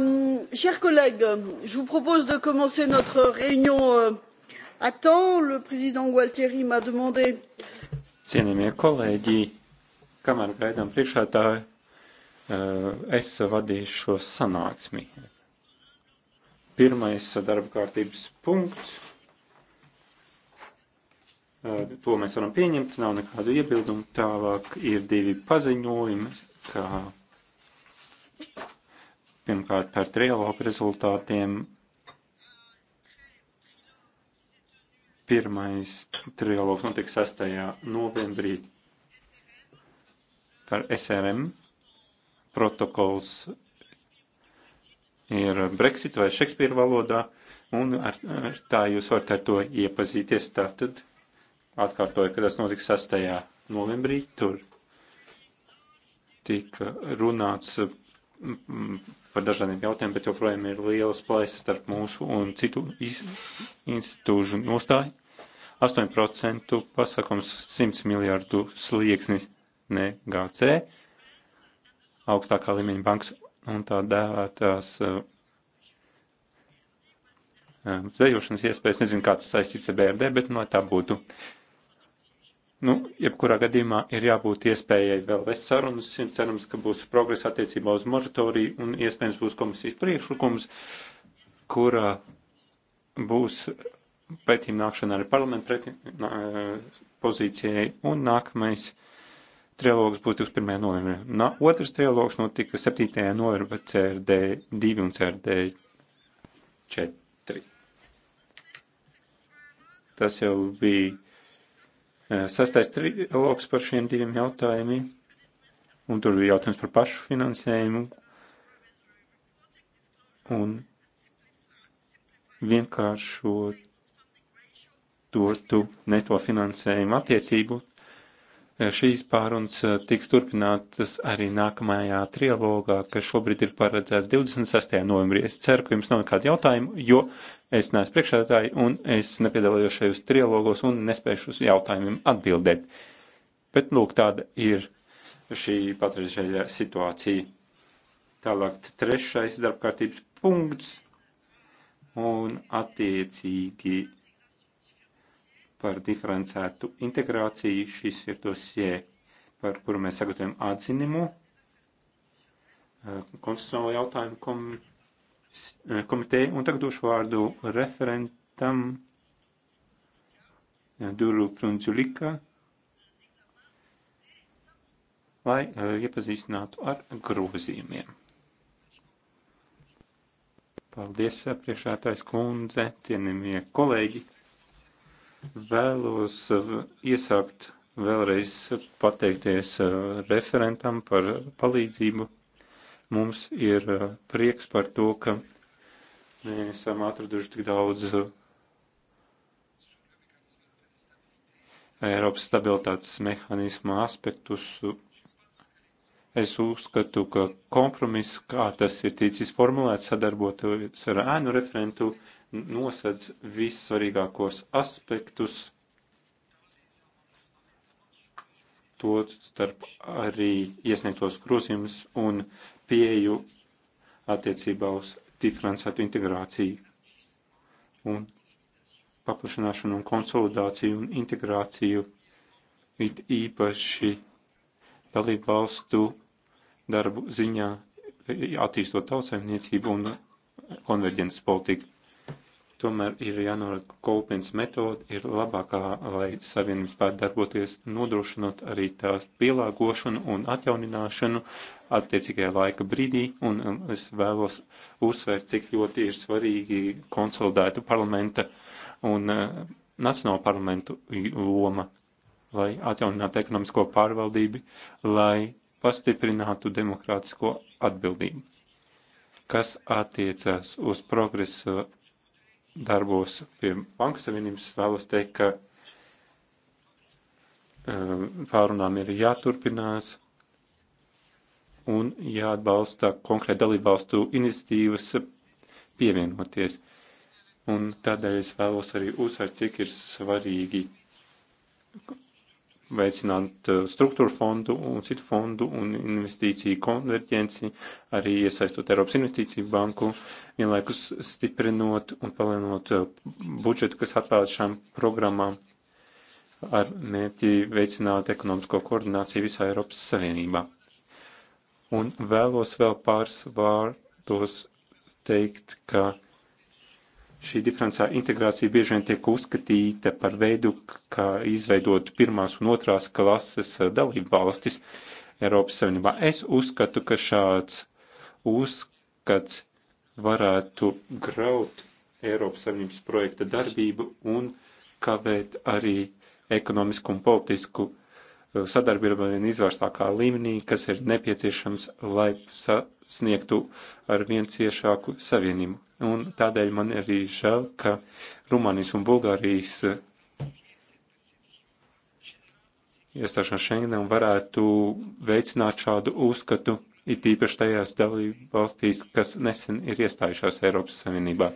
Euh, chers collègues je vous propose de commencer notre réunion euh, à temps. le président gualtieri m'a demandé Cienījamie kolēģi, kamēr gaidām priekšētāju, uh, es vadīšu šo sanāksmi. Pirmais darba kārtības punkts. Uh, to mēs varam pieņemt, nav nekādu iebildumu. Tālāk ir divi paziņojumi, ka Pirmkārt, par trialogu rezultātiem. Pirmais trialogs notika 6. novembrī par SRM. Protokols ir Brexit vai Šekspīra valodā, un ar, ar tā jūs varat ar to iepazīties. Tātad atkārtoju, ka tas notiks 6. novembrī, tur tika runāts par dažādiem jautājumiem, bet joprojām ir lielas plaisas starp mūsu un citu institūžu nostāju. 8% pasakums 100 miljārdu slieksni ne GC, augstākā līmeņa bankas un tā dēvētās uh, eh, dzējošanas iespējas. Nezinu, kā tas saistīts ar BRD, bet no tā būtu. Uh, Nu, jebkurā gadījumā ir jābūt iespējai vēl vest sarunas, cerams, ka būs progress attiecībā uz moratoriju un iespējams būs komisijas priekšlikums, kurā būs pretīm nākšana arī parlamentu pretīm nā, eh, pozīcijai un nākamais trialogs būs 21. novembrī. Nā, otrs trialogs notika 7. novembrī CRD 2 un CRD 4. Tas jau bija Sastais trilogs par šiem diviem jautājumiem, un tur ir jautājums par pašu finansējumu, un vienkāršo to tu neto finansējumu attiecību Šīs pārunas eh, tiks turpinātas arī nākamajā trilogā, kas šobrīd ir paredzēts 26. novembrī. Es ceru, ka jums nav nekādu jautājumu, jo es neesmu priekšētāji un es nepiedalījos šajos trilogos un nespēju uz jautājumiem atbildēt. Bet, lūk, tāda ir šī patreizējā situācija. Tālāk trešais darbkārtības punkts un attiecīgi par diferencētu integrāciju. Šis ir dosie, par kuru mēs sagatavojam atzinimu eh, konstitucionālo jautājumu eh, komiteju. Un tagad došu vārdu referentam eh, Duru Frunzulika, lai iepazīstinātu ar grozījumiem. Paldies, priekšētājs kundze, cienījamie kolēģi! Vēlos uh, iesākt vēlreiz pateikties uh, referentam par palīdzību. Mums ir uh, prieks par to, ka mēs esam atraduši tik daudz Eiropas stabilitātes mehānisma aspektus. Es uzskatu, ka kompromiss, kā tas ir ticis formulēts, sadarboties ar ēnu referentu, uh, nosedz vissvarīgākos aspektus, to starp arī iesniegtos grozījumus un pieju attiecībā uz diferencētu integrāciju un paplašināšanu un konsolidāciju un integrāciju, it īpaši dalību valstu darbu ziņā, attīstot tautsaimniecību un konverģences politiku. Tomēr ir jānorāda, ka kopienas metode ir labākā, lai savienības spētu darboties, nodrošinot arī tās pielāgošanu un atjaunināšanu attiecīgajā laika brīdī, un um, es vēlos uzsvērt, cik ļoti ir svarīgi konsolidētu parlamenta un uh, nacionālu parlamentu loma, lai atjauninātu ekonomisko pārvaldību, lai pastiprinātu demokrātisko atbildību. Kas attiecās uz progresa darbos pie Banku Savienības vēlos teikt, ka um, pārunām ir jāturpinās un jāatbalsta konkrēti dalībvalstu iniciatīvas pievienoties. Un tādēļ es vēlos arī uzsvērt, cik ir svarīgi veicināt eh, struktūru fondu un citu fondu un investīciju konverģenci, arī iesaistot Eiropas investīciju banku, vienlaikus stiprinot un palielinot eh, budžetu, kas atvēlēts šām programmām ar mērķi veicināt ekonomisko koordināciju visā Eiropas Savienībā. Un vēlos vēl pāris vārdos teikt, ka Šī diferenciāla integrācija bieži vien tiek uzskatīta par veidu, kā izveidot pirmās un otrās klases eh, dalību valstis Eiropas Savienībā. Es uzskatu, ka šāds uzskats varētu graut Eiropas Savienības projekta darbību un kavēt arī ekonomisku un politisku uh, sadarbība vien izvērstākā līmenī, kas ir nepieciešams, lai sasniegtu ar vien ciešāku savienību. Un tādēļ man arī žēl, ka Rumānijas un Bulgārijas eh, iestāšanās Schengenam varētu veicināt šādu uzskatu, it īpaši tajās dalību valstīs, kas nesen ir iestājušās Eiropas Savienībā.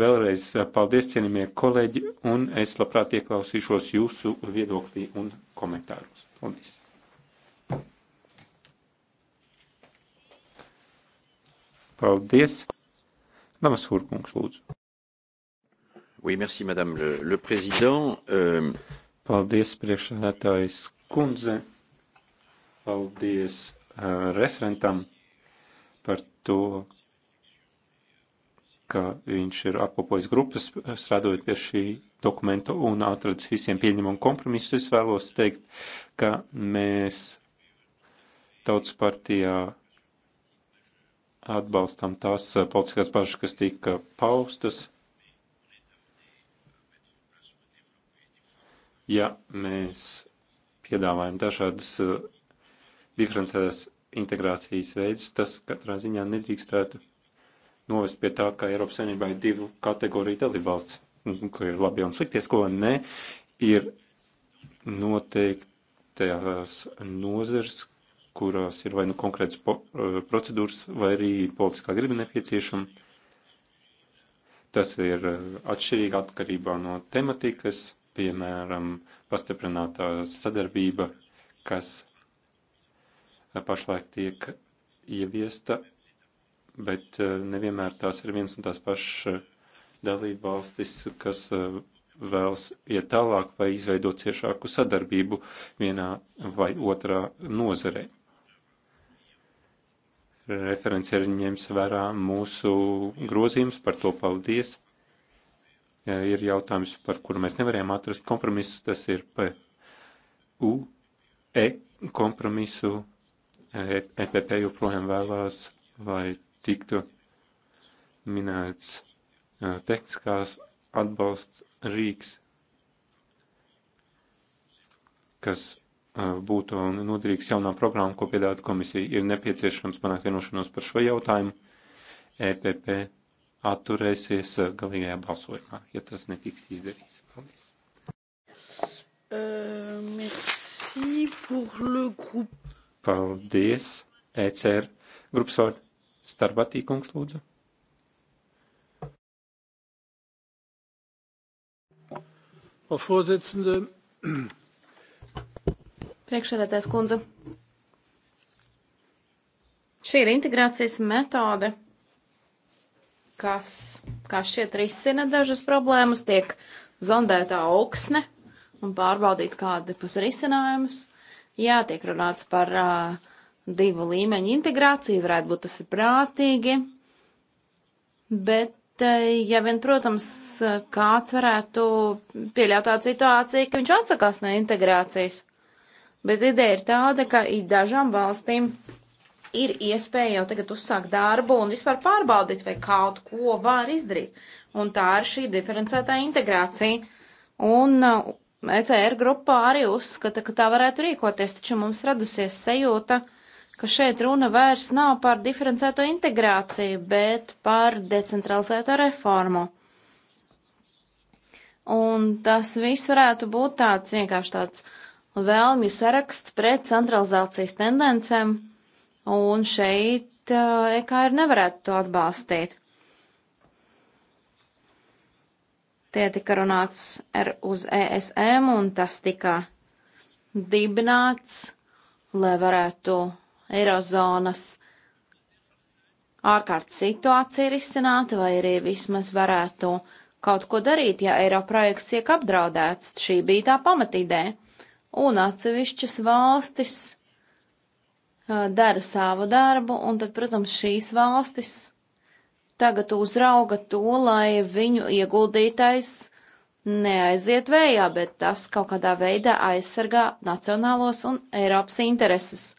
Vēlreiz eh, paldies, cienījamie kolēģi, un es labprāt ieklausīšos jūsu viedoklī un komentāros. Paldies! Paldies! Lamas Hurkungs, lūdzu. Oui, merci, madame le, le président. Euh... Paldies, priekšsēdētājs kundze. Paldies uh, referentam par to, ka viņš ir apkopojis grupas, strādājot pie šī dokumenta un atradis visiem pieņemumu kompromisu. Es vēlos teikt, ka mēs tautas partijā atbalstam tās politiskās bažas, kas tika paustas. Ja mēs piedāvājam dažādas uh, diferencētas integrācijas veidus, tas katrā ziņā nedrīkstētu novest pie tā, ka Eiropas Savienībā ir divu kategoriju dalībvalsts, kur ir labi un slikties, ko ne, ir noteiktās nozars, kurās ir vai nu konkrētas po, eh, procedūras, vai arī politiskā griba nepieciešama. Tas ir eh, atšķirīgi atkarībā no tematikas, piemēram, pastiprinātā sadarbība, kas eh, pašlaik tiek ieviesta bet eh, nevienmēr tās ir viens un tās pašas eh, dalība valstis, kas eh, vēlas iet tālāk vai izveidot ciešāku sadarbību vienā vai otrā nozarē. Referents ir ņems vērā mūsu grozījums, par to paldies. Ir jautājums, par kuru mēs nevarējām atrast kompromisus, tas ir PU, E kompromisu. EPP e joprojām vēlās, lai tiktu minēts tehniskās atbalsts rīks, kas būtu noderīgs jaunā programma, ko piedāvāta komisija. Ir nepieciešams panākt vienošanos par šo jautājumu. EPP atturēsies galīgajā balsojumā, ja tas netiks izdarīts. Paldies. Uh, merci pour le groupe. Paldies, ECR. Grupas vārdu. Starbatī kungs lūdzu. Frau Vorsitzende. Priekšsēdētājs kundze. Šī ir integrācijas metode, kas, kā šķiet, risina dažas problēmas, tiek zondēta augsne un pārbaudīt kādi būs risinājumus. Jā, tiek runāts par uh, divu līmeņu integrāciju, varētu būt tas ir prātīgi, bet, eh, ja vien, protams, kāds varētu pieļaut tādu situāciju, ka viņš atsakās no integrācijas. Bet ideja ir tāda, ka ir dažām valstīm ir iespēja jau tagad uzsākt darbu un vispār pārbaudīt, vai kaut ko var izdarīt. Un tā ir šī diferencētā integrācija. Un ECR eh, e grupā arī uzskata, ka tā varētu rīkoties, taču mums radusies sajūta, ka šeit runa vairs nav par diferencēto integrāciju, bet par decentralizēto reformu. Un tas viss varētu būt tāds vienkārši tāds vēlmju saraksts pret centralizācijas tendencēm, un šeit uh, EKR nevarētu to atbalstīt. Tie tika runāts ar uz ESM, un tas tika dibināts, lai varētu Eirozonas ārkārtas situācija ir izcināta, vai arī vismaz varētu kaut ko darīt, ja eiro projekts tiek apdraudēts. Šī bija tā pamatīdēja. Un atsevišķas valstis uh, dara savu darbu, un tad, protams, šīs valstis tagad uzrauga to, lai viņu ieguldītais neaiziet vējā, bet tas kaut kādā veidā aizsargā nacionālos un Eiropas intereses.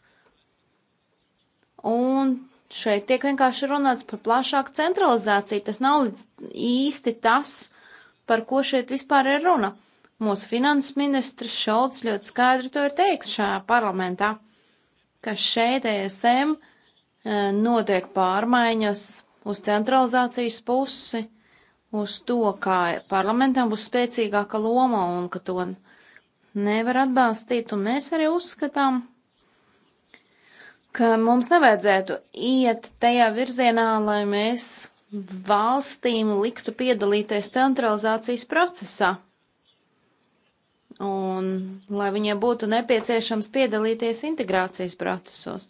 Un šeit tiek vienkārši runāts par plašāku centralizāciju. Tas nav īsti tas, par ko šeit vispār ir runa. Mūsu finanses ministrs Šolts ļoti skaidri to ir teiks šajā parlamentā, ka šeit ESM eh, notiek pārmaiņas uz centralizācijas pusi, uz to, kā parlamentam būs spēcīgāka loma un ka to nevar atbalstīt, un mēs arī uzskatām, ka mums nevajadzētu iet tajā virzienā, lai mēs valstīm liktu piedalīties centralizācijas procesā. Un lai viņiem būtu nepieciešams piedalīties integrācijas procesos,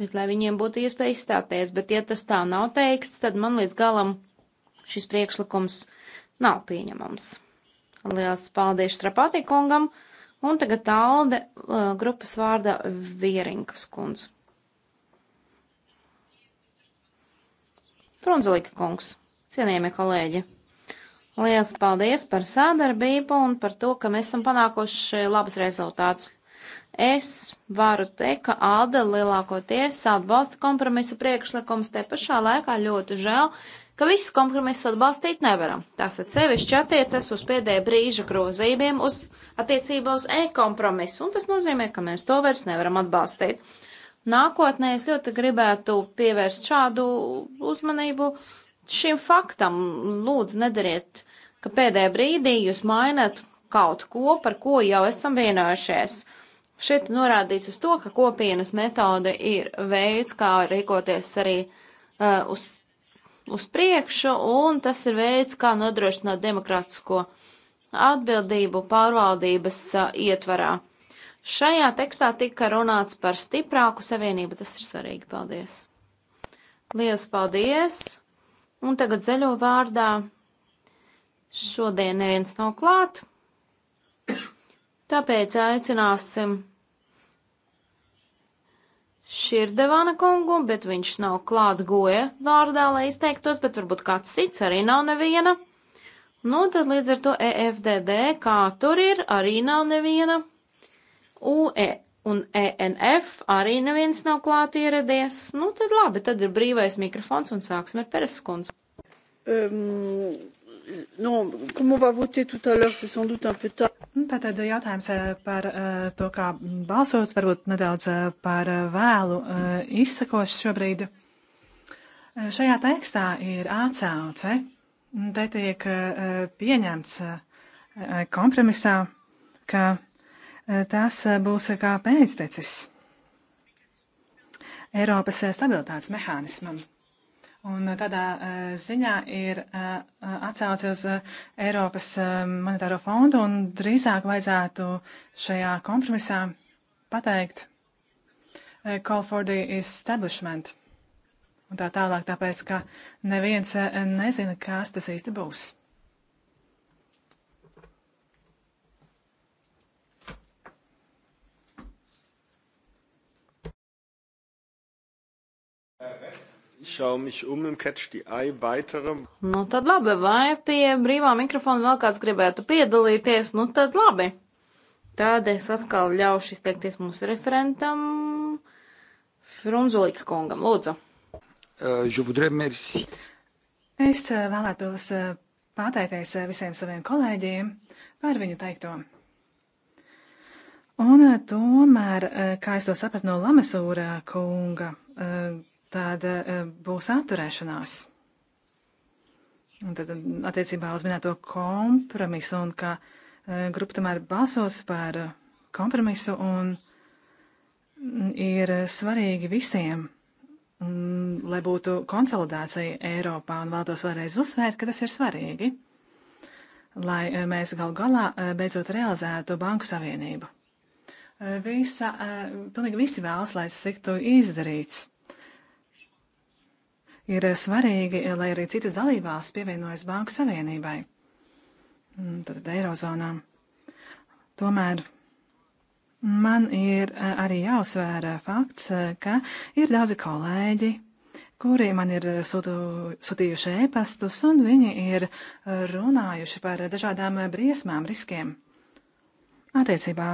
bet lai viņiem būtu iespēja izstāties, bet ja tas tā nav teikts, tad man līdz galam šis priekšlikums nav pieņemams. Lielas paldies Strapātī kungam, un tagad Alde eh, grupas vārda Vierinkas kundze. Frunzelika kungs, cienījamie kolēģi, liels paldies par sadarbību un par to, ka mēs esam panākuši labus rezultātus. Es varu teikt, ka Alde lielākoties atbalsta kompromisa priekšlikums, te pašā laikā ļoti žēl, ka visus kompromisus atbalstīt nevaram. Tas atsevišķi attiecas uz pēdējā brīža grozījumiem, uz attiecībā uz e-kompromisu, un tas nozīmē, ka mēs to vairs nevaram atbalstīt. Nākotnē es ļoti gribētu pievērst šādu uzmanību šim faktam. Lūdzu, nedariet, ka pēdējā brīdī jūs mainat kaut ko, par ko jau esam vienojušies. Šeit norādīts uz to, ka kopienas metode ir veids, kā rīkoties arī uh, uz, uz priekšu, un tas ir veids, kā nodrošināt demokrātisko atbildību pārvaldības uh, ietvarā. Šajā tekstā tika runāts par stiprāku savienību, tas ir svarīgi. Paldies! Lielas paldies! Un tagad zaļo vārdā. Šodien neviens nav klāt, tāpēc aicināsim Širdevana kungu, bet viņš nav klāt goja vārdā, lai izteiktos, bet varbūt kāds cits arī nav neviena. Nu, tad līdz ar to EFDD, kā tur ir, arī nav neviena. UE un ENF arī neviens nav klāt ieradies. Nu, tad labi, tad ir brīvais mikrofons un sāksim ar Pereskundzi. Ehm, nu, um, non, comment on va voter tout à l'heure, c'est sans doute un peu tard. Nu, Tātad jautājums eh, par eh, to, kā balsots, varbūt nedaudz eh, par vēlu izsakos šobrīd. Šajā tekstā ir atsauce, te tiek pieņemts kompromisā, ka Eh, tas eh, būs eh, kā pēctecis Eiropas stabilitātes mehānismam. Un tādā ziņā ir atsauce uz Eiropas monetāro fondu un drīzāk vajadzētu šajā kompromisā pateikt call for the establishment. Un tā tālāk, tāpēc, ka neviens nezina, kas tas īsti būs. Šau mich um un catch the eye baitaram. Nu tad labi, vai pie brīvā mikrofona vēl kāds gribētu piedalīties? Nu tad labi. Tad es atkal ļaušu izteikties mūsu referentam Frunzulika kungam. Lūdzu. Uh, es eh, vēlētos eh, pateikties visiem saviem kolēģiem par viņu teikto. Un tomēr, kā es to sapratu no Lamasūra kunga, tad eh, būs atturēšanās. Un tad mm, attiecībā uz minēto kompromisu un ka eh, grupa tomēr balsos par kompromisu un mm, ir svarīgi visiem, mm, lai būtu konsolidācija Eiropā un vēlētos vēlreiz uzsvērt, ka tas ir svarīgi, lai eh, mēs gal galā beidzot realizētu Banku Savienību. Visa, pilnīgi visi vēlas, lai tas tiktu izdarīts. Ir svarīgi, lai arī citas dalībās pievienojas Banku Savienībai, mm, tad Eirozonā. Tomēr man ir e, arī jāuzsver fakts, e, ka ir daudzi kolēģi, kuri man ir sūtu, sūtījuši ēpastus, un viņi ir e, runājuši par dažādām briesmām, riskiem attiecībā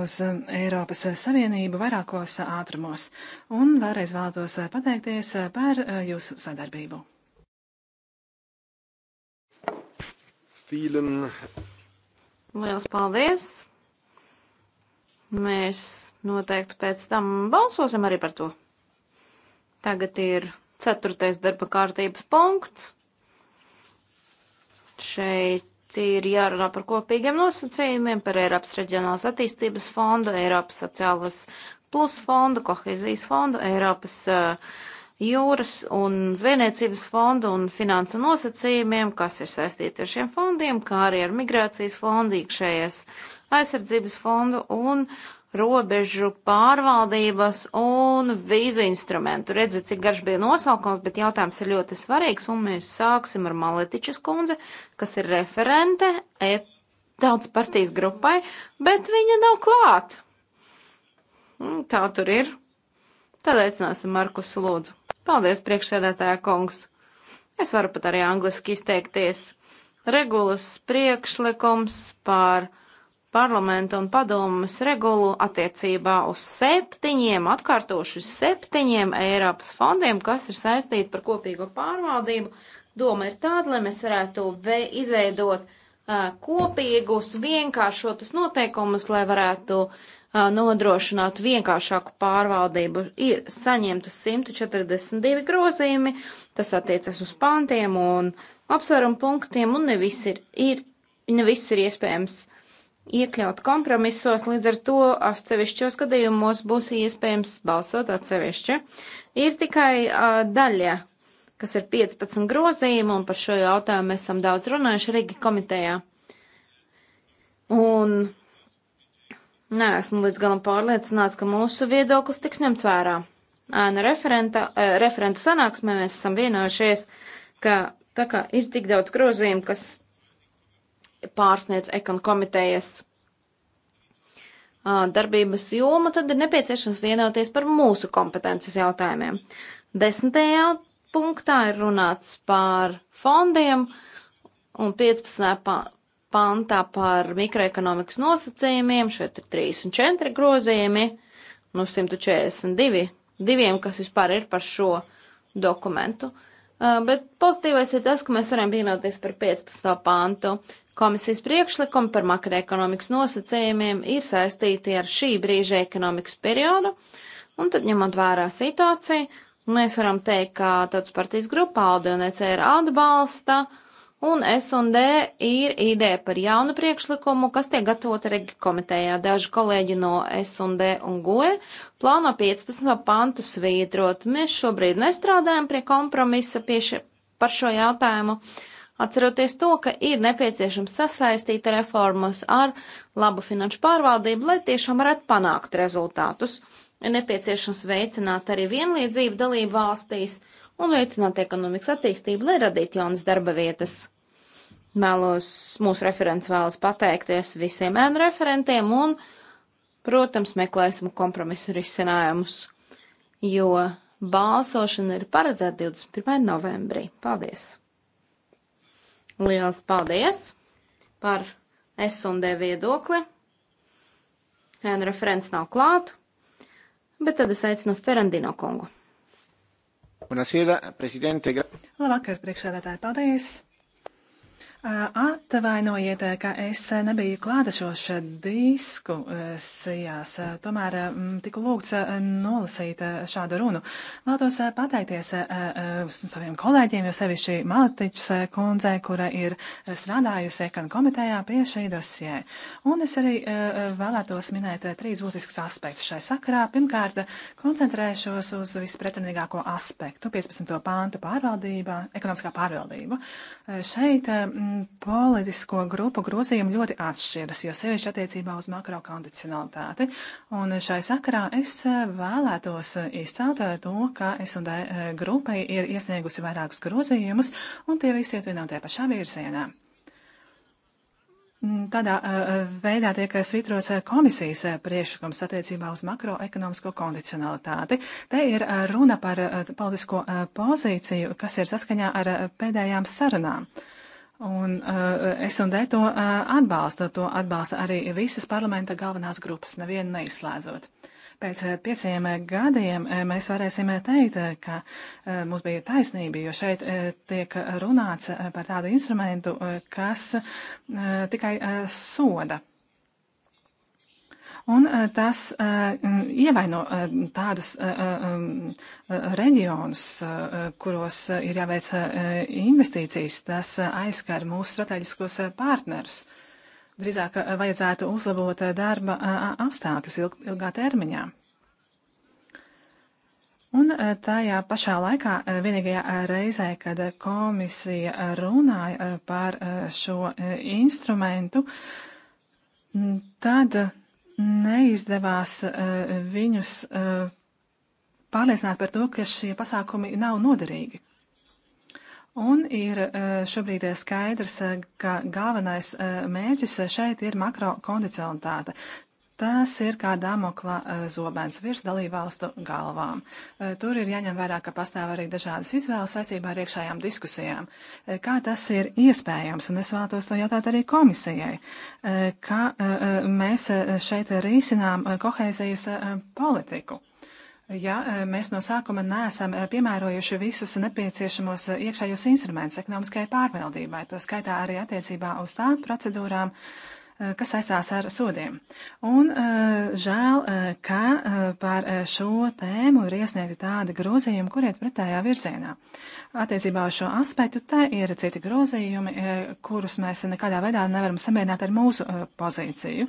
uz Eiropas Savienību vairākos ātrumos, un vēlreiz vēlētos pateikties par jūsu sadarbību. Vielen. Liels paldies! Mēs noteikti pēc tam balsosim arī par to. Tagad ir ceturtais darba kārtības punkts. Šeit ir jārunā par kopīgiem nosacījumiem, par Eiropas reģionālas attīstības fondu, Eiropas sociālas plus fondu, kohezijas fondu, Eiropas uh, jūras un zvejniecības fondu un finansu nosacījumiem, kas ir saistīti ar šiem fondiem, kā arī ar migrācijas fondu, iekšējās aizsardzības fondu un uh, robežu pārvaldības un vīzu instrumentu. Redziet, cik garš bija nosaukums, bet jautājums ir ļoti svarīgs, un mēs sāksim ar Maletičas kundze, kas ir referente e tautas partijas grupai, bet viņa nav klāt. Tā tur ir. Tad aicināsim Markus Lūdzu. Paldies, priekšsēdētāja kungs. Es varu pat arī angliski izteikties. Regulas priekšlikums par parlamenta un padomas regulu attiecībā uz septiņiem, atkārtošu septiņiem Eiropas fondiem, kas ir saistīti par kopīgo pārvaldību. Doma ir tāda, lai mēs varētu izveidot uh, kopīgus, vienkāršotus noteikumus, lai varētu uh, nodrošināt vienkāršāku pārvaldību. Ir saņemtu 142 grozījumi, tas attiecas uz pantiem un apsverumu punktiem, un ne viss ir, ir, ne viss ir iespējams uh, iekļaut kompromisos, līdz ar to atsevišķos gadījumos būs iespējams balsot atsevišķi. Ir tikai uh, daļa, kas ir 15 grozījumi, un par šo jautājumu mēs esam daudz runājuši Rīga komitejā. Un nē, esmu līdz galam pārliecināts, ka mūsu viedoklis tiks ņemts vērā. Ēnu referenta, uh, referentu sanāksmē mēs esam vienojušies, ka tā kā ir tik daudz grozījumu, kas pārsniedz ekon komitejas darbības jomu, tad ir nepieciešams vienoties par mūsu kompetences jautājumiem. Desmitajā punktā ir runāts par fondiem un 15. pantā par mikroekonomikas nosacījumiem. Šeit ir 3 un 4 grozījumi, nu 142, diviem, kas vispār ir par šo dokumentu. Bet pozitīvais ir tas, ka mēs varam vienoties par 15. pantu. Komisijas priekšlikumi par makroekonomikas nosacījumiem ir saistīti ar šī brīža ekonomikas periodu, un tad ņemot vērā situāciju, mēs varam teikt, ka tautas partijas grupa Aldi un ECR atbalsta, un S&D ir ideja par jaunu priekšlikumu, kas tiek gatavota regi komitejā. Daži kolēģi no S&D un GOE plāno 15. pantu svītrot. Mēs šobrīd nestrādājam pie kompromisa pie še, par šo jautājumu. Uh, Atceroties to, ka ir nepieciešams sasaistīt reformas ar labu finanšu pārvaldību, lai tiešām varētu panākt rezultātus, ir nepieciešams veicināt arī vienlīdzību dalību valstīs un veicināt ekonomikas attīstību, lai radītu jaunas darba vietas. Mēlos mūsu referents vēlas pateikties visiem ēnu referentiem un, protams, meklēsim kompromisu risinājumus, jo balsošana ir paredzēta 21. novembrī. Paldies! Liels paldies par S&D viedokli. Henra Frens nav klāt, bet tad es aicinu Ferandino kungu. Buonasera, prezidente. Labvakar, priekšsēdētāji, paldies! Atvainojiet, ka es nebiju klātesoša diskusijās, tomēr tiku lūgts nolasīt šādu runu. Vēlētos pateikties saviem kolēģiem, jo sevišķi Maltičs kundzē, kura ir strādājusi ekan komitejā pie šī dosie. Un es arī vēlētos minēt trīs būtiskus aspektus šai sakarā. Pirmkārt, koncentrēšos uz vispretrunīgāko aspektu - 15. pāntu pārvaldībā, ekonomiskā pārvaldība. Šeit politisko grupu grozījumi ļoti atšķiras, jo sevišķi attiecībā uz makrokondicionalitāti. Un šai sakarā es eh, vēlētos izcelt eh, to, ka S&D eh, grupai ir iesniegusi vairākus grozījumus, un tie visi iet vienā un tajā pašā virzienā. Mm, tādā veidā tiek svītrots komisijas priekšlikums attiecībā uz makroekonomisko kondicionalitāti. Te ir runa par politisko pozīciju, kas ir saskaņā ar pēdējām sarunām. Uh, Un uh, eh, S&D to uh, atbalsta, to atbalsta arī visas parlamenta galvenās grupas, nevienu neizslēdzot. Pēc uh, pieciem gadiem uh, mēs varēsim teikt, uh, ka uh, mums bija taisnība, jo šeit uh, tiek runāts uh, par tādu instrumentu, uh, kas uh, tikai uh, soda uh, Un tas ievaino tādus reģionus, kuros ir jāveic eh, investīcijas. Tas eh, aizskar mūsu strateģiskos eh, partnerus. Drīzāk vajadzētu uzlabot darba apstākļus ilgā termiņā. Un tajā pašā laikā vienīgajā reizē, kad komisija runāja par šo instrumentu, tad neizdevās eh, viņus eh, pārliecināt par to, ka šie pasākumi nav noderīgi. Un ir eh, šobrīd skaidrs, ka galvenais mērķis šeit ir makrokondicionalitāte. Tas ir kā damokla eh, zobens virs dalībvalstu galvām. Eh, tur ir jāņem vērā, ka pastāv arī dažādas izvēles saistībā ar iekšējām diskusijām. Eh, kā tas ir iespējams? Un es vēlētos to jautāt arī komisijai. Kā mēs šeit risinām kohēzijas politiku? Ja mēs no sākuma neesam piemērojuši visus nepieciešamos iekšējos instrumentus ekonomiskajai pārvaldībai, to skaitā arī attiecībā uz tām procedūrām, uh, Eh, kas saistās ar sodiem. Un eh, žēl, eh, ka par šo tēmu ir iesniegti tādi grozījumi, kur iet pretējā virzienā. Attiecībā uz šo aspektu te ir citi grozījumi, kurus mēs nekādā veidā nevaram samierināt ar mūsu pozīciju.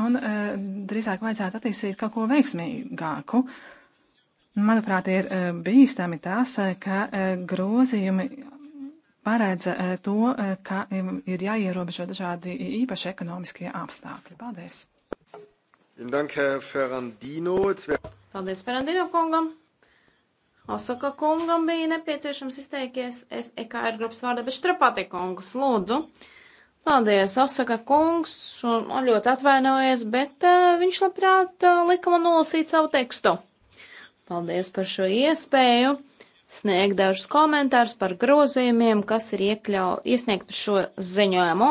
Un drīzāk vajadzētu attīstīt kaut ko veiksmīgāku. Manuprāt, ir bīstami tas, ka grozījumi paredz eh, to, eh, ka ir jāierobežo dažādi īpaši ekonomiskie apstākļi. Paldies! Paldies Ferandino kungam! Osaka kungam bija nepieciešams izteikties. Es EKR grupas vārdā, bet Štrapāte kungs, lūdzu! Paldies, Osaka kungs, un ļoti atvainojies, bet uh, viņš labprāt uh, lika man nolasīt savu tekstu. Paldies par šo iespēju! sniegt dažus komentārus par grozījumiem, kas ir iekļau, iesniegti šo ziņojumu.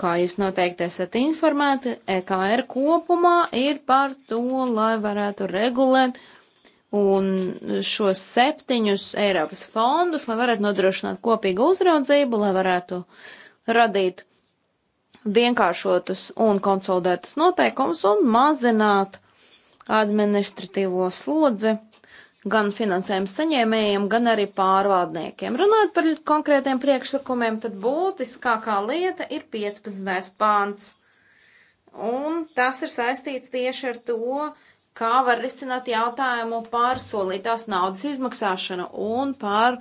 Kā jūs noteikti esat informēti, EKR kopumā ir par to, lai varētu regulēt un šos septiņus Eiropas fondus, lai varētu nodrošināt kopīgu uzraudzību, lai varētu radīt vienkāršotus un konsolidētus noteikumus un mazināt administratīvo slodzi gan finansējuma saņēmējiem, gan arī pārvaldniekiem. Runājot par konkrētiem priekšlikumiem, tad būtiskākā lieta ir 15. pāns. Un tas ir saistīts tieši ar to, kā var risināt jautājumu par solītās naudas izmaksāšanu un par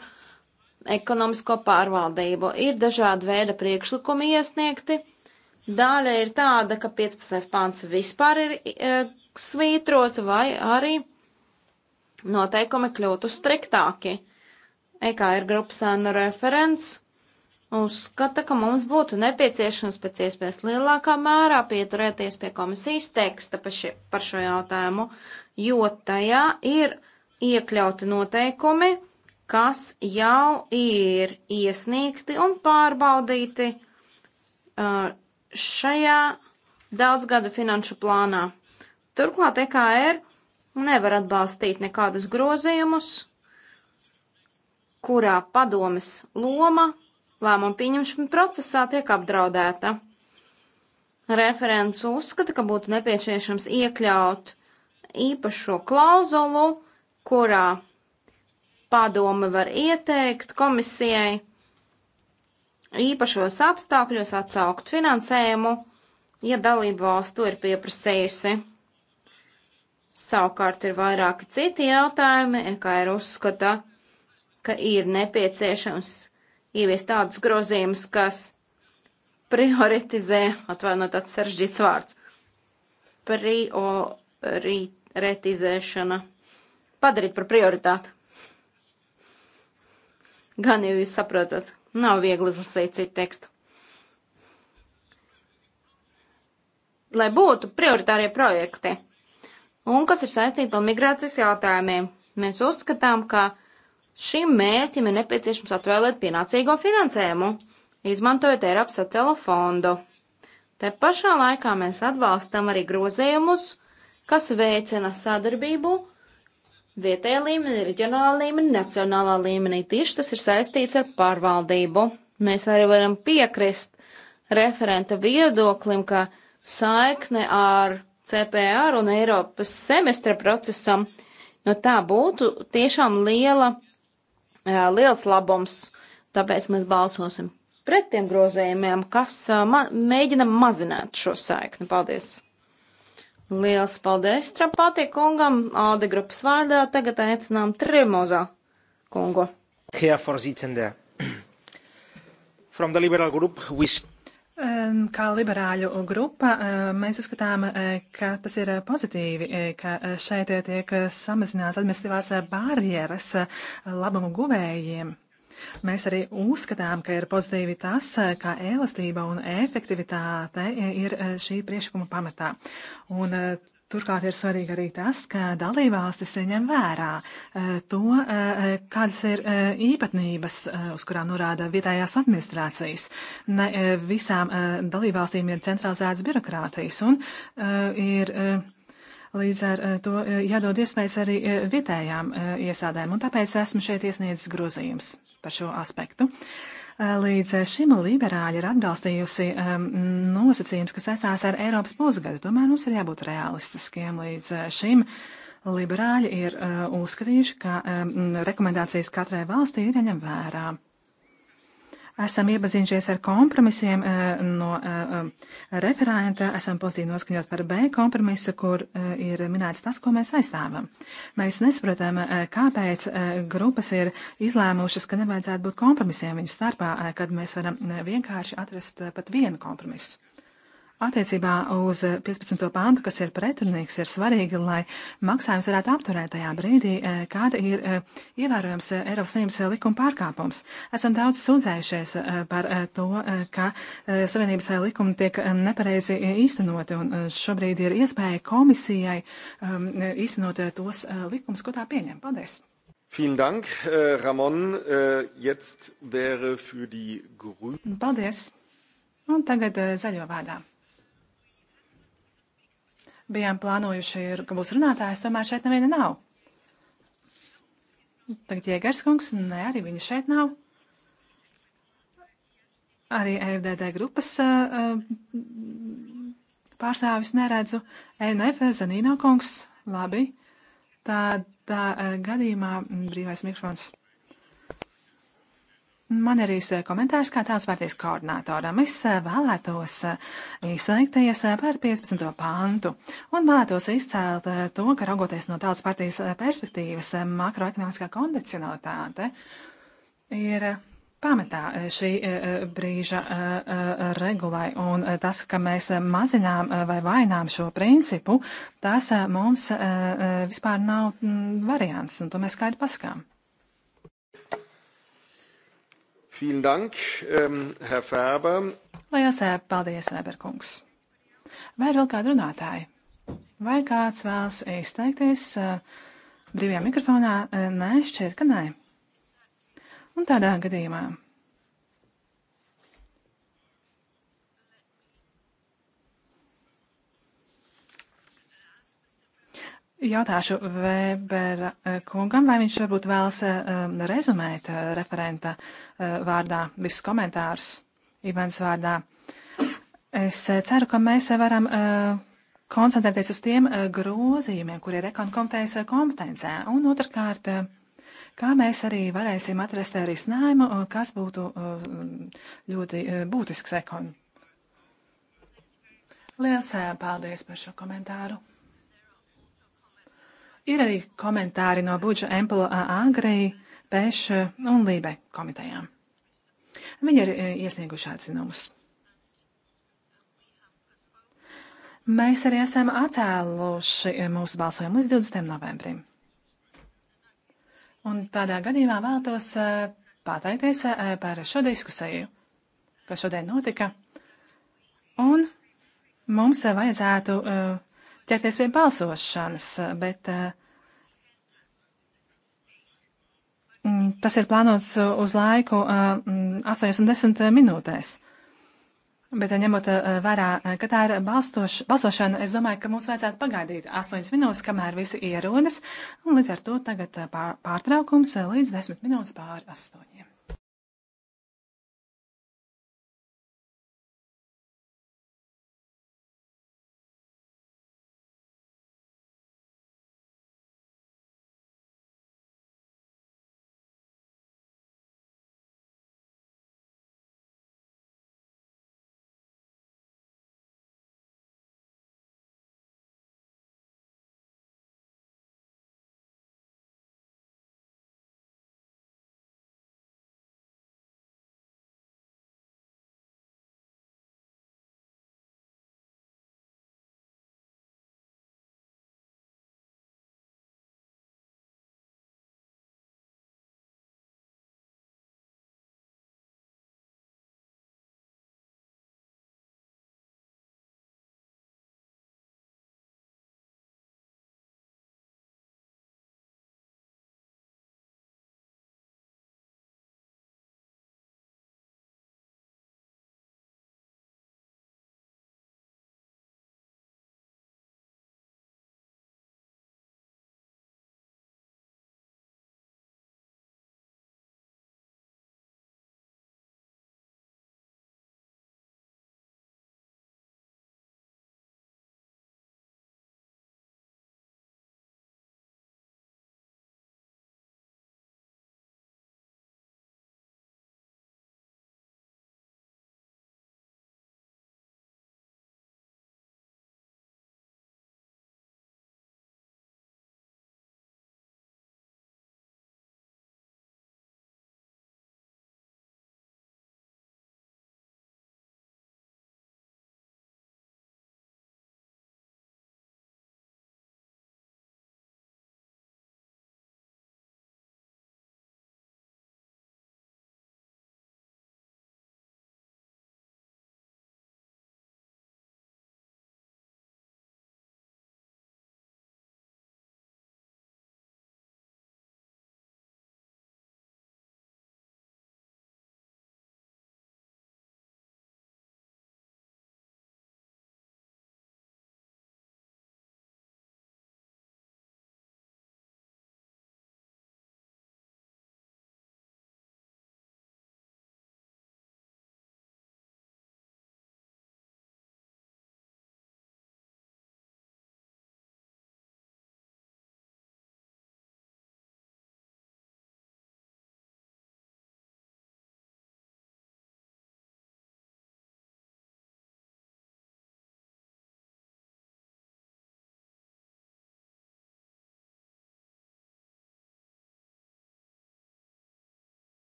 ekonomisko pārvaldību. Ir dažādi veidi priekšlikumi iesniegti. Daļa ir tāda, ka 15. pāns vispār ir e, svītrots vai arī noteikumi kļūtu striktāki. EKR grupas ēna referents uzskata, ka mums būtu nepieciešams pēc iespējas lielākā mērā pieturēties pie komisijas teksta par, šie, par šo jautājumu, jo tajā ir iekļauti noteikumi, kas jau ir iesniegti un pārbaudīti šajā daudzgadu finanšu plānā. Turklāt EKR nevar atbalstīt nekādus grozījumus, kurā padomes loma lēmumu pieņemšanu procesā tiek apdraudēta. Referents uzskata, ka būtu nepieciešams iekļaut īpašo klauzulu, kurā padome var ieteikt komisijai īpašos apstākļos atsaukt finansējumu, ja dalība valsts to ir pieprasījusi. Savukārt ir vairāki citi jautājumi, kā ir uzskata, ka ir nepieciešams ieviest tādus grozījumus, kas prioritizē, atvainot tāds saržģīts vārds, prioritizēšana, padarīt par prioritāti. Gan jau jūs saprotat, nav viegli lasīt citu tekstu. Lai būtu prioritārie projekti un kas ir saistīti ar migrācijas jautājumiem. Mēs uzskatām, ka šim mērķim ir nepieciešams atvēlēt pienācīgo finansējumu, izmantojot Eiropas sociālo fondu. Te pašā laikā mēs atbalstam arī grozījumus, kas veicina sadarbību vietējā līmenī, reģionālā līmenī, nacionālā līmenī. Tieši tas ir saistīts ar pārvaldību. Mēs arī varam piekrist referenta viedoklim, ka saikne ar CPR un Eiropas semestra procesam, nu tā būtu tiešām liela, liels labums, tāpēc mēs balsosim pret tiem grozējumiem, kas ma mēģina mazināt šo saikni. Paldies! Liels paldies Trapātie kungam, Alde grupas vārdā, tagad aicinām Tremozā kungu. Herr Vorsitzender, from the Liberal Group, we Kā liberāļu grupa, mēs uzskatām, ka tas ir pozitīvi, ka šeit tiek samazināts administratīvās barjeras labumu guvējiem. Mēs arī uzskatām, ka ir pozitīvi tas, ka elastība un efektivitāte ir šī priekšlikuma pamatā. Un Turklāt ir svarīgi arī tas, ka dalībvalstis ņem vērā e, to, e, e, kādas ir īpatnības, uz kurām norāda vietējās administrācijas. Ne visām dalībvalstīm ir centralizētas birokrātijas un ir. Līdz ar to jādod iespējas arī vietējām iestādēm, un tāpēc esmu šeit iesniedzis grozījums par šo aspektu. Uh, Līdz šim liberāļi ir atbalstījusi um, nosacījums, kas saistās ar Eiropas pusgadu. Tomēr mums ir jābūt realistiskiem līdz šim. Liberāļi ir uh, uzskatījuši, ka um, rekomendācijas katrai valstī ir jāņem vērā. Uh, esam iepazinušies ar kompromisiem eh, no eh, eh, referenta, esam pozitīvi noskaņot par B kompromisu, kur ir minēts tas, ko mēs aizstāvam. Mēs nesaprotam, kāpēc grupas ir izlēmušas, ka nevajadzētu būt kompromisiem viņu starpā, kad mēs varam vienkārši atrast pat vienu kompromisu. Attiecībā uz 15. pāntu, kas ir pretrunīgs, ir svarīgi, lai maksājums varētu apturēt tajā brīdī, eh, kāda ir eh, ievērojams eh, Eiropas Savienības likuma pārkāpums. Esam daudz sūdzējušies par to, ka Savienības likumi tiek nepareizi īstenoti, un šobrīd ir iespēja komisijai ehm, īstenot tos likumus, ko tā pieņem. Paldies! Vielen Dank, Ramon. Jetzt wäre für die Grünen. Paldies. Un tagad zaļo vārdā bijām plānojuši, ka būs runātājs, tomēr šeit neviena nav. Tagad Jēgars kungs, nē, arī viņa šeit nav. Arī EFDD grupas uh, uh, pārstāvis neredzu. ENF Zanīno kungs, labi. Tādā uh, gadījumā mm, brīvais mikrofons. Man arī ir komentārs, kā tās vērties koordinātoram. Es eh, vēlētos eh, izteikties eh, par 15. pantu un vēlētos izcelt to, ka raugoties no tautas partijas perspektīvas, makroekonomiskā kondicionalitāte ir pamatā šī brīža regulai un tas, ka mēs mazinām vai vainām šo principu, tas mums vispār nav mm, variants un to mēs skaidri paskām. Vielen Dank, um, Herr Ferber. Lielas eh, paldies, Eberkungs. Vai ir vēl kādi runātāji? Vai kāds vēlas izteikties eh, brīvajā mikrofonā? Eh, nē, šķiet, ka nē. Un tādā gadījumā Jautāšu Vēbera eh, kungam, vai viņš varbūt vēlas eh, rezumēt eh, referenta vārdā visus komentārus Ivans vārdā. Es ceru, ka mēs varam koncentrēties uz tiem grozījumiem, kur ir rekonkomitejas kompetencē. Un otrkārt, kā mēs arī varēsim atrast risinājumu, kas būtu ļoti būtisks ekon. Lielas paldies par šo komentāru. Ir arī komentāri no Budža Empela Agri, Peš un Lībe komitejām. Viņi ir e, iesnieguši atzinumus. Mēs arī esam atcēluši e, mūsu balsojumu līdz 20. novembrim. Un tādā gadījumā vēlētos e, pateikties par šo diskusiju, kas šodien notika. Un mums vajadzētu ķerties pie balsošanas, bet eh, mm, tas ir plānots uz laiku 80 eh, minūtēs. Bet eh, ņemot vērā, ka tā ir balstoš, balsošana, es domāju, ka mums vajadzētu pagaidīt 8 minūtes, kamēr visi ierodas, un līdz ar to tagad pārtraukums līdz 10 minūtes pāri 8.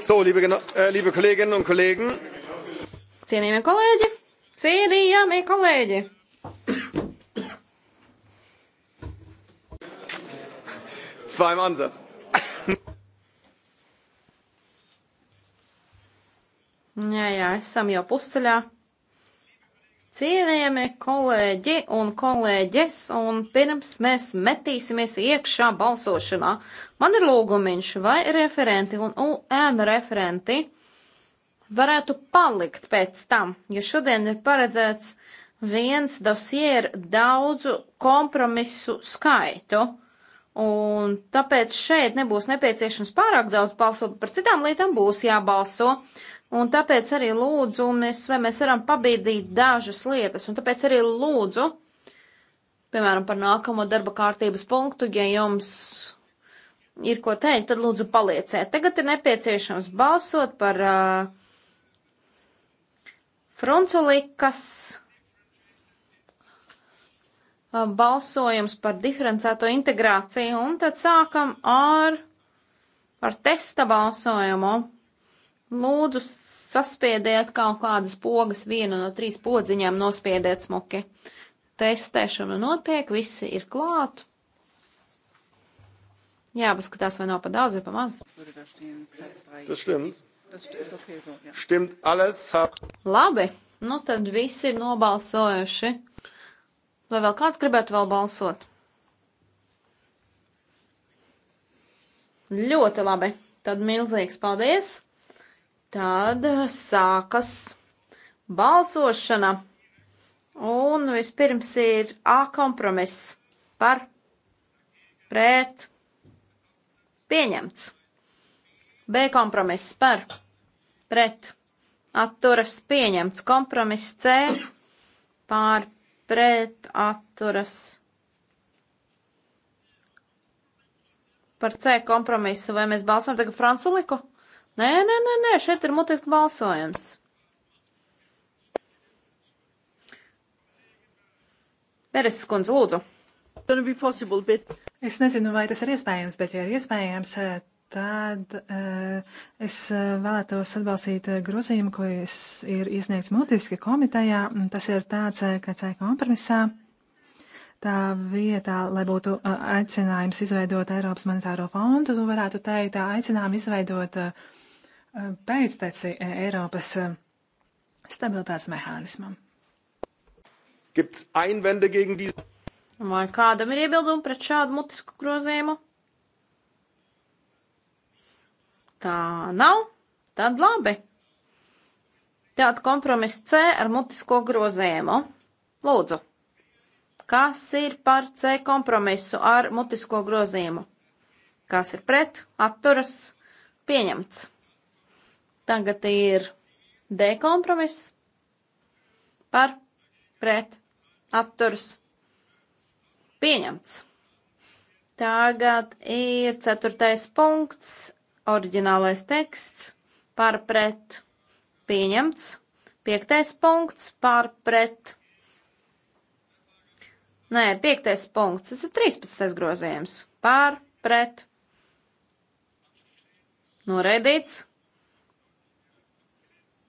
So, liebe, äh, liebe Kolleginnen un Kollegen. Cienījamie kolēģi, cienījamie kolēģi. Zwei im Ansatz. jā, jā, esam jau pusceļā. Cienījamie kolēģi un kolēģis, un pirms mēs metīsimies iekšā balsošanā, man ir lūgumiņš, vai referenti un UN referenti varētu palikt pēc tam, jo šodien ir paredzēts viens dosie ar daudzu kompromisu skaitu, un tāpēc šeit nebūs nepieciešams pārāk daudz balsot, par citām lietām būs jābalso. Uh, Un tāpēc arī lūdzu, mēs, vai mēs varam pabīdīt dažas lietas, un tāpēc arī lūdzu, piemēram, par nākamo darba kārtības punktu, ja jums ir ko teikt, tad lūdzu palieciet. Tagad ir nepieciešams balsot par uh, frunculikas uh, balsojums par diferencēto integrāciju, un tad sākam ar, ar testa balsojumu. Lūdzu, saspiediet kaut kādas pogas, vienu no trīs podziņām nospiediet smuki. Testēšana notiek, visi ir klāt. Jā, paskatās, vai nav pa daudz vai pa maz. Tas stimmt. Stimmt alles. Labi, nu tad visi ir nobalsojuši. Vai vēl kāds gribētu vēl balsot? Ļoti labi. Tad milzīgs paldies! Tad eh, sākas balsošana, un vispirms ir A kompromiss par pret pieņemts. B kompromiss par pret atturas pieņemts. Kompromiss C pār pret atturas. Par C kompromisu vai mēs balsojam tagad Franculiku? Nē, nē, nē, nē, šeit ir mutisks balsojums. Pereses kundze, lūdzu. Possible, but... Es nezinu, vai tas ir iespējams, bet, ja ir iespējams, tad uh, es eh, vēlētos atbalstīt eh, grozījumu, ko ir iesniegts mutiski komitejā. Tas ir tāds, ka C kompromisā tā vietā, lai būtu aicinājums izveidot Eiropas monetāro fondu, tu varētu teikt, aicinājumu izveidot uh, pēcteci eh, Eiropas eh, stabilitātes mehānismam. Gibt's Einwände gegen diese? Vai kādam ir iebildumi pret šādu mutisku grozījumu? Tā nav, tad labi. Tātad kompromiss C ar mutisko grozījumu. Lūdzu, kas ir par C kompromisu ar mutisko grozījumu? Kas ir pret, atturas, pieņemts? Tagad ir D kompromiss par pret apturs pieņemts. Tagad ir ceturtais punkts, oriģinālais teksts par pret pieņemts. Piektais punkts par pret. Nē, piektais punkts, tas ir 13. grozījums. Par pret. Noreidīts.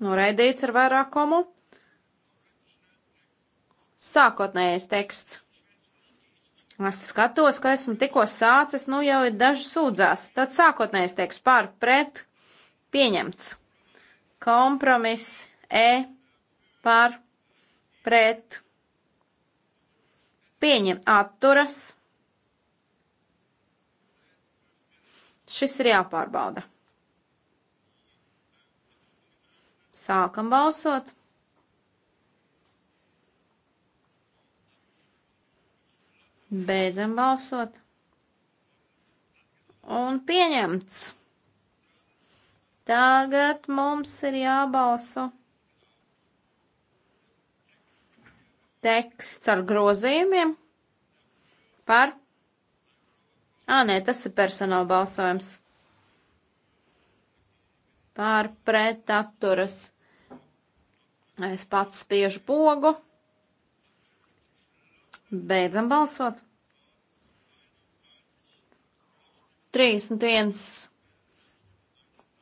Noraidīts ar vairākumu. Sākotnējais teksts. Es skatos, ka esmu tikko sācis, nu jau ir daži sūdzās. Tad sākotnējais teksts par pret pieņemts. Kompromiss E par pret pieņem atturas. Šis ir jāpārbauda. Sākam balsot. Beidzam balsot. Un pieņemts. Tagad mums ir jābalso teksts ar grozījumiem par. Ā, nē, tas ir personāla balsojums pār pret atturas. Es pats spiežu pogu. Beidzam balsot. 31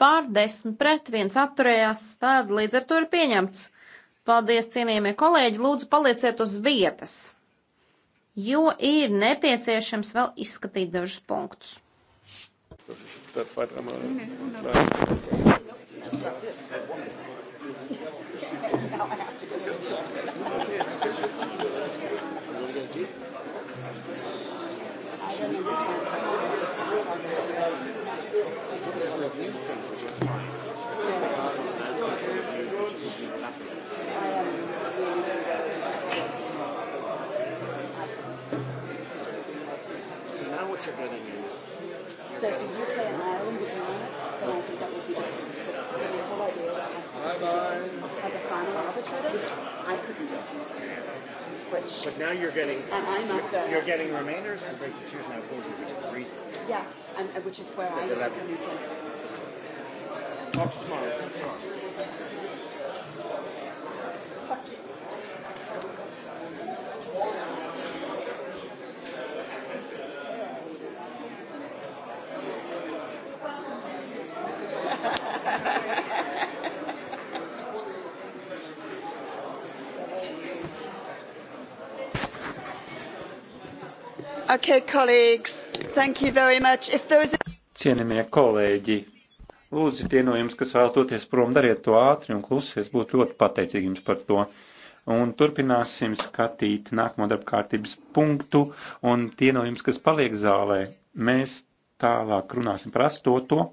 pār 10 pret 1 atturējās, tad līdz ar to ir pieņemts. Paldies, cienījamie kolēģi, lūdzu palieciet uz vietas, jo ir nepieciešams vēl izskatīt dažus punktus. Tas ir tā, tā, tā, tā, tā, tā, tā just that's it. That's one. now I have to go to the I don't understand. This is a review thing, which is fine. Yeah. Just from an outcome review, which is usually what happens. I am really So now what you're getting is. You're so getting, the UK and Ireland, if you want it, then I think that would be different all I do as, a student, as a final arbitrator, I couldn't do it. Which, But now you're getting, and I'm at the you're getting remainders and breaks of twos now pulls you, which is the reason. yeah, and, and uh, which is where I It's am eleven. coming from. Talk to tomorrow. Okay, colleagues, thank you very much. If there is... Cienījamie kolēģi, lūdzu tie no jums, kas vēlas doties prom, dariet to ātri un klusi, es būtu ļoti pateicīgi jums par to. Un turpināsim skatīt nākamo darbkārtības punktu, un tie no jums, kas paliek zālē, mēs tālāk runāsim par astoto,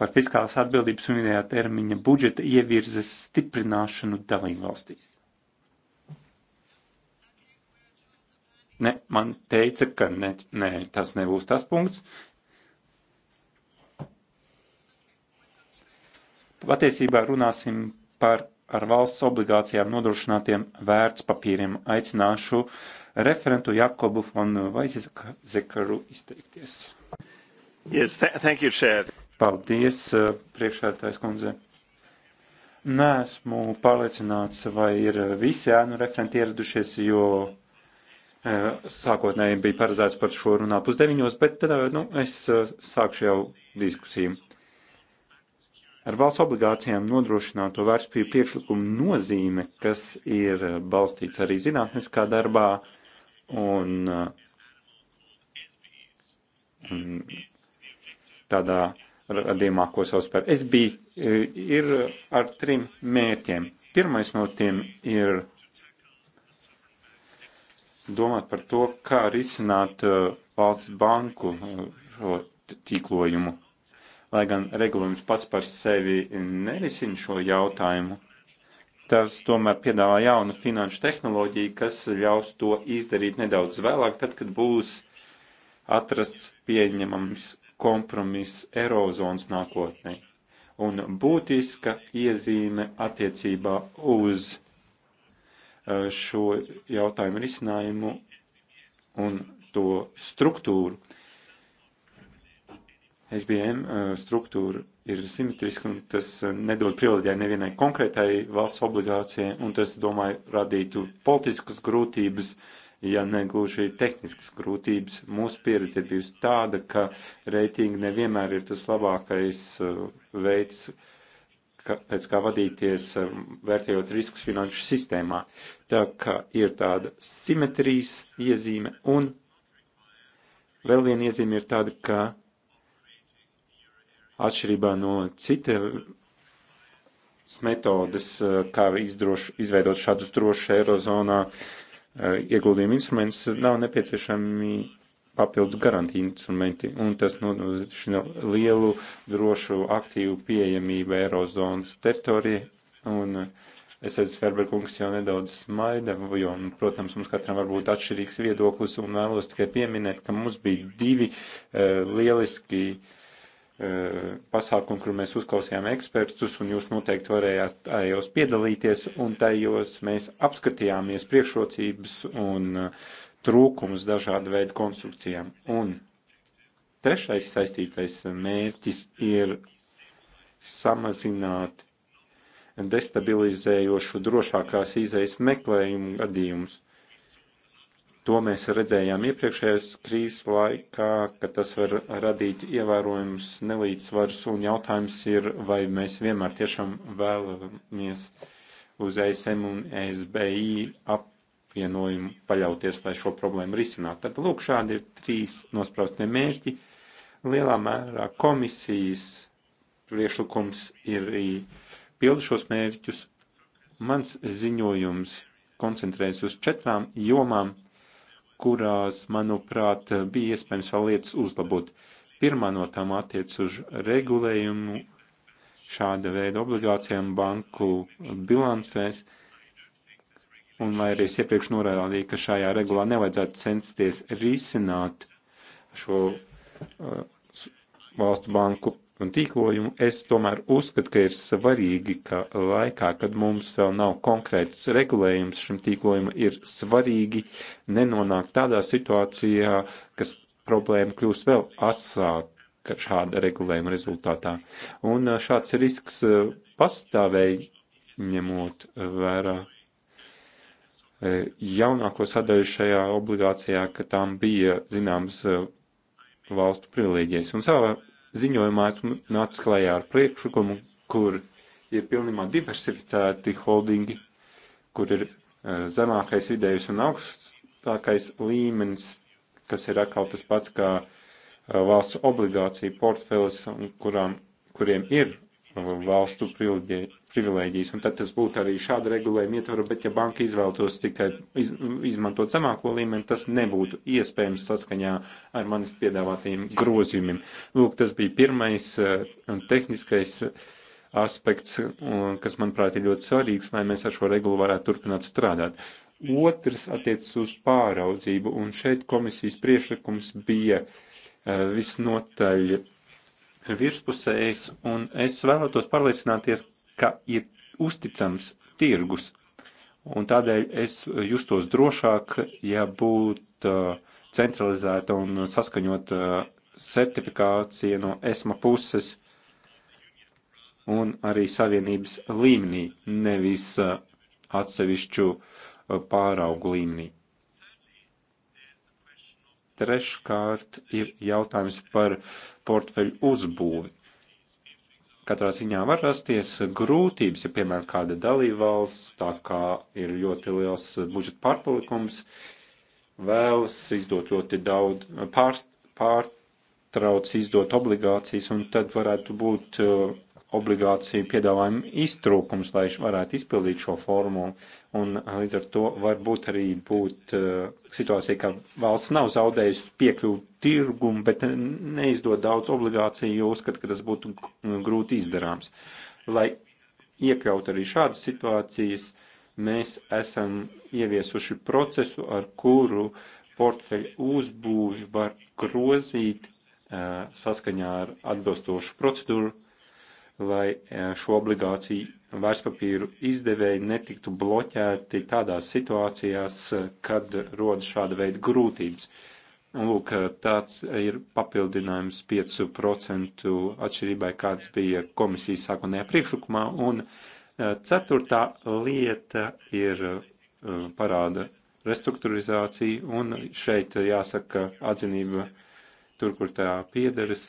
par fiskālās atbildības un vidējā termiņa budžeta ievirzes stiprināšanu dalību valstīs. Ne, man teica, ka ne, nē, tas nebūs tas punkts. Patiesībā runāsim par ar valsts obligācijām nodrošinātiem vērtspapīriem. Aicināšu referentu Jakobu von Vaizekaru izteikties. Yes, th thank you, Chair. Paldies, eh, priekšētājs kundze. Nē, esmu pārliecināts, vai ir visi ēnu referenti ieradušies, jo Eh, sākotnēji bija paredzēts par šo runā pusdeviņos, bet tad, eh, nu, es eh, sākšu jau diskusiju. Ar valsts obligācijām nodrošināto vērtspapīru priekšlikumu nozīme, kas ir balstīts arī zinātniskā darbā un, un tādā radījumā, ko sauc par SB, ir ar trim mērķiem. Pirmais no tiem ir domāt par to, kā risināt uh, valsts banku uh, šo tīklojumu. Lai gan regulējums pats par sevi nerisina šo jautājumu, tas tomēr piedāvā jaunu finanšu tehnoloģiju, kas ļaus to izdarīt nedaudz vēlāk, tad, kad būs atrasts pieņemams kompromiss Eirozonas nākotnē. Un būtiska iezīme attiecībā uz Eh, šo jautājumu risinājumu un to struktūru. SBM eh, struktūra ir simetriska un tas eh, nedod privileģēju nevienai konkrētai valsts obligācijai, un tas, domāju, radītu politiskas grūtības, ja ne gluži tehniskas grūtības. Mūsu pieredze bijusi tāda, ka reitingi nevienmēr ir tas labākais veids, uh, pēc kā vadīties, eh, vērtējot riskus finanšu sistēmā. Tā kā ir tāda simetrijas iezīme un vēl viena iezīme ir tāda, ka atšķirībā no cita metodes, eh, kā izdroš, izveidot šādus drošus eirozonā eh, ieguldījumu instrumentus, nav nepieciešami papildus garantiju instrumenti, un tas nodrošina lielu drošu aktīvu pieejamību Eirozonas teritorijai, un eh, es redzu, Ferberkungs jau nedaudz smaida, jo, nu, protams, mums katram var būt atšķirīgs viedoklis, un vēlos tikai pieminēt, ka mums bija divi uh, lieliski uh, eh, pasākumu, kur mēs uzklausījām ekspertus, un jūs noteikti varējāt tajos piedalīties, un tajos mēs apskatījāmies priekšrocības un uh, trūkumus dažādu veidu konstrukcijām. Un trešais saistītais mērķis ir samazināt destabilizējošu drošākās izejas meklējumu gadījumus. To mēs redzējām iepriekšējās krīzes laikā, ka tas var radīt ievērojums nelīdzsvars un jautājums ir, vai mēs vienmēr tiešām vēlamies uz ESM un ESBI ap, apvienojumu paļauties, lai šo problēmu risinātu. Tad lūk, šādi ir trīs nospraustie mērķi. Lielā mērā komisijas priešlikums ir pildu šos mērķus. Mans ziņojums koncentrējas uz četrām jomām, kurās, manuprāt, bija iespējams vēl lietas uzlabot. Pirmā no tām attiec uz regulējumu šāda veida obligācijām banku bilancēs. Uh, un vai arī es iepriekš norādīju, ka šajā regulā nevajadzētu censties risināt šo uh, valstu banku un tīklojumu, es tomēr uzskatu, ka ir svarīgi, ka laikā, kad mums vēl nav konkrēts regulējums šim tīklojumam, ir svarīgi nenonākt tādā situācijā, kas problēma kļūst vēl asāka šāda regulējuma rezultātā. Un uh, šāds risks uh, pastāvēja ņemot vērā E, jaunāko sadaļu šajā obligācijā, ka tām bija zināmas e, valstu privilēģijas. Un savā ziņojumā esmu nācis klajā ar priekšlikumu, kur ir pilnībā diversificēti holdingi, kur ir e, zemākais vidējs un augstākais līmenis, kas ir atkal tas pats kā valsts obligācija portfeles, kurām, kuriem ir valstu privilēģija privilēģijas, un tad tas būtu arī šāda regulējuma ietvara, bet ja banka izvēltos tikai iz, izmantot zemāko līmeni, tas nebūtu iespējams saskaņā ar manis piedāvātajiem grozījumiem. Lūk, tas bija pirmais eh, tehniskais eh, aspekts, kas, manuprāt, ir ļoti svarīgs, lai mēs ar šo regulu varētu turpināt strādāt. Otrs attiecas uz pāraudzību, un šeit komisijas priešlikums bija eh, visnotaļ virspusējs, un es vēlētos pārliecināties, ka ir uzticams tirgus. Un tādēļ es justos drošāk, ja būtu uh, centralizēta un saskaņota uh, certifikācija no ESMA puses un arī savienības līmenī, nevis uh, atsevišķu pāraugu līmenī. Treškārt ir jautājums par portfeļu uzbūvi. Katrā ziņā var rasties grūtības, ja, piemēram, kāda dalībvalsts, tā kā ir ļoti liels budžeta pārpalikums, vēlas izdot ļoti daudz, pār, pārtrauc izdot obligācijas, un tad varētu būt uh, obligāciju piedāvājuma iztrūkums, lai varētu izpildīt šo formulu. Un uh, līdz ar to var būt arī būt uh, situācija, ka valsts nav zaudējusi piekļuvu tirgumu, bet neizdod daudz obligāciju, jo uzskat, ka tas būtu grūti izdarāms. Lai iekļaut arī šādas situācijas, mēs esam ieviesuši procesu, ar kuru portfeļu uzbūvi var grozīt eh, saskaņā ar atbilstošu procedūru, lai eh, šo obligāciju vērtspapīru izdevēji netiktu bloķēti tādās situācijās, eh, kad rodas šāda veida grūtības. Uh, Un, lūk, eh, tāds ir papildinājums 5% atšķirībai, kāds bija komisijas sākotnējā priekšlikumā. Un eh, ceturtā lieta ir eh, parāda restruktūrizācija, un šeit jāsaka atzinība tur, kur tā piederas,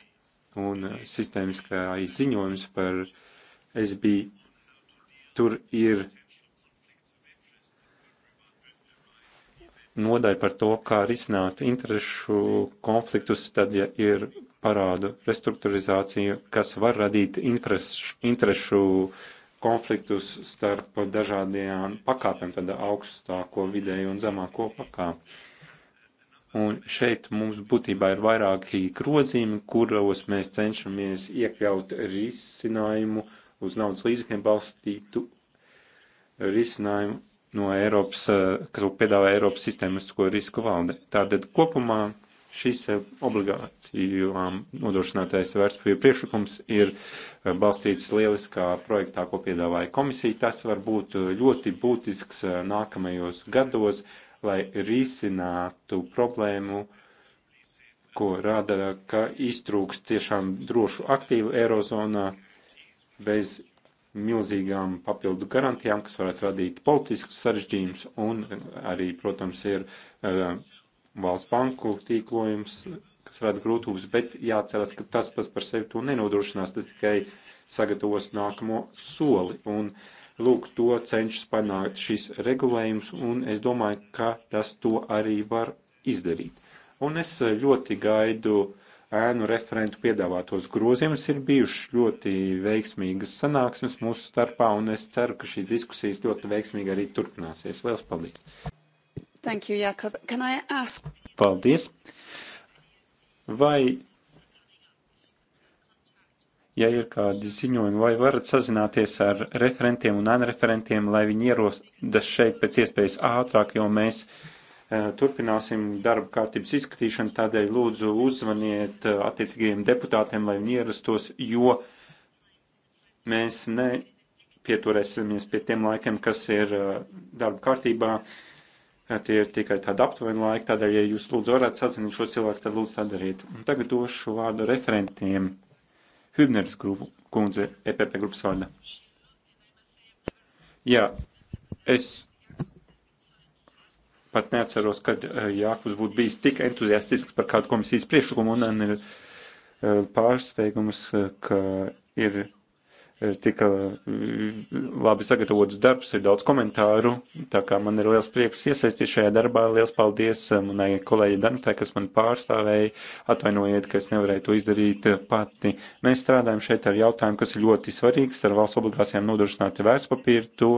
un sistēmiskais ziņojums par SB tur ir nodaļa par to, kā risināt interešu konfliktus, tad, ja ir parādu restruktūrizācija, kas var radīt interešu konfliktus starp dažādajām pakāpēm, tad augstāko, vidēju un zemāko pakāpi. Un šeit mums būtībā ir vairāki grozījumi, kuros mēs cenšamies iekļaut risinājumu uz naudas līdzekļiem balstītu risinājumu no Eiropas, eh, kas piedāvā Eiropas sistēmisko risku valde. Tātad kopumā šīs eh, obligācijām nodrošinātais vērtspapīra priekšlikums ir eh, balstīts lieliskā projektā, ko piedāvāja komisija. Tas var būt ļoti būtisks nākamajos gados, lai risinātu problēmu, ko rada, ka iztrūks tiešām drošu aktīvu Eirozonā bez milzīgām papildu garantijām, kas varētu radīt politiskus sarežģījumus, un arī, protams, ir uh, valsts banku tīklojums, kas rada grūtības, bet jāatcerās, ka tas pats par sevi to nenodrošinās, tas tikai sagatavos nākamo soli. Un, lūk, to cenšas panākt šis regulējums, un es domāju, ka tas to arī var izdarīt. Un es eh, ļoti gaidu uh, ēnu referentu piedāvātos grozījumus ir bijušas ļoti veiksmīgas sanāksmes mūsu starpā, un es ceru, ka šīs diskusijas ļoti veiksmīgi arī turpināsies. Lielas paldies! Thank you, Jakob. Can I ask? Paldies! Vai, ja ir kādi ziņojumi, vai varat sazināties ar referentiem un anreferentiem, lai viņi ierodas šeit pēc iespējas ātrāk, jo mēs uh, Eh, turpināsim darba kārtības izskatīšanu, tādēļ lūdzu uzvaniet eh, attiecīgajiem deputātiem, lai viņi ierastos, jo mēs nepieturēsimies pie tiem laikiem, kas ir eh, darba kārtībā. Tie ir tikai tādi aptuveni laiki, tādēļ, ja jūs lūdzu varētu sazināt šos cilvēkus, tad lūdzu tā dariet. Un tagad došu vārdu referentiem Hübneris grupu, kundze EPP grupas vārda. Jā, es pat neatceros, kad eh, Jākus būtu bijis tik entuziastisks par kādu komisijas priekšlikumu, un man ir eh, pārsteigums, eh, ka ir Eh, tika mm, labi sagatavots darbs, ir daudz komentāru, tā kā man ir liels prieks iesaistīties šajā darbā. Liels paldies eh, manai kolēģi Danutai, kas man pārstāvēja. Atvainojiet, ka es nevarēju to izdarīt eh, pati. Mēs strādājam šeit ar jautājumu, kas ir ļoti svarīgs, ar valsts obligācijām nodrošināti vērtspapīri. To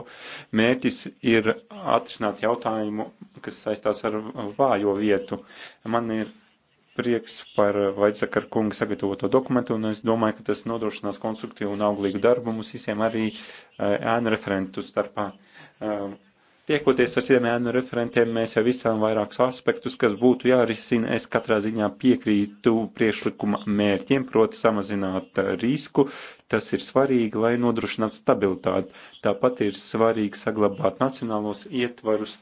mērķis ir atrisināt jautājumu, kas saistās ar vājo vietu. Man ir prieks par eh, Vaidzekar kunga sagatavoto dokumentu, un es domāju, ka tas nodrošinās konstruktīvu un auglīgu darbu mums visiem arī eh, ēnu referentu starpā. Eh, tiekoties ar šiem ēnu referentiem, mēs jau visām vairākus aspektus, kas būtu jārisina, es katrā ziņā piekrītu priešlikuma mērķiem, proti samazināt risku, Tas ir svarīgi, lai nodrošinātu stabilitāti. Tāpat ir svarīgi saglabāt nacionālos ietvarus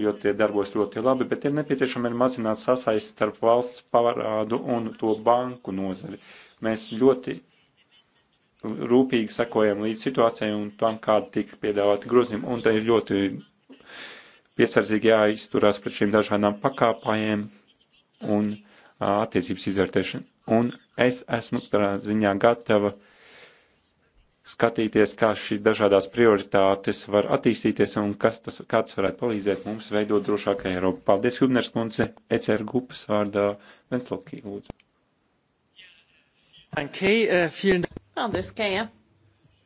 jo tie darbos ļoti labi, bet ir nepieciešami arī mazināt sasaist starp valsts parādu un to banku nozari. Mēs ļoti rūpīgi sekojam līdz situācijai un tam, kāda tika piedāvāta grozījuma, un te ir ļoti piesardzīgi jāizturās pret šīm dažādām pakāpājiem un attiecības izvērtēšanu. Un es esmu tādā ziņā gatava uh, skatīties, kā šīs dažādās prioritātes var attīstīties un kas tas, kā tas varētu palīdzēt mums veidot drošāku Eiropu. Paldies, Hudners kundze, ECR grupas vārdā Venslokī, lūdzu. Uh, Paldies, Keja.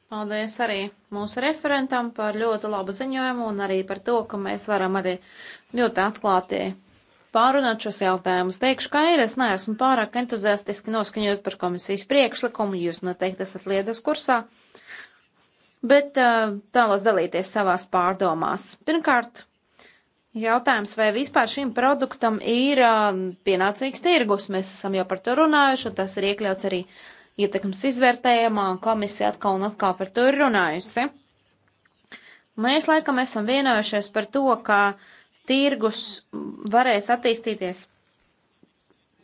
Paldies arī mūsu referentam par ļoti labu ziņojumu un arī par to, ka mēs varam arī ļoti atklāti pārunāt šos jautājumus. Teikšu, ka ir, es neesmu pārāk entuziastiski noskaņot par komisijas priekšlikumu, jūs noteikti esat lietas kursā. Uh, bet tālos uh, dalīties savās pārdomās. Pirmkārt, jautājums, vai vispār šim produktam ir uh, pienācīgs tirgus. Mēs esam jau par to runājuši, un tas ir iekļauts arī ietekmes izvērtējumā, un komisija atkal un atkal par to ir runājusi. Mēs laikam esam vienojušies par to, ka tirgus varēs attīstīties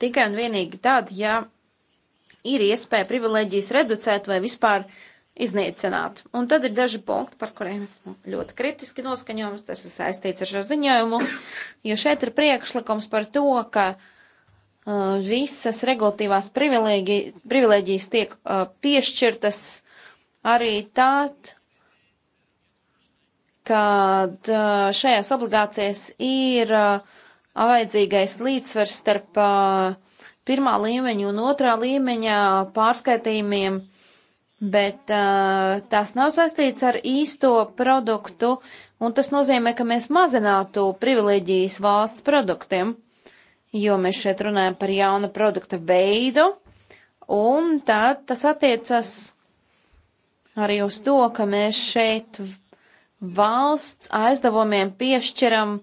tikai un vienīgi tad, ja ir iespēja privileģijas reducēt vai vispār uh, iznīcināt. Un tad ir daži punkti, par kuriem esmu ļoti kritiski noskaņojums, tas ir saistīts ar šo ziņojumu, jo šeit ir priekšlikums par to, ka uh, visas regulatīvās privilēģijas tiek uh, piešķirtas arī tād, kad uh, šajās obligācijās ir uh, vajadzīgais līdzsvers starp uh, pirmā līmeņa un otrā līmeņa pārskaitījumiem bet uh, tās nav saistīts ar īsto produktu, un tas nozīmē, ka mēs mazinātu privileģijas valsts produktiem, jo mēs šeit runājam par jaunu produkta veidu, un tad tas attiecas arī uz to, ka mēs šeit valsts aizdevumiem piešķiram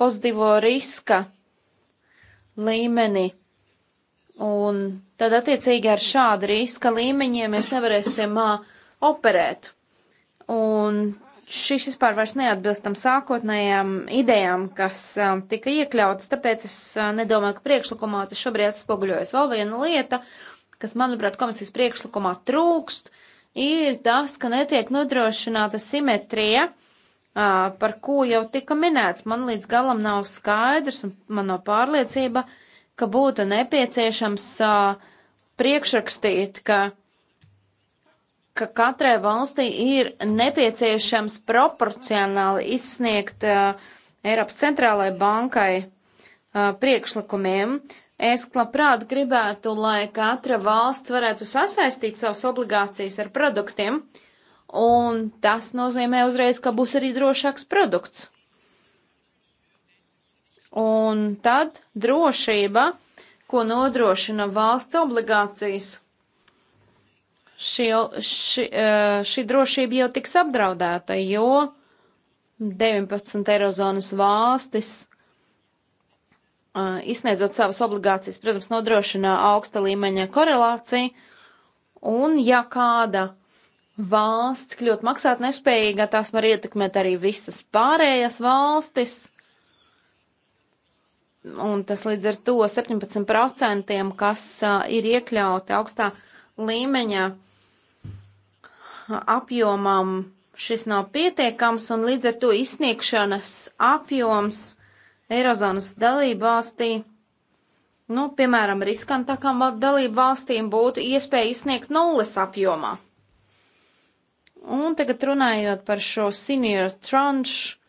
pozitīvo riska līmeni. Un tad attiecīgi ar šādu riska līmeņiem mēs nevarēsim uh, operēt. Un šis vispār vairs neatbilst tam sākotnējām idejām, kas uh, tika iekļautas, tāpēc es uh, nedomāju, ka priekšlikumā tas šobrīd atspoguļojas. Vēl viena lieta, kas, manuprāt, komisijas priekšlikumā trūkst, ir tas, ka netiek nodrošināta simetrija, uh, par ko jau tika minēts. Man līdz galam nav skaidrs un man nav pārliecība, ka būtu nepieciešams uh, priekšrakstīt, ka ka katrai valstī ir nepieciešams proporcionāli izsniegt uh, Eiropas centrālajai bankai uh, priekšlikumiem. Es labprāt gribētu, lai katra valsts varētu sasaistīt savas obligācijas ar produktiem, un tas nozīmē uzreiz, ka būs arī drošāks produkts. Un tad drošība ko nodrošina valsts obligācijas, šī, šī, e, šī drošība jau tiks apdraudēta, jo 19 Eirozonas valstis e, izsniedzot savas obligācijas, protams, nodrošina augsta līmeņa korelāciju, un ja kāda valsts kļūt maksāt nespējīgā, tās var ietekmēt arī visas pārējās valstis, un tas līdz ar to 17%, kas ir iekļauti augstā līmeņa apjomam, šis nav pietiekams, un līdz ar to izsniegšanas apjoms Eirozonas dalību valstī, nu, piemēram, riskantākām dalību valstīm būtu iespēja izsniegt nulles apjomā. Un tagad runājot par šo senior tranšu,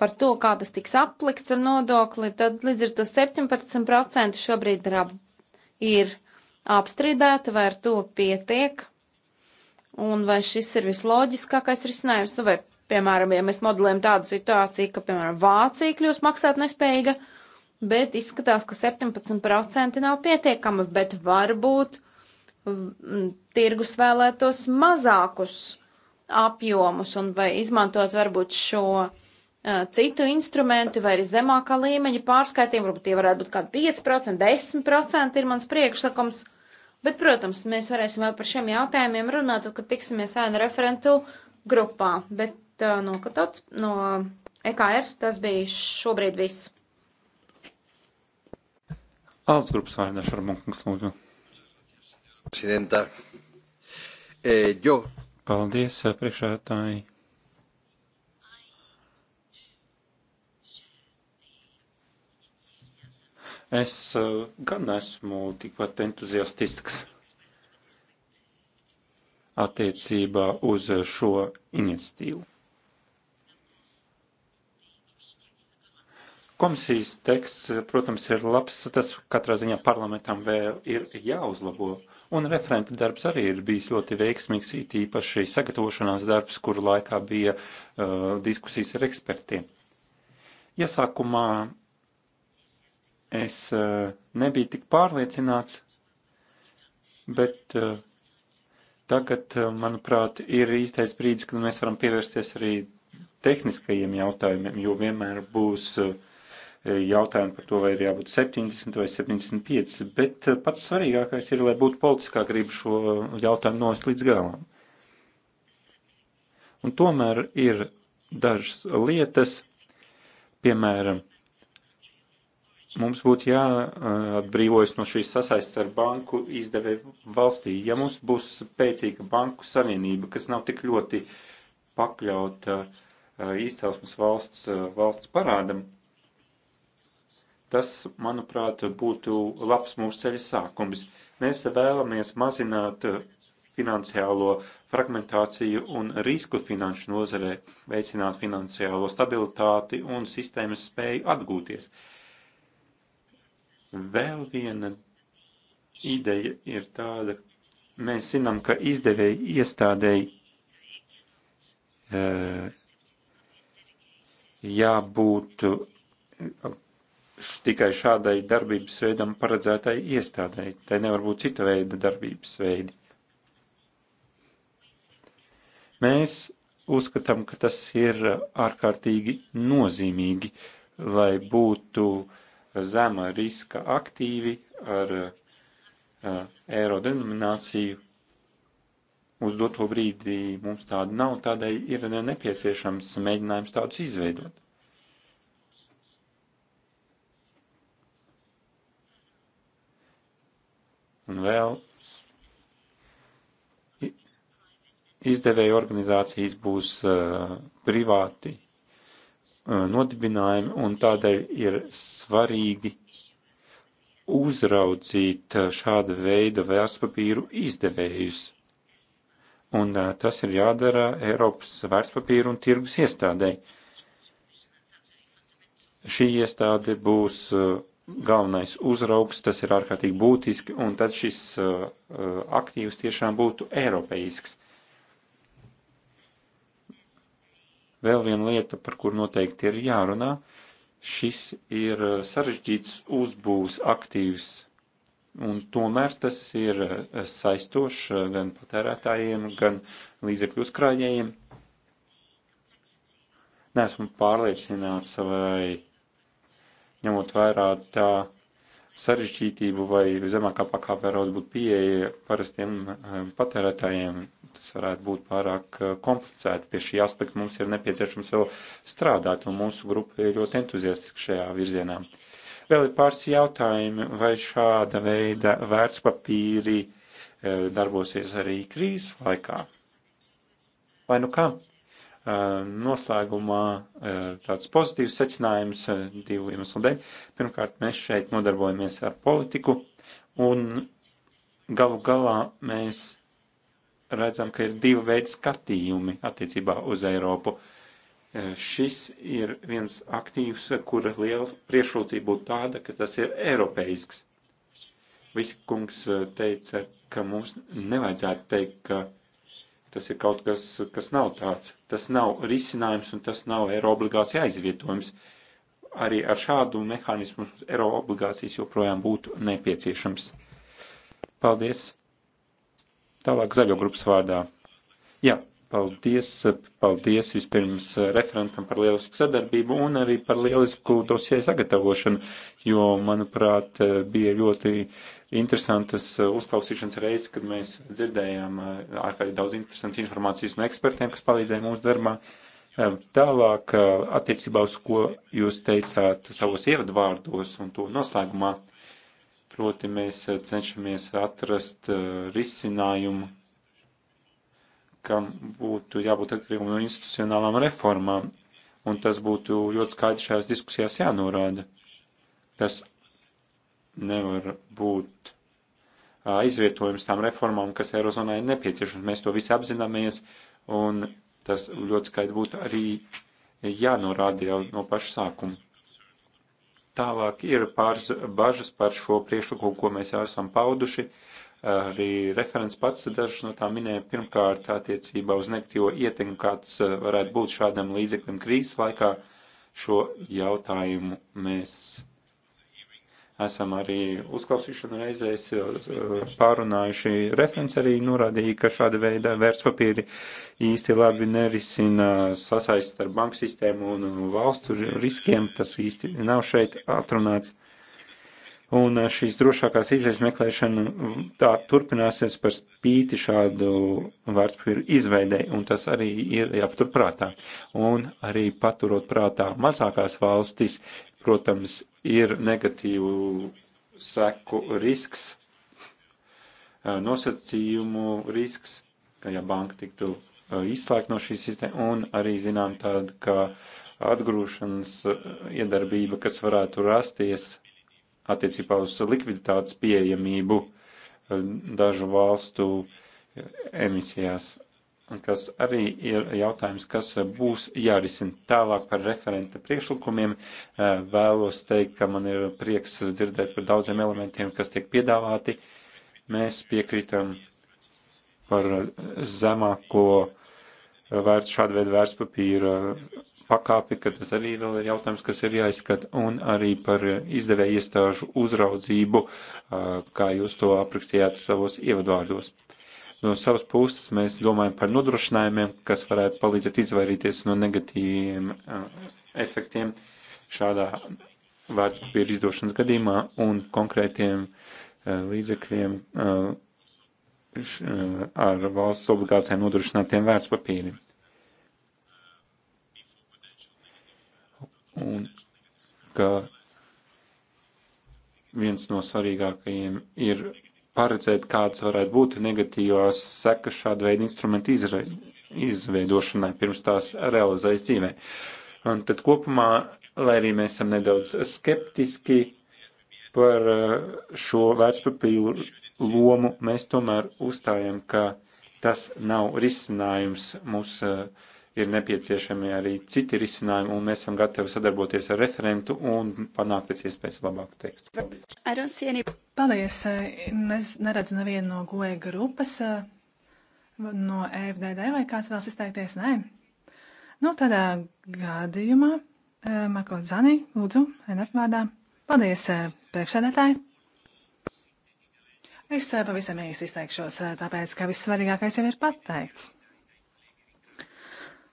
par to, kā tas tiks aplikts ar nodokli, tad līdz ar to 17% šobrīd ir, ap, ir apstrīdēta, vai ar to pietiek, un vai šis ir visloģiskākais risinājums, vai, piemēram, ja mēs modelējam tādu situāciju, ka, piemēram, Vācija kļūs maksāt nespējīga, bet izskatās, ka 17% nav pietiekama, bet varbūt mm, tirgus vēlētos mazākus apjomus un vai izmantot varbūt šo citu instrumentu vai arī zemākā līmeņa pārskaitījumi, varbūt tie varētu būt kādi 5%, 10% ir mans priekšlikums. Bet, protams, mēs varēsim vēl par šiem jautājumiem runāt, tad, kad tiksimies ēnu referentu grupā. Bet no, katots, no EKR tas bija šobrīd viss. Alts grupas vārdā Šarmunkungs lūdzu. Presidenta. E, eh, jo. Paldies, priekšētāji. Es eh, gan esmu tikpat entuziastisks attiecībā uz šo iniciatīvu. Komisijas teksts, protams, ir labs, tas katrā ziņā parlamentam vēl ir jāuzlabo, un referenta darbs arī ir bijis ļoti veiksmīgs, it īpaši sagatavošanās darbs, kuru laikā bija uh, diskusijas ar ekspertiem. Iesākumā es uh, nebiju tik pārliecināts, bet uh, tagad, uh, manuprāt, ir īstais brīdis, kad mēs varam pievērsties arī tehniskajiem jautājumiem, jo vienmēr būs uh, jautājumi par to, vai ir jābūt 70 vai 75, bet pats svarīgākais ir, lai būtu politiskā griba šo jautājumu novest līdz galam. Un tomēr ir dažas lietas, piemēram, Mums būtu jāatbrīvojas eh, no šīs sasaistes ar banku izdevēju valstī. Ja mums būs spēcīga banku savienība, kas nav tik ļoti pakļauta eh, izcelsmes valsts, eh, valsts parādam, tas, manuprāt, būtu labs mūsu ceļa sākums. Mēs vēlamies mazināt finansiālo fragmentāciju un risku finanšu nozarē, veicināt finansiālo stabilitāti un sistēmas spēju atgūties. Uh, Vēl viena ideja ir tāda, mēs zinām, ka izdevēji iestādēji eh, jābūt eh, tikai šādai darbības veidam paredzētai iestādēji. Tai nevar būt cita veida darbības veidi. Mēs uzskatām, ka tas ir ārkārtīgi nozīmīgi, lai būtu uh, zema riska aktīvi ar uh, eiro denomināciju. Uz doto brīdi mums tāda nav, tādēļ ir nepieciešams mēģinājums tādus izveidot. Un vēl izdevēju organizācijas būs uh, privāti nodibinājumi, un tādēļ ir svarīgi uzraudzīt šāda veida vērtspapīru izdevējus. Un tas ir jādara Eiropas vērtspapīru un tirgus iestādē. Šī iestāde būs galvenais uzraugs, tas ir ārkārtīgi būtiski, un tad šis aktīvs tiešām būtu eiropeisks. Vēl viena lieta, par kur noteikti ir jārunā, šis ir eh, sarežģīts uzbūvs aktīvs, un tomēr tas ir eh, saistošs eh, gan patērētājiem, gan līdzekļu uzkrājējiem. Nesmu pārliecināts, vai ņemot vērā tā sarežģītību vai zemākā pakāpē varētu būt pieeja parastiem patērētājiem, tas varētu būt pārāk eh, komplicēti. Pie šī aspekta mums ir nepieciešams vēl strādāt, un mūsu grupa ir ļoti entuziastiska šajā virzienā. Vēl ir pāris jautājumi, vai šāda veida vērtspapīri eh, darbosies arī krīzes laikā. Vai nu kā? Eh, noslēgumā tāds pozitīvs secinājums divu iemeslu dēļ. Pirmkārt, mēs šeit nodarbojamies ar politiku, un galu galā mēs redzam, ka ir divi veidi skatījumi attiecībā uz Eiropu. E, šis ir viens aktīvs, kura liela priešrocība būtu tāda, ka tas ir eiropeisks. Visi kungs e, teica, ka mums nevajadzētu teikt, ka tas ir kaut kas, kas nav tāds. Tas nav risinājums un tas nav eiro obligācija aizvietojums. Arī ar šādu mehānismu eiro obligācijas joprojām būtu nepieciešams. Paldies! Tālāk zaļo grupas vārdā. Jā, paldies, paldies vispirms eh, referentam par lielisku sadarbību un arī par lielisku dosie sagatavošanu, jo, manuprāt, eh, bija ļoti interesantas eh, uzklausīšanas reizes, kad mēs dzirdējām ārkārtīgi daudz interesantas informācijas no ekspertiem, kas palīdzēja mūsu darbā. Tālāk, attiecībā uz ko jūs teicāt savos ievadvārdos un to noslēgumā, uh, Proti mēs eh, cenšamies atrast eh, risinājumu, kam būtu jābūt atkarīgam no institucionālām reformām, un tas būtu ļoti skaidrs šajās diskusijās jānorāda. Tas nevar būt eh, aizvietojums tām reformām, kas Eirozonai ir nepieciešams. Mēs to visi apzināmies, un tas ļoti skaidri būtu arī jānorāda jau no paša sākuma. Tālāk ir pāris bažas par šo priekšlikumu, ko mēs jau esam pauduši. Arī referents pats dažas no tām minēja pirmkārt attiecībā uz negatīvo ietekmi, kāds eh, varētu būt šādam līdzeklim krīzes laikā. Šo jautājumu mēs Esam arī uzklausīšana reizēs eh, pārunājuši. Referents arī norādīja, ka šāda veida vērtspapīri īsti labi nerisina sasaistes ar banku sistēmu un valstu riskiem. Tas īsti nav šeit atrunāts. Un eh, šīs drošākās izējas meklēšana mm, tā turpināsies par spīti šādu vērtspapīru izveidēji, un tas arī ir jāpatur prātā. Un arī paturot prātā mazākās valstis, Protams, ir negatīvu seku risks, eh, nosacījumu risks, ka ja banka tiktu eh, izslēgt no šīs sistēmas, un arī zinām tādu, ka atgrūšanas eh, iedarbība, kas varētu rasties attiecībā uz likviditātes pieejamību dažu valstu emisijās kas arī ir jautājums, kas eh, būs jārisina tālāk par referenta priekšlikumiem. Eh, vēlos teikt, ka man ir prieks dzirdēt par daudziem elementiem, kas tiek piedāvāti. Mēs piekrītam par zemāko eh, vērts šādu veidu vērtspapīra pakāpi, ka tas arī vēl ir jautājums, kas ir jāizskata, un arī par izdevēju iestāžu uzraudzību, kā jūs to aprakstījāt savos ievadvārdos. No savas puses mēs domājam par nodrošinājumiem, kas varētu palīdzēt izvairīties no negatīviem efektiem šādā vērtspapīra izdošanas gadījumā un konkrētiem līdzekļiem ar valsts obligācijām nodrošinātiem vērtspapīriem. Un ka viens no svarīgākajiem ir paredzēt, kādas varētu būt negatīvās sekas šāda veida instrumenta izra, izveidošanai, pirms tās realizējas dzīvē. Un tad kopumā, lai arī mēs esam nedaudz skeptiski par eh, šo vērtspapīru lomu, mēs tomēr uzstājam, ka tas nav risinājums mūsu uh, ir nepieciešami arī citi risinājumi, un mēs esam gatavi sadarboties ar referentu un panākt pēc iespējas labāku tekstu. Any... Paldies! Es neredzu nevienu no goja grupas, no EFDD vai kāds vēl izteikties, nē. Nu, tādā gadījumā, Marko Zani, lūdzu, NF vārdā. Paldies, priekšsēdētāji! Es eh, pavisam īsi izteikšos, eh, tāpēc, ka vissvarīgākais jau ir pateikts.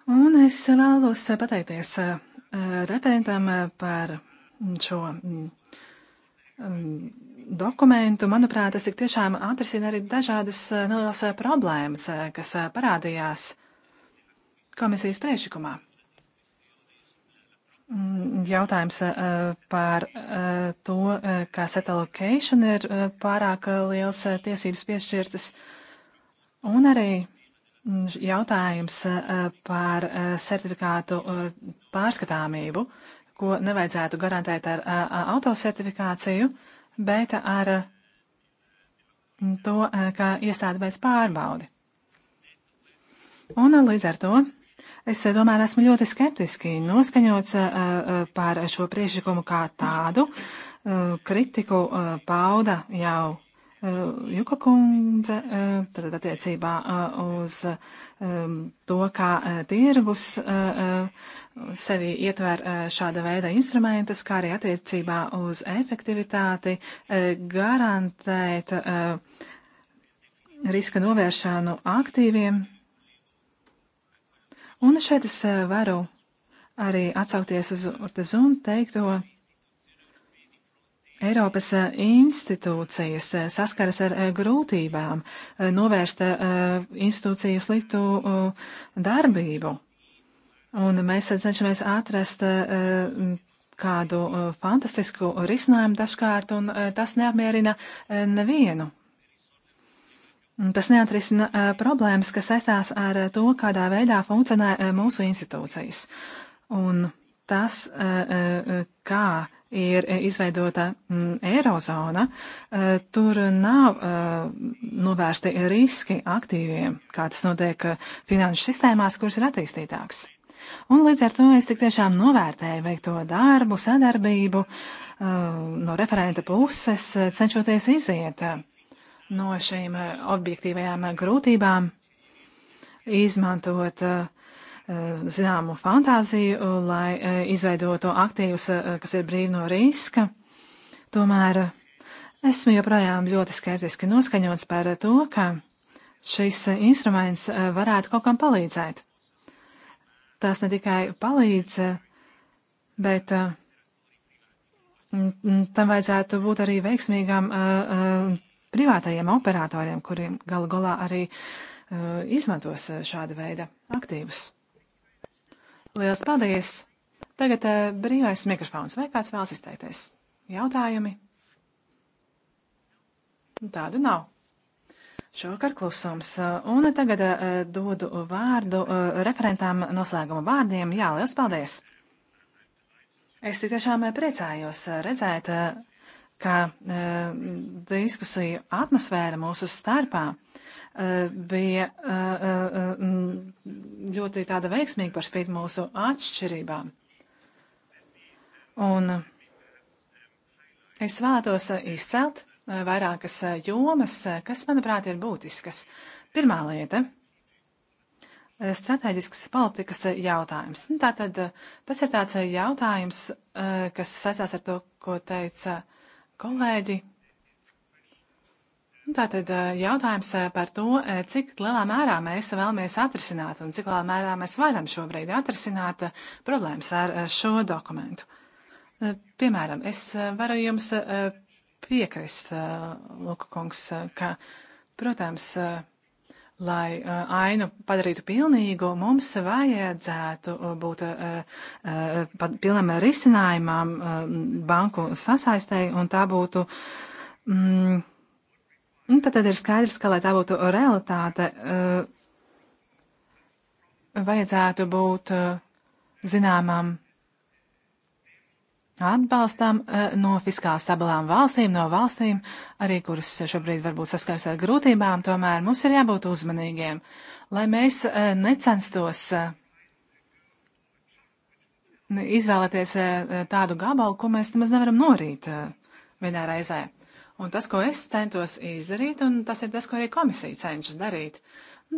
Un es vēlos eh, pateikties eh, referentam eh, par šo mm, mm, dokumentu. Manuprāt, tas tik tiešām atrisina arī dažādas nelielas problēmas, kas parādījās komisijas priekšlikumā. Mm, jautājums par to, kā set allocation ir pārāk liels tiesības piešķirtas, un arī Jautājums eh, par eh, certifikātu eh, pārskatāmību, ko nevajadzētu garantēt ar autosertifikāciju, bet ar to, ka iestāde veids pārbaudi. Un līdz ar to es domāju, esmu ļoti skeptiski noskaņots par šo priekšlikumu kā tādu. Kritiku pauda jau Eh, Juka kundze, eh, tad attiecībā eh, uz to, kā tirgus sevi ietver šāda veida instrumentus, kā arī attiecībā uz efektivitāti, garantēt riska novēršanu aktīviem. Un šeit es varu arī atsaukties uz Urtezunu teikto, Eiropas eh, institūcijas eh, saskaras ar eh, grūtībām novērst institūciju sliktu darbību. Un mēs cenšamies atrast kādu fantastisku risinājumu dažkārt, un tas neapmierina nevienu. Tas neatrisina problēmas, kas saistās ar to, kādā veidā funkcionē mūsu institūcijas. Un tas, kā ir eh, izveidota mm, eirozona, eh, tur nav eh, novērsti riski aktīviem, kā tas notiek finanšu sistēmās, kuras ir attīstītāks. Un līdz ar to es tik tiešām novērtēju veikto darbu, sadarbību no referenta puses, cenšoties iziet no šīm objektīvajām grūtībām, izmantot uh, Eh, zināmu fantāziju, eh, lai eh, izveidotu aktīvus, kas ir brīvi no riska. Tomēr esmu joprojām ļoti skeptiski noskaņots par to, ka šis instruments varētu kaut kam palīdzēt. Tas ne tikai palīdz, bet tam vajadzētu būt arī veiksmīgam privātajiem operatoriem, kuriem galu galā arī izmantos šāda veida aktīvus. Lielas paldies! Tagad uh, brīvais mikrofons. Vai kāds vēlas izteikties? Jautājumi? Tādu nav. Šovakar klusums. Un tagad uh, dodu vārdu uh, eh, referentām noslēguma vārdiem. Jā, liels paldies! Es tiešām priecājos redzēt, ka diskusiju atmosfēra mūsu starpā uh, Eh, bija eh, eh, ļoti tāda veiksmīga par spīti mūsu atšķirībām. Un es vēlētos izcelt vairākas jomas, kas, manuprāt, ir būtiskas. Pirmā lieta - strateģisks politikas jautājums. Nu, tātad tas ir tāds jautājums, kas saistās ar to, ko teica kolēģi Nu, tātad jautājums par to, cik lielā mērā mēs vēlamies atrisināt un cik lielā mērā mēs varam šobrīd atrisināt problēmas ar šo dokumentu. Piemēram, es varu jums piekrist, Luka kungs, ka, protams, lai ainu padarītu pilnīgu, mums vajadzētu būt pilnam risinājumam banku sasaistēji, un tā būtu. Mm, Un nu, tad, tad ir skaidrs, ka, lai tā būtu realitāte, eh, vajadzētu būt eh, zināmam atbalstam eh, no fiskāli stabilām valstīm, no valstīm, arī kuras šobrīd varbūt saskars ar grūtībām, tomēr mums ir jābūt uzmanīgiem, lai mēs necenstos izvēlēties tādu gabalu, ko mēs nemaz nevaram norīt vienā reizē. Un tas, ko es centos izdarīt, un tas ir tas, ko arī komisija cenšas darīt,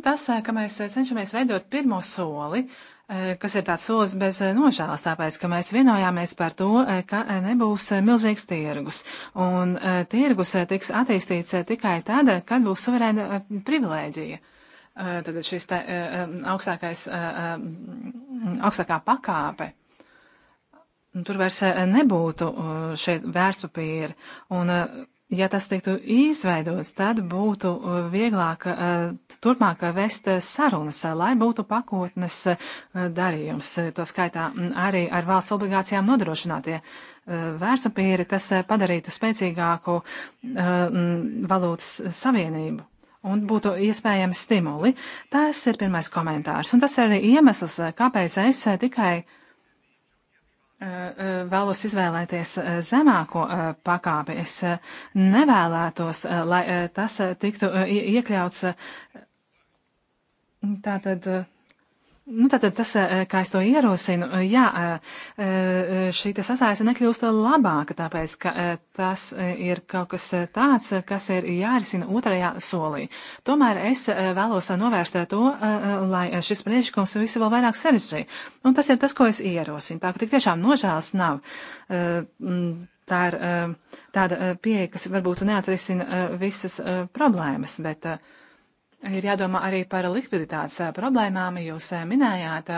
tas, eh, ka mēs eh, cenšamies veidot pirmo soli, eh, kas ir tāds solis bez nožēlas, tāpēc, ka mēs vienojāmies par to, ka nebūs milzīgs tirgus. Un tirgus tiks attīstīts tikai tad, kad būs suverēna privilēģija. Tad šis te, augstākais, augstākā pakāpe. Tur vairs nebūtu šie vērtspapīri. Un ja tas tiktu izveidots, tad būtu uh, vieglāk uh, turpmāk uh, vest sarunas, lai būtu pakotnes darījums, to skaitā mm, arī ar valsts obligācijām nodrošinātie vērsupīri, tas padarītu spēcīgāku mm, valūtas savienību. Un būtu iespējami stimuli. Tas ir pirmais komentārs. Un tas ir arī iemesls, kāpēc es tikai uh, vēlos izvēlēties zemāko pakāpi. Es nevēlētos, lai tas tiktu iekļauts tātad Nu, tātad tas, eh, kā es to ierosinu, eh, jā, eh, šī sasaiste nekļūst labāka, tāpēc, ka tas ir kaut kas tāds, kas ir jārisina otrajā solī. Tomēr es vēlos novērst to, lai šis priekšlikums visu vēl vairāk sarežģīja. Un tas ir tas, ko es ierosinu. Tā ka tik tiešām nožēlas nav. Mm, tā ir tāda pieeja, kas varbūt neatrisina visas problēmas, bet. Uh, Ir jādomā arī par likviditātes problēmām. Jūs minējāt,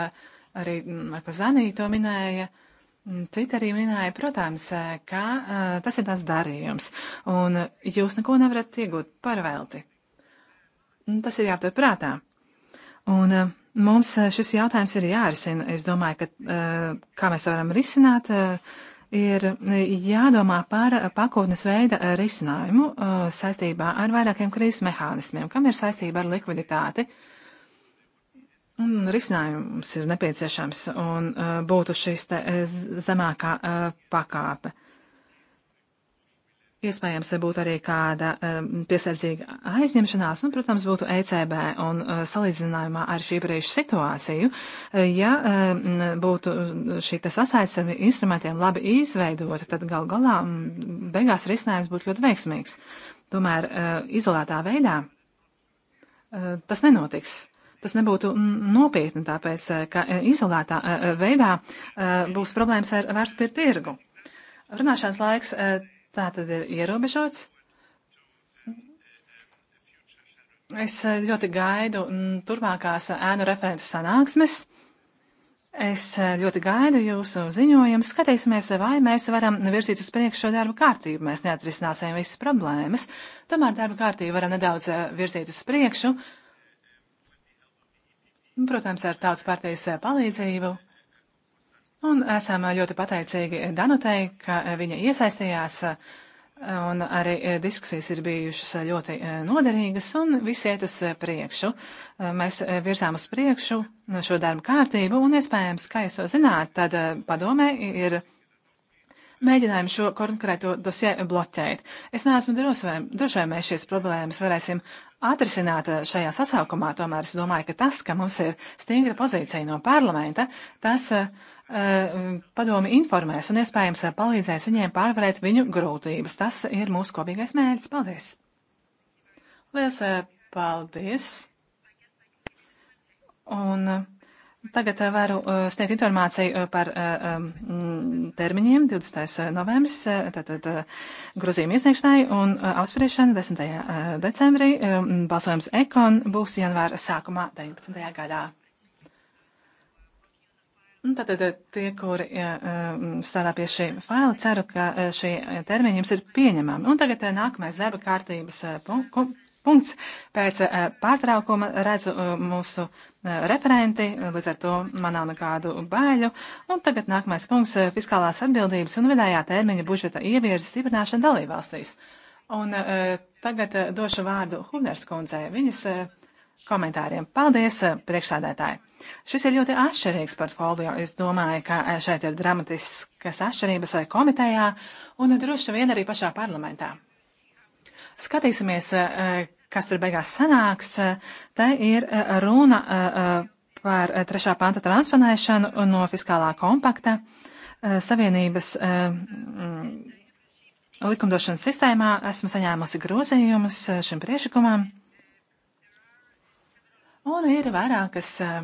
arī Markozanī to minēja. Citi arī minēja, protams, ka tas ir tāds darījums, un jūs neko nevarat iegūt par velti. Tas ir jāaptur prātā. Un mums šis jautājums ir jārisina. Es domāju, ka kā mēs varam risināt, uh, ir jādomā par pakotnes veida risinājumu uh, saistībā ar vairākiem krīzes mehānismiem, kam ir saistība ar likviditāti. Un risinājums ir nepieciešams un uh, būtu šis zemākā uh, pakāpe. Iespējams, būtu arī kāda um, piesardzīga aizņemšanās, un, nu, protams, būtu ECB. Un uh, salīdzinājumā ar šī brīža situāciju, uh, ja um, būtu šī sasaistes ar instrumentiem labi izveidota, tad gal galā um, beigās risinājums būtu ļoti veiksmīgs. Tomēr uh, izolētā veidā uh, tas nenotiks. Tas nebūtu nopietni, tāpēc, ka izolētā uh, veidā uh, būs problēmas ar vērtspapīru tirgu. Runāšanas laiks. Uh, Tā tad ir ierobežots. Es eh, ļoti gaidu mm, turpmākās eh, ēnu referentu sanāksmes. Es eh, ļoti gaidu jūsu ziņojumu. Skatīsimies, vai mēs varam virzīt uz priekšu šo darbu kārtību. Mēs neatrisināsim visas problēmas. Tomēr darbu kārtību varam nedaudz virzīt uz priekšu. Protams, ar tautas partijas palīdzību. Un esam ļoti pateicīgi Danutei, ka viņa iesaistījās, un arī diskusijas ir bijušas ļoti noderīgas, un viss iet uz priekšu. Mēs virzām uz priekšu šo darbu kārtību, un iespējams, kā jūs to zināt, tad padomē ir mēģinājumi šo konkrēto dosie bloķēt. Es neesmu droši, vai mēs šīs problēmas varēsim atrisināt šajā sasaukumā, tomēr es domāju, ka tas, ka mums ir stingra pozīcija no parlamenta, tas uh, Eh, padomi informēs un iespējams eh, palīdzēs viņiem pārvarēt viņu grūtības. Tas ir mūsu kopīgais mērķis. Paldies! Lielas eh, paldies! Un tagad varu sniegt informāciju par mm, termiņiem 20. novembris, tātad grozījuma iesniegšanai un apspriešana 10. decembrī. Balsojums ekon būs janvāra sākumā 19. gadā. Nu, tātad eh, tie, kuri eh, eh, mm, strādā pie šī faila, ceru, ka šie termiņi jums ir pieņemami. Un tagad nākamais darba kārtības punkts. Pēc pārtraukuma redzu mūsu referenti, līdz ar to man nav nekādu baiļu. Un tagad nākamais punkts - fiskālās atbildības un vidējā termiņa budžeta ievieres stiprināšana dalībvalstīs. Un tagad došu vārdu Hubners kundzei. Viņas komentāriem. Paldies, eh, priekšsādētāji! Šis ir ļoti atšķirīgs portfolio. Es domāju, ka eh, šeit ir dramatiskas atšķirības vai eh, komitejā un droši vien arī pašā parlamentā. Skatīsimies, kas tur beigās sanāks. Te ir runa par trešā panta transponēšanu no fiskālā kompakta savienības mm, likumdošanas sistēmā. Esmu saņēmusi grozījumus šim priešakumam. Un ir vairākas eh,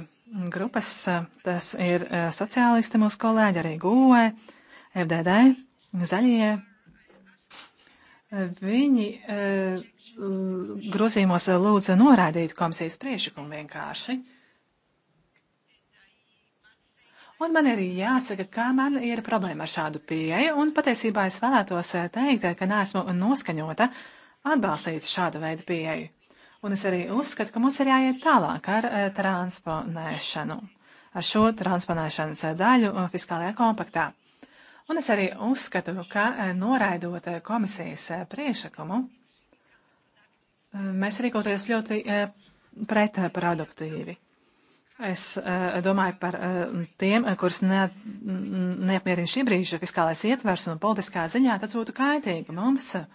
grupas, eh, tas ir eh, sociālisti mūsu kolēģi, arī GUE, FDD, zaļie. Viņi grozījumos lūdza noraidīt komisijas priešakumu vienkārši. Un man ir jāsaka, ka man ir problēma ar šādu pieeju, un patiesībā es vēlētos teikt, ka neesmu noskaņota atbalstīt šādu veidu pieeju. Un es arī uzskatu, ka mums ir jāiet tālāk ar eh, transponēšanu, ar šo transponēšanas daļu eh, fiskālajā kompaktā. Un es arī uzskatu, ka eh, noraidot komisijas priešakumu, mēs rīkoties ļoti pretproduktīvi. Es uh, domāju par uh, tiem, kurus ne, neapmierina šī brīža fiskālais ietvers un politiskā ziņā, tas būtu kaitīgi mums uh,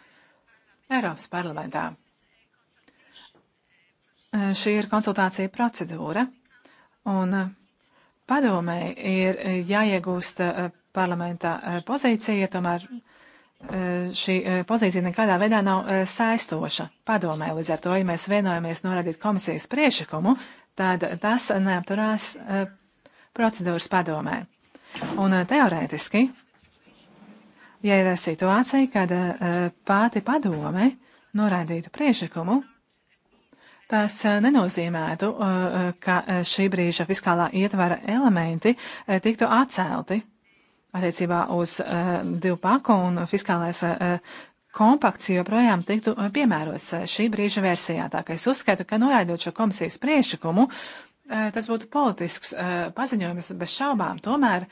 Eiropas parlamentā. Šī ir konsultācija procedūra, un padomēji ir jāiegūst parlamentā pozīcija, tomēr šī pozīcija nekādā veidā nav saistoša padomē. Līdz ar to, ja mēs vienojamies noradīt komisijas priešakumu, tad tas neapturās procedūras padomē. Un teorētiski, ja ir situācija, kad pāti padome norādītu priešakumu, Tas eh, nenozīmētu, eh, eh, ka šī brīža fiskālā ietvara elementi tiktu atcelti attiecībā uz divu paku un fiskālais kompakts joprojām tiktu piemērots šī brīža versijā. Tā ka es uzskatu, ka noraidot šo komisijas priešakumu, tas būtu politisks paziņojums bez šaubām. Tomēr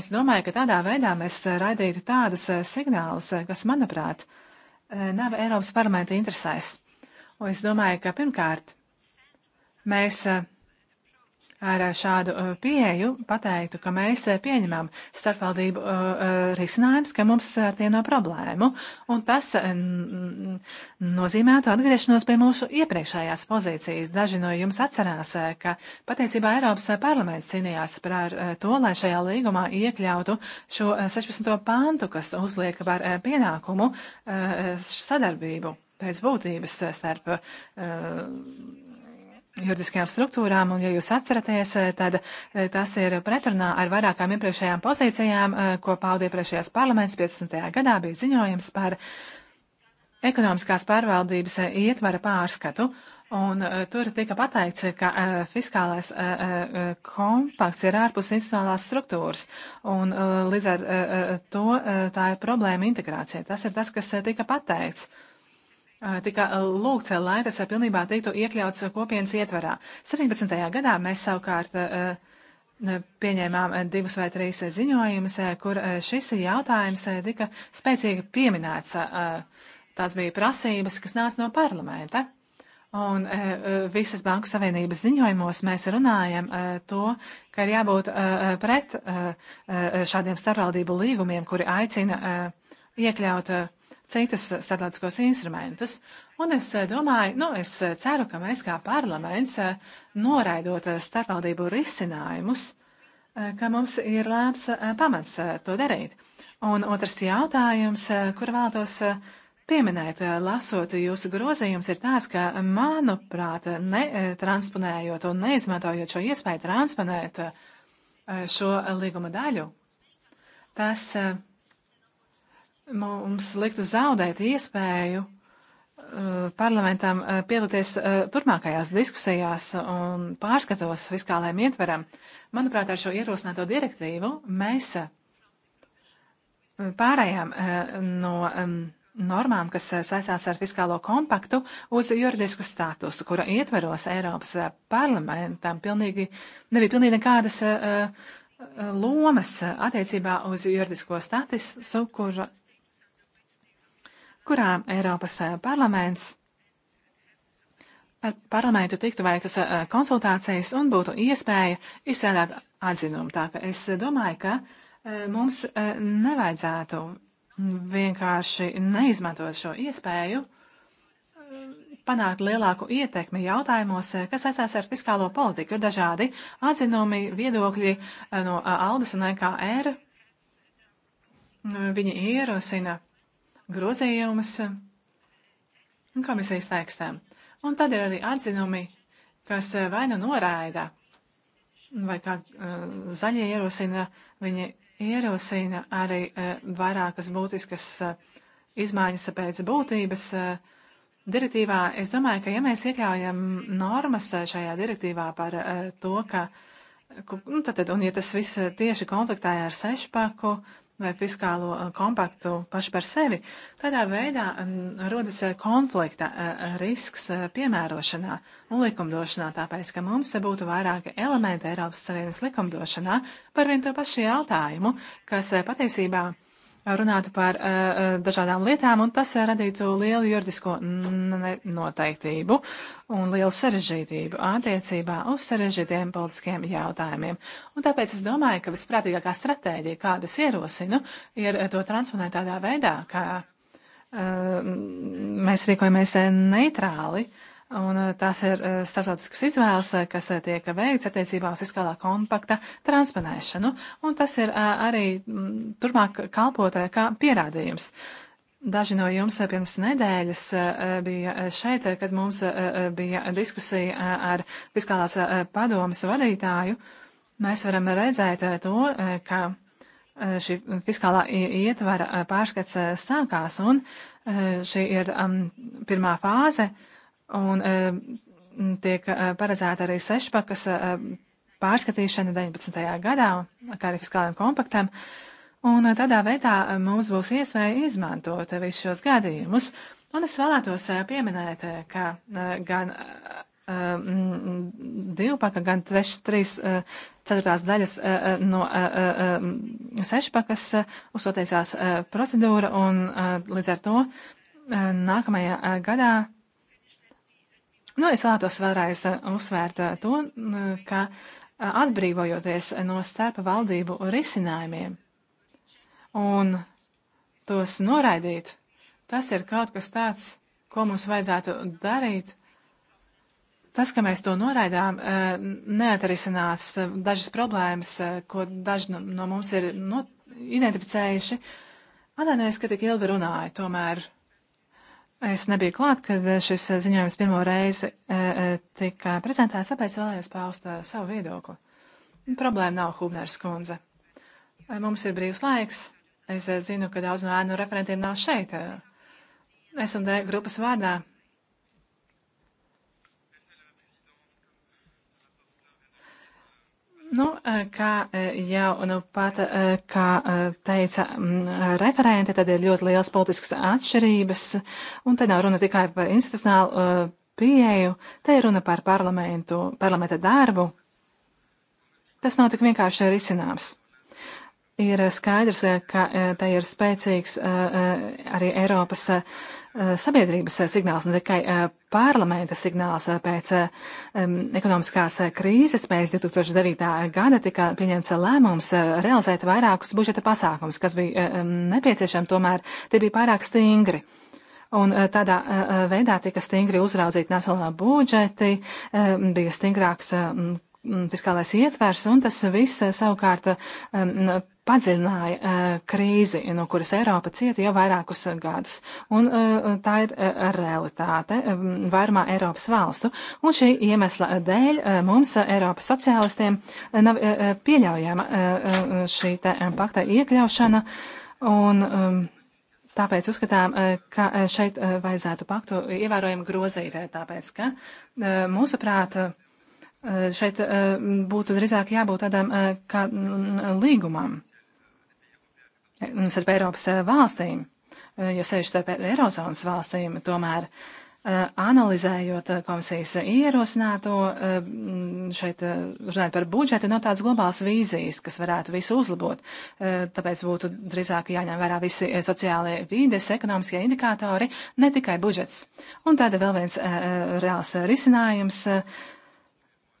es domāju, ka tādā veidā mēs raidītu tādus signālus, kas, manuprāt, nav Eiropas parlamenta interesēs. Un es domāju, ka pirmkārt mēs eh, ar šādu eh, pieeju pateiktu, ka mēs eh, pieņemam starpvaldību risinājums, ka mums ar tiem nav problēmu, un tas nozīmētu atgriešanos pie mūsu iepriekšējās pozīcijas. Daži no jums atcerās, ka patiesībā Eiropas parlaments cīnījās par to, lai šajā līgumā iekļautu šo 16. pāntu, kas uzliek par pienākumu sadarbību pēc būtības eh, starp eh, juridiskajām struktūrām, un, ja jūs atceraties, eh, tad tas ir pretrunā ar vairākām iepriekšējām pozīcijām, ko pauda iepriekšējās parlaments 15. gadā bija ziņojums par ekonomiskās pārvaldības ietvara pārskatu, un tur tika pateikts, ka fiskālais kompakts ir ārpus institucionālās struktūras, un līdz ar to tā ir problēma integrācija. Tas ir tas, kas tika pateikts tika lūgts, lai tas pilnībā tiktu iekļauts kopienas ietvarā. 17. gadā mēs savukārt pieņēmām divus vai trīs ziņojumus, kur šis jautājums tika spēcīgi pieminēts. Tās bija prasības, kas nāca no parlamenta. Un visas Banku Savienības ziņojumos mēs runājam to, ka ir jābūt pret šādiem starpvaldību līgumiem, kuri aicina iekļaut uh, citus starptautiskos instrumentus. Un es eh, domāju, nu, es eh, ceru, ka mēs kā parlaments, eh, noraidot starpvaldību risinājumus, ka mums ir lēms pamats to darīt. Un otrs jautājums, kur vēlētos pieminēt, lasot jūsu grozījums, ir tāds, ka, manuprāt, netransponējot un neizmantojot šo iespēju transponēt šo līguma daļu, tas Nu, mums liktu zaudēt iespēju eh, parlamentam eh, piedalīties eh, turpmākajās diskusijās un pārskatos fiskālajiem ietveram. Manuprāt, ar šo ierosināto direktīvu mēs pārējām no normām, kas saistās ar fiskālo kompaktu, uz juridisku statusu, kura ietveros Eiropas parlamentam pilnīgi, nebija pilnīgi nekādas lomas attiecībā uz juridisko statusu, kura kurā Eiropas eh, parlaments ar parlamentu tiktu veiktas eh, konsultācijas un būtu iespēja izstrādāt atzinumu. Tā ka es eh, domāju, ka mums nevajadzētu vienkārši neizmantot šo iespēju panākt lielāku ietekmi jautājumos, kas saistās ar fiskālo politiku. Ir dažādi atzinumi, viedokļi no Aldis un EKR. Viņi ierosina grozījumus, komisijas tekstam. Un tad ir arī atzinumi, kas eh, vai nu noraida, vai kā uh, zaļie ierosina, viņi ierosina arī uh, vairākas būtiskas uh, izmaiņas pēc būtības. Uh, direktīvā, es domāju, ka ja mēs iekļaujam normas šajā direktīvā par uh, to, ka, nu, tad, un ja tas viss tieši konfliktēja ar sešpaku, vai fiskālo eh, kompaktu paši par sevi. Tādā veidā mm, rodas eh, konflikta eh, risks piemērošanā un likumdošanā, tāpēc, ka mums būtu vairāki elementi Eiropas Savienības likumdošanā par vien to pašu jautājumu, kas patiesībā runātu par eh, eh, dažādām lietām, un tas eh, radītu lielu juridisko noteiktību un lielu sarežģītību attiecībā uz sarežģītiem politiskiem jautājumiem. Un tāpēc es domāju, ka visprātīgākā stratēģija, kādu es ierosinu, ir to transformēt tādā veidā, ka mēs rīkojamies neitrāli Un eh, tās ir eh, starptautiskas izvēles, eh, kas tiek veikts attiecībā uz fiskālā kompakta transponēšanu. Un tas ir arī mm, turpmāk kalpot kā pierādījums. Daži no jums pirms nedēļas bija šeit, kad mums bija diskusija ar fiskālās padomas vadītāju. Mēs varam redzēt to, ka šī fiskālā ietvara pārskats sākās, un šī ir mm, pirmā fāze Un eh, tiek eh, paredzēta arī sešpakas eh, pārskatīšana 19. gadā, kā arī fiskāliem kompaktiem. Un tādā veidā mums būs iespēja izmantot visus šos gadījumus. Un es vēlētos pieminēt, ka gan divpaka, gan trešas, trīs, ceturtās daļas no sešpakas uzsoteicās procedūra, un līdz ar to nākamajā gadā Nu, es vēlētos vēlreiz eh, uzsvērt eh, to, eh, ka atbrīvojoties no starp valdību risinājumiem un tos noraidīt, tas ir kaut kas tāds, ko mums vajadzētu darīt. Tas, ka mēs to noraidām, neatrisinās dažas problēmas, ko daži no mums ir no identificējuši. Atvainojos, ka tik ilgi runāju, tomēr Es nebiju klāt, kad eh, šis eh, ziņojums pirmo reizi eh, tika prezentēts, tāpēc vēlējos paust savu viedokli. Problēma nav Hubners kundze. Mums ir brīvs laiks. Es zinu, ka daudz no ēnu referentiem nav šeit. Es un D grupas vārdā Nu, eh, kā eh, jau nu pat, eh, kā teica mm, referente, tad ir ļoti liels politisks atšķirības, un te nav runa tikai par institucionālu pieeju, te ir runa par parlamentu, parlamenta darbu. Tas nav tik vienkārši risināms. Ir skaidrs, ka te ir spēcīgs arī Eiropas Eh, sabiedrības signāls, ne tikai eh, parlamenta signāls. Eh, pēc ekonomiskās krīzes pēc 2009. gada tika pieņemts lēmums realizēt vairākus budžeta pasākumus, kas bija nepieciešami, tomēr tie bija pārāk stingri. Un tādā veidā tika stingri uzraudzīti nacionālā budžeti, bija stingrāks fiskālais ietvers, un tas viss savukārt padzināja uh, eh, krīzi, no kuras Eiropa cieta jau vairākus gadus. Un uh, tā ir uh, realitāte um, vairumā Eiropas valstu. Un šī iemesla dēļ uh, mums, uh, Eiropas sociālistiem, uh, nav uh, pieļaujama uh, šī te um, pakta iekļaušana. Un, um, Tāpēc uzskatām, ka šeit vajadzētu paktu ievērojami grozīt, tāpēc, ka mūsuprāt, šeit būtu drīzāk jābūt tādam kā līgumam starp Eiropas eh, valstīm, eh, jo sevišķi starp Eirozonas valstīm, tomēr eh, analizējot komisijas ierosināto, šeit runājot par budžetu, nav tādas globālas vīzijas, kas varētu visu uzlabot. Tāpēc būtu drīzāk jāņem vērā visi sociālie vīdes, ekonomiskie indikātori, ne tikai budžets. Un tāda vēl viens reāls risinājums. Uh,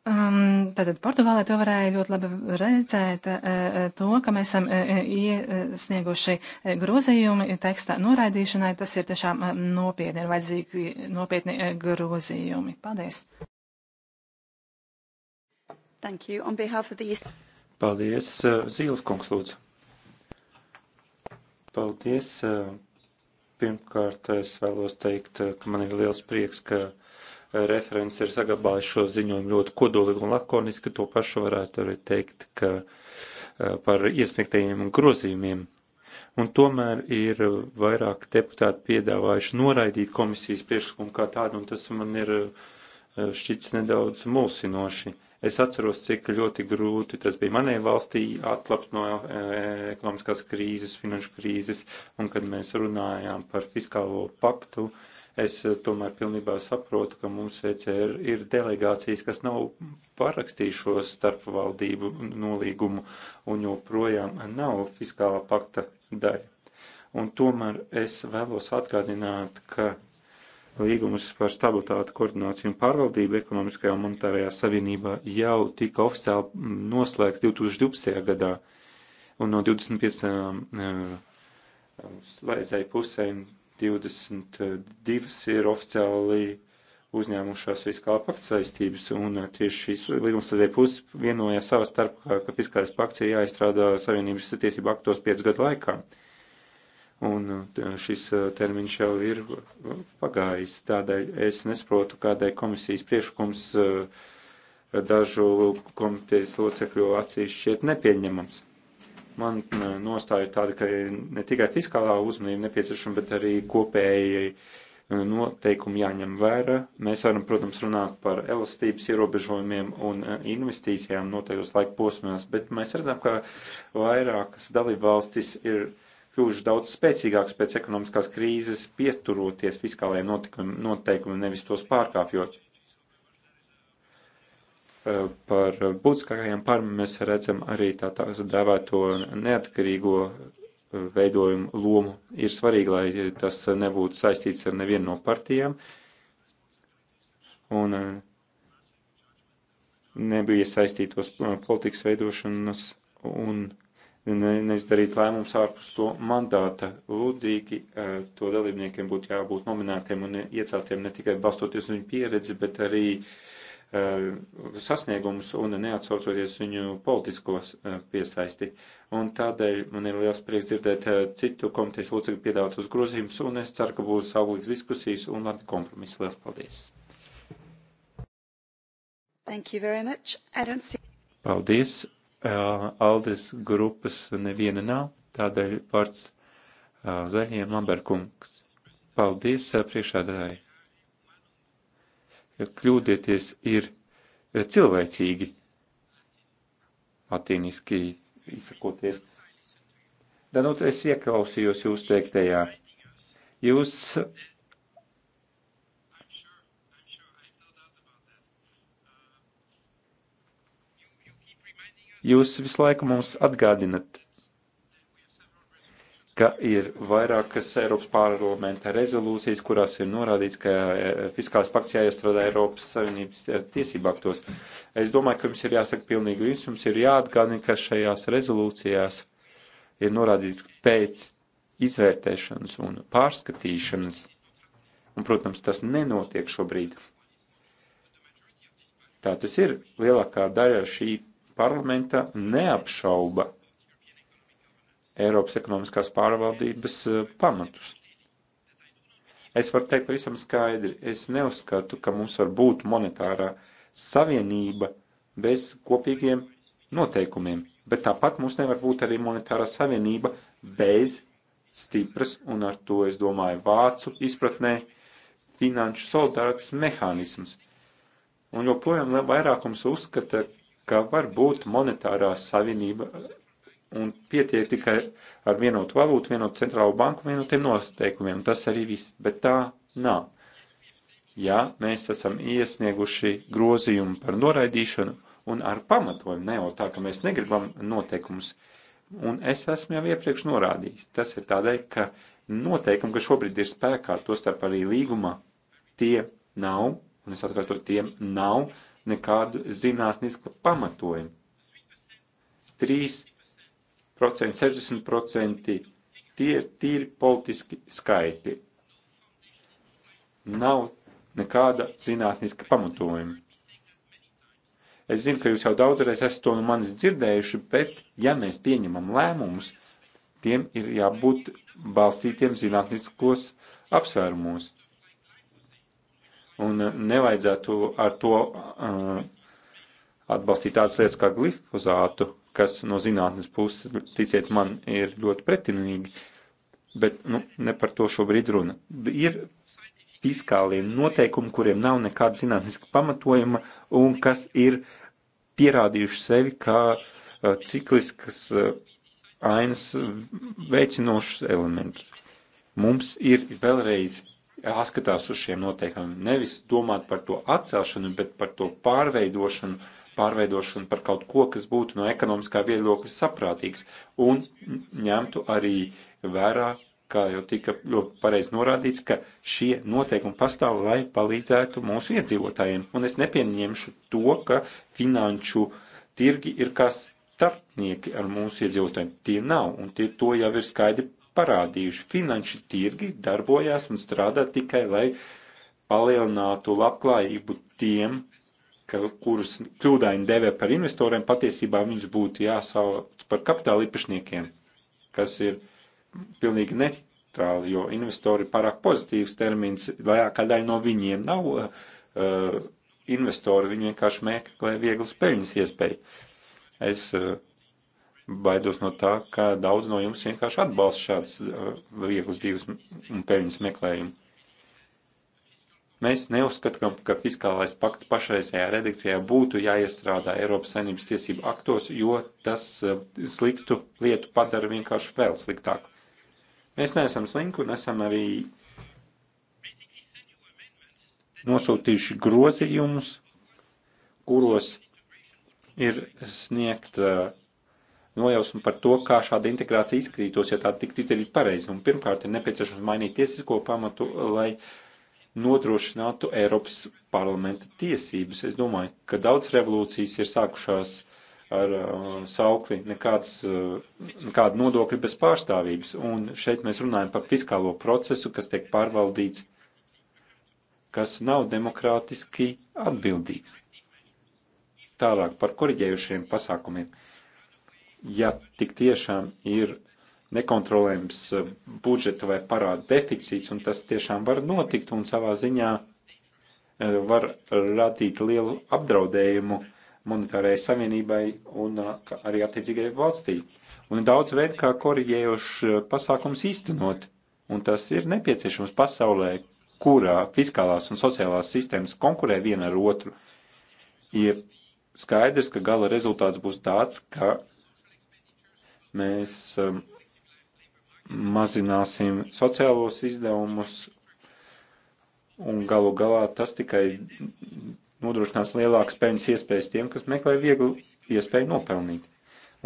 Um, tātad Portugālē to varēja ļoti labi redzēt, uh, uh to, ka mēs esam uh, uh iesnieguši uh, grozījumi tekstā noraidīšanai. Tas ir tiešām uh, nopietni, ir vajadzīgi nopietni uh, grozījumi. Paldies! Thank you. On behalf of the East... Paldies, uh, Zīles kungs, lūdzu. Paldies. Uh, pirmkārt, es vēlos teikt, ka man ir liels prieks, ka referents ir saglabājis šo ziņojumu ļoti kodolīgi un lakoniski, to pašu varētu arī teikt, ka eh, par iesniegtajiem grozījumiem. Un tomēr ir vairāk deputāti piedāvājuši noraidīt komisijas priekšlikumu kā tādu, un tas man ir eh, šķits nedaudz mulsinoši. Es atceros, cik ļoti grūti tas bija manai valstī atlapt no e, ekonomiskās krīzes, finanšu krīzes, un kad mēs runājām par fiskālo paktu, uh, Es eh, tomēr pilnībā saprotu, ka mums ECR ir delegācijas, kas nav parakstījušos starpvaldību nolīgumu un joprojām nav fiskālā pakta daļa. Un tomēr es vēlos atgādināt, ka līgumus par stabilitāti, koordināciju un pārvaldību ekonomiskajā un monetārajā savienībā jau tika oficiāli noslēgts 2012. gadā. Un no 25 eh, slēdzēju pusēm 22 ir oficiāli uzņēmušās fiskāla pakta saistības, un uh, tieši šīs līgumslēdzēja puses vienojās savā starpā, ka fiskālais pakts ir jāizstrādā Savienības tiesību aktos 5 gadu laikā. Un uh, šis uh, termiņš jau ir pagājis, tādēļ es nesaprotu, kādai komisijas priekšlikums dažu komitejas locekļu acīs šķiet nepieņemams. Man eh, nostāja tāda, ka ne tikai fiskālā uzmanība nepieciešama, bet arī kopēji eh, noteikumi jāņem vērā. Mēs varam, protams, runāt par elastības ierobežojumiem un eh, investīcijām noteiktos laika posmos, bet mēs redzam, ka vairākas dalībvalstis ir kļuvušas daudz spēcīgākas pēc ekonomiskās krīzes, pieturoties fiskālajiem noteikumiem, nevis tos pārkāpjot par būtiskākajām pārmaiņām mēs redzam arī tā tā dēvēto neatkarīgo eh, veidojumu lomu. Ir svarīgi, lai tas nebūtu saistīts ar nevienu no partijām. Un eh, nebija saistītos eh, politikas veidošanas un ne, neizdarīt lēmums ārpus to mandāta. Lūdzīgi to dalībniekiem būtu jābūt nominētiem un ieceltiem ne tikai balstoties uz viņu pieredzi, bet arī uh, E, sasniegumus un neatsaucoties viņu politiskos e, piesaisti. Un tādēļ man ir liels prieks dzirdēt e, citu komitejas locekļu piedāvātos grozījumus, un es ceru, ka būs auglīgas diskusijas un labi kompromisi. Liels paldies! Thank you very much. I don't see... Paldies! Uh, Aldes grupas neviena nav, tādēļ vārds uh, zaļiem Lamberkungs. Paldies, uh, priekšādāji! kļūdieties ir eh, cilvēcīgi, latīniski izsakoties. Danot, es ieklausījos jūs teiktajā. Jūs Jūs visu laiku mums atgādinat ka ir vairākas Eiropas parlamenta rezolūcijas, kurās ir norādīts, ka eh, fiskālās pakts jāiestrādā Eiropas Savienības eh, tiesību aktos. Es domāju, ka jums ir jāsaka pilnīgi viss, jums ir jāatgādina, ka šajās rezolūcijās ir norādīts pēc izvērtēšanas un pārskatīšanas, un, protams, tas nenotiek šobrīd. Tā tas ir. Lielākā daļa šī parlamenta neapšauba Eiropas ekonomiskās pārvaldības eh, pamatus. Es varu teikt pavisam skaidri, es neuzskatu, ka mums var būt monetārā savienība bez kopīgiem noteikumiem, bet tāpat mums nevar būt arī monetārā savienība bez stipras, un ar to es domāju vācu izpratnē, finanšu solidaritātes mehānisms. Un joprojām vairākums uzskata, ka var būt monetārā savienība un pietiek tikai ar vienotu valūtu, vienotu centrālu banku, vienotiem nosteikumiem. Tas arī viss, bet tā nav. Ja mēs esam iesnieguši grozījumu par noraidīšanu un ar pamatojumu, ne jau tā, ka mēs negribam noteikumus, un es esmu jau iepriekš norādījis, tas ir tādēļ, ka noteikumi, kas šobrīd ir spēkā, to starp arī līgumā, tie nav, un es atkārtoju, tiem nav nekādu zinātniska pamatojumu. 3 60%. Tie ir tīri politiski skaitļi. Nav nekāda zinātniska pamatojuma. Es zinu, ka jūs jau daudzreiz esat to no nu manis dzirdējuši, bet ja mēs pieņemam lēmumus, tiem ir jābūt balstītiem zinātniskos apsvērumos. Un uh, nevajadzētu ar to uh, atbalstīt tādas lietas kā glifozātu, kas no zinātnes puses, nu, ticiet man, ir ļoti pretinīgi, bet nu, ne par to šobrīd runa. Ir fiskālie noteikumi, kuriem nav nekāda zinātniska pamatojuma un kas ir pierādījuši sevi kā uh, cikliskas uh, ainas veicinošus elementus. Mums ir vēlreiz jāskatās uz šiem noteikumiem, nevis domāt par to atcelšanu, bet par to pārveidošanu, pārveidošanu par kaut ko, kas būtu no ekonomiskā viedokļa saprātīgs un ņemtu arī vērā, kā jau tika ļoti pareizi norādīts, ka šie noteikumi pastāv, lai palīdzētu mūsu iedzīvotājiem. Un es nepieņemšu to, ka finanšu tirgi ir kā starpnieki ar mūsu iedzīvotājiem. Tie nav, un tie to jau ir skaidri parādījuši. Finanšu tirgi darbojās un strādā tikai, lai palielinātu labklājību tiem, ka, kurus kļūdaini devē par investoriem, patiesībā viņus būtu jāsauc par kapitāla īpašniekiem, kas ir pilnīgi netitāli, jo investori ir pārāk pozitīvs termins, lielākā daļa no viņiem nav uh, investori, viņi vienkārši meklē vieglas peļņas iespēju. Es uh, baidos no tā, ka daudz no jums vienkārši atbalsta šādas uh, vieglas divas un peļņas meklējumu Mēs neuzskatām, ka fiskālais pakts pašreizējā redakcijā būtu jāiestrādā Eiropas saimnības tiesību aktos, jo tas eh, sliktu lietu padara vienkārši vēl sliktāku. Mēs neesam slinki un esam arī nosūtījuši grozījumus, kuros ir sniegta eh, nojausma par to, kā šāda integrācija izkrītos, ja tā tiktu izdarīta pareizi. Un pirmkārt ir nepieciešams mainīt tiesisko pamatu, lai uh, nodrošinātu Eiropas parlamenta tiesības. Es domāju, ka daudz revolūcijas ir sākušās ar uh, saukli nekādas, uh, nekāda nodokļa bez pārstāvības. Un šeit mēs runājam par fiskālo procesu, kas tiek pārvaldīts, kas nav demokrātiski atbildīgs. Tālāk par koriģējušiem pasākumiem. Ja tik tiešām ir nekontrolējums eh, budžeta vai parāda deficīts, un tas tiešām var notikt un savā ziņā eh, var radīt lielu apdraudējumu monetārajai savienībai un eh, arī attiecīgai valstī. Un ir daudz veidu, kā korģējošs pasākums īstenot, un tas ir nepieciešams pasaulē, kurā fiskālās un sociālās sistēmas konkurē viena ar otru. Ir skaidrs, ka gala rezultāts būs tāds, ka mēs um, mazināsim sociālos izdevumus, un galu galā tas tikai nodrošinās lielākas peļņas iespējas tiem, kas meklē vieglu iespēju nopelnīt.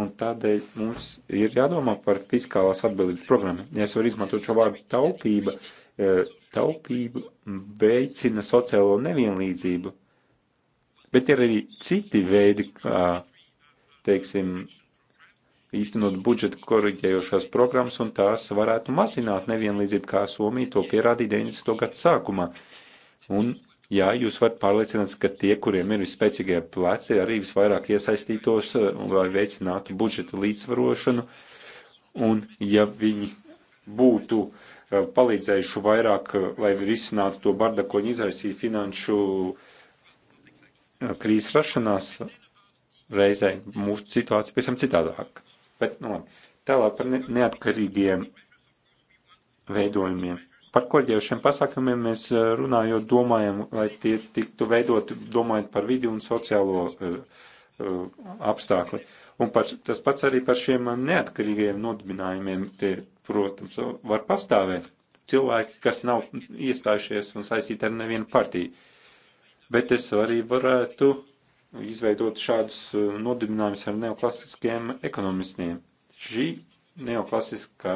Un tādēļ mums ir jādomā par fiskālās atbildības programmu. Ja es varu izmantot šo vārdu taupība, e, taupība veicina sociālo nevienlīdzību, bet ir arī citi veidi, kā, teiksim, īstenot budžeta koriģējošās programmas, un tās varētu mazināt nevienlīdzību, kā Somija to pierādīja 90. gadu sākumā. Un, jā, jūs varat pārliecināt, ka tie, kuriem ir visspēcīgie pleci, arī visvairāk iesaistītos, eh, lai veicinātu budžeta līdzsvarošanu, un ja viņi būtu eh, palīdzējuši vairāk, eh, lai risinātu to barda, ko viņi izraisīja finanšu krīzes rašanās, reizē mūsu situācija pēc tam citādāka. Bet, nu, labi. Tālāk par neatkarīgiem veidojumiem. Par korģējušiem pasākumiem mēs eh, runājot domājam, lai tie tiktu veidoti domājot par vidi un sociālo uh, uh, apstākli. Un par, tas pats arī par šiem neatkarīgiem nodibinājumiem, tie, protams, var pastāvēt cilvēki, kas nav iestājušies un saistīti ar nevienu partiju. Bet es arī varētu izveidot šādus eh, nodibinājumus ar neoklasiskiem ekonomistiem. Šī neoklasiskā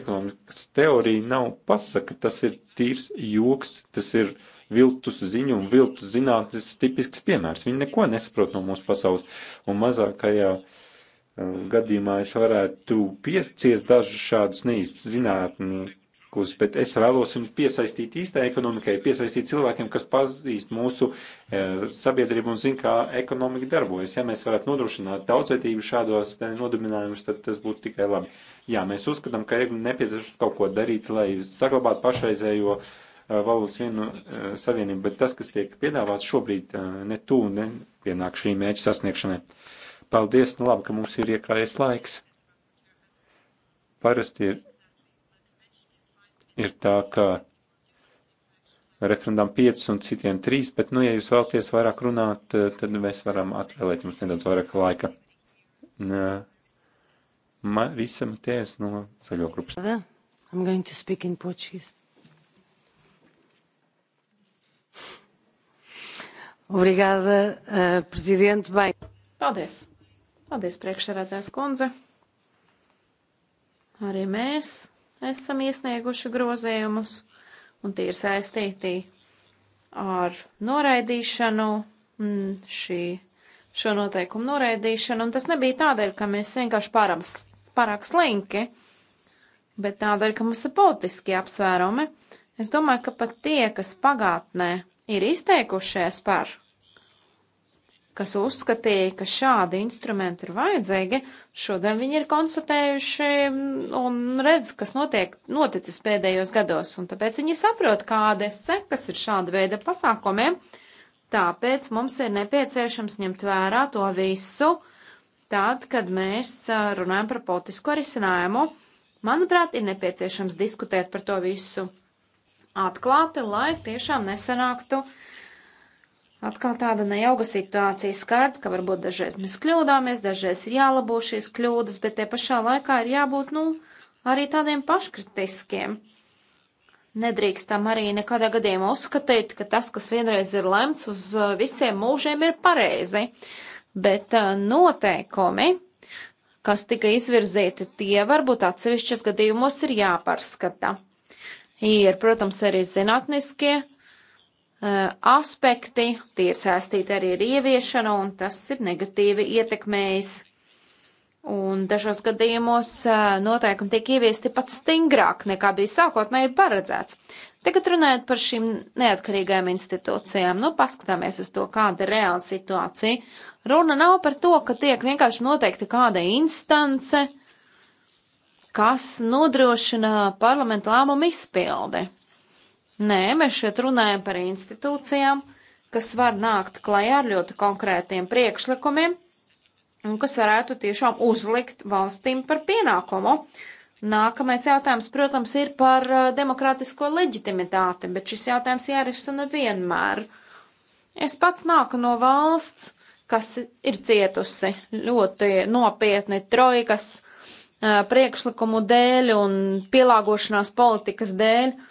ekonomikas teorija nav pasaka, tas ir tīrs joks, tas ir viltus ziņu un viltus zinātnes tipisks piemērs. Viņi neko nesaprot no mūsu pasaules, un mazākajā eh, gadījumā es varētu pieciest dažus šādus neīsts zinātnieku tirkus, bet es vēlos jums piesaistīt īstai ekonomikai, piesaistīt cilvēkiem, kas pazīst mūsu e, sabiedrību un zina, kā ekonomika darbojas. Ja mēs varētu nodrošināt daudzveidību šādos nodarbinājumus, tad tas būtu tikai labi. Jā, mēs uzskatām, ka ir nepieciešams kaut ko darīt, lai saglabātu pašreizējo e, valūtas vienu e, savienību, bet tas, kas tiek piedāvāts šobrīd, e, ne tū, ne pienāk šī mērķa sasniegšanai. Paldies, nu labi, ka mums ir iekrājies laiks. Parasti ir ir tā, ka referendam 5 un citiem 3, bet, nu, ja jūs vēlties vairāk runāt, eh, tad mēs varam atvēlēt jums nedaudz vairāk laika. Marisa Matēs no Zaļo grupas. I'm going to speak in Portuguese. Obrigada, uh, Presidente. Bem. Paldies. Paldies, priekšsēdētājs kundze. Arī mēs esam iesnieguši grozījumus, un tie ir saistīti ar noraidīšanu, šī, šo noteikumu noraidīšanu, un tas nebija tādēļ, ka mēs vienkārši pārams, pārāk slinki, bet tādēļ, ka mums ir politiski apsvērumi. Es domāju, ka pat tie, kas pagātnē ir izteikušies par kas uzskatīja, ka šādi instrumenti ir vajadzīgi, šodien viņi ir konstatējuši un redz, kas notiek, noticis pēdējos gados, un tāpēc viņi saprot, kādas sekas ir šāda veida pasākumiem, tāpēc mums ir nepieciešams ņemt vērā to visu, tad, kad mēs runājam par politisko risinājumu. Manuprāt, ir nepieciešams diskutēt par to visu atklāti, lai tiešām nesanāktu uh, Atkal tāda nejauga situācija skārts, ka varbūt dažreiz mēs kļūdāmies, dažreiz ir jālabo šīs kļūdas, bet te pašā laikā ir jābūt, nu, arī tādiem paškritiskiem. Nedrīkstam arī nekādā gadījumā uzskatīt, ka tas, kas vienreiz ir lemts uz uh, visiem mūžiem, ir pareizi, bet uh, noteikumi, kas tika izvirzīti, tie varbūt atsevišķos gadījumos ir jāpārskata. Ir, protams, arī zinātniskie Eh, aspekti, tie ir saistīti arī ar ieviešanu, un tas ir negatīvi ietekmējis. Un dažos gadījumos eh, noteikumi tiek ieviesti pat stingrāk nekā bija sākotnēji paredzēts. Tagad runājot par šīm neatkarīgajām institūcijām, nu paskatāmies uz to, kāda ir reāla situācija. Runa nav par to, ka tiek vienkārši noteikti kāda instance, kas nodrošina parlamentu lēmumu izpildi. Nē, mēs šeit runājam par institūcijām, kas var nākt klajā ar ļoti konkrētiem priekšlikumiem un kas varētu tiešām uzlikt valstīm par pienākumu. Nākamais jautājums, protams, ir par uh, demokrātisko leģitimitāti, bet šis jautājums jārisina vienmēr. Es pats nāku no valsts, kas ir cietusi ļoti nopietni trojkas uh, priekšlikumu dēļ un pielāgošanās politikas dēļ. Uh,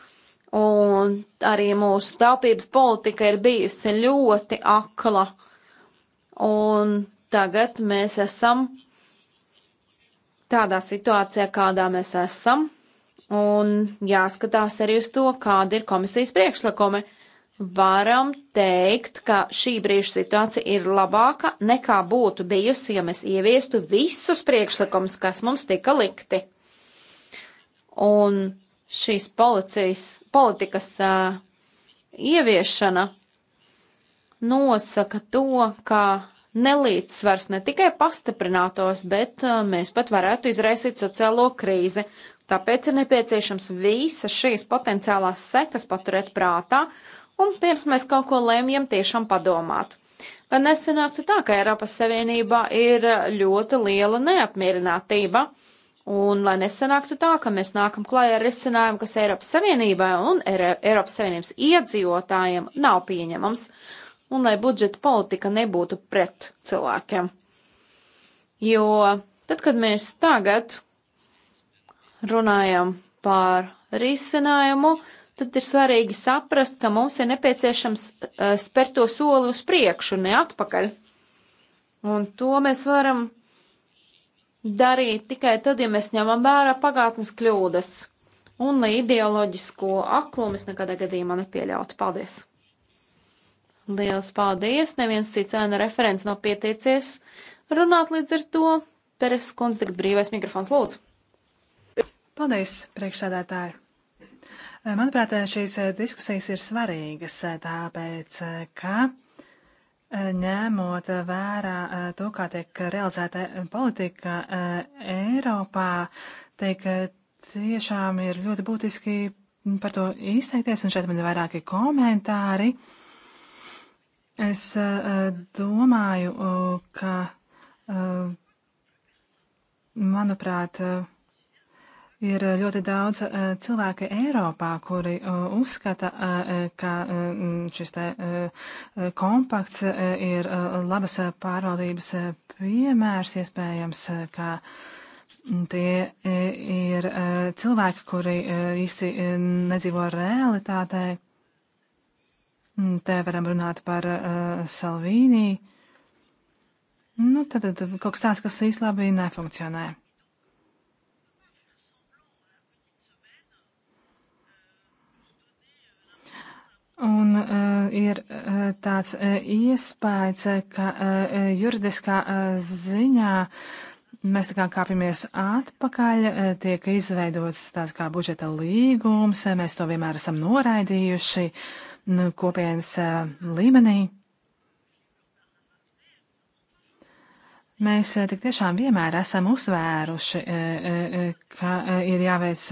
un arī mūsu taupības politika ir bijusi ļoti akla. Un tagad mēs esam tādā situācijā, kādā mēs esam, un jāskatās arī uz to, kāda ir komisijas priekšlikumi. Varam teikt, ka šī brīža situācija ir labāka nekā būtu bijusi, ja mēs ieviestu visus priekšlikumus, kas mums tika likti. Un šīs policijas, politikas uh, ieviešana nosaka to, ka nelīdzsvars ne tikai pastiprinātos, bet uh, mēs pat varētu izraisīt sociālo krīzi. Tāpēc ir nepieciešams visas šīs potenciālās sekas paturēt prātā un pirms mēs kaut ko lēmjam tiešām padomāt. Lai nesanāktu tā, ka Eiropas Savienībā ir ļoti liela neapmierinātība Un lai nesanāktu tā, ka mēs nākam klājā ar risinājumu, kas Eiropas Savienībai un Eiropas Savienības iedzīvotājiem nav pieņemams, un lai budžeta politika nebūtu pret cilvēkiem. Jo tad, kad mēs tagad runājam par risinājumu, tad ir svarīgi saprast, ka mums ir nepieciešams eh, spērt to soli uz priekšu, ne atpakaļ. Un to mēs varam darīt tikai tad, ja mēs ņemam vērā pagātnes kļūdas. Un lai ideoloģisko aklumu es nekādā gadījumā nepieļautu. Paldies! Liels paldies! Neviens cits ēna referents nav pieteicies runāt līdz ar to. Peres kundze tagad brīvais mikrofons lūdzu. Paldies, priekšsēdētāji! Manuprāt, šīs diskusijas ir svarīgas, tāpēc, ka Ņemot vērā to, kā tiek realizēta politika Eiropā, tiek tiešām ir ļoti būtiski par to izteikties, un šeit man ir vairāki komentāri. Es domāju, ka, manuprāt, Ir eh, ļoti daudz eh, cilvēku Eiropā, kuri eh, uzskata, ka šis te kompakts ir labas pārvaldības piemērs, iespējams, ka tie ir cilvēki, kuri īsti nedzīvo realitātē. Te varam runāt par Salvīniju. Nu, tad, tad kaut kas tāds, kas īsti labi nefunkcionē. Un uh, ir uh, tāds uh, iespējas, ka uh, juridiskā uh, ziņā mēs tā kā kāpjamies atpakaļ, uh, tiek izveidots tāds kā budžeta līgums, uh, mēs to vienmēr esam noraidījuši nu, kopienas uh, līmenī. Mēs tik tiešām vienmēr esam uzsvēruši, ka ir jāveic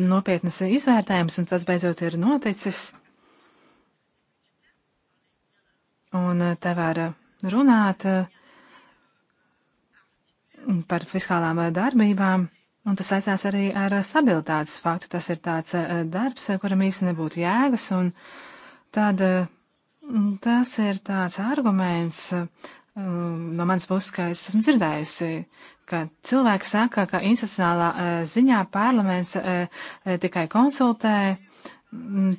nopietnas izvērtējums, un tas beidzot ir noticis. un eh, te var eh, runāt eh, par fiskālām darbībām, un tas saistās arī ar stabilitātes faktu. Tas ir tāds darbs, kuram īsti nebūtu jēgas, un tad tas ir tāds arguments no manas puses, ka es esmu dzirdējusi, ka cilvēki saka, ka institucionālā ziņā parlaments tikai konsultē,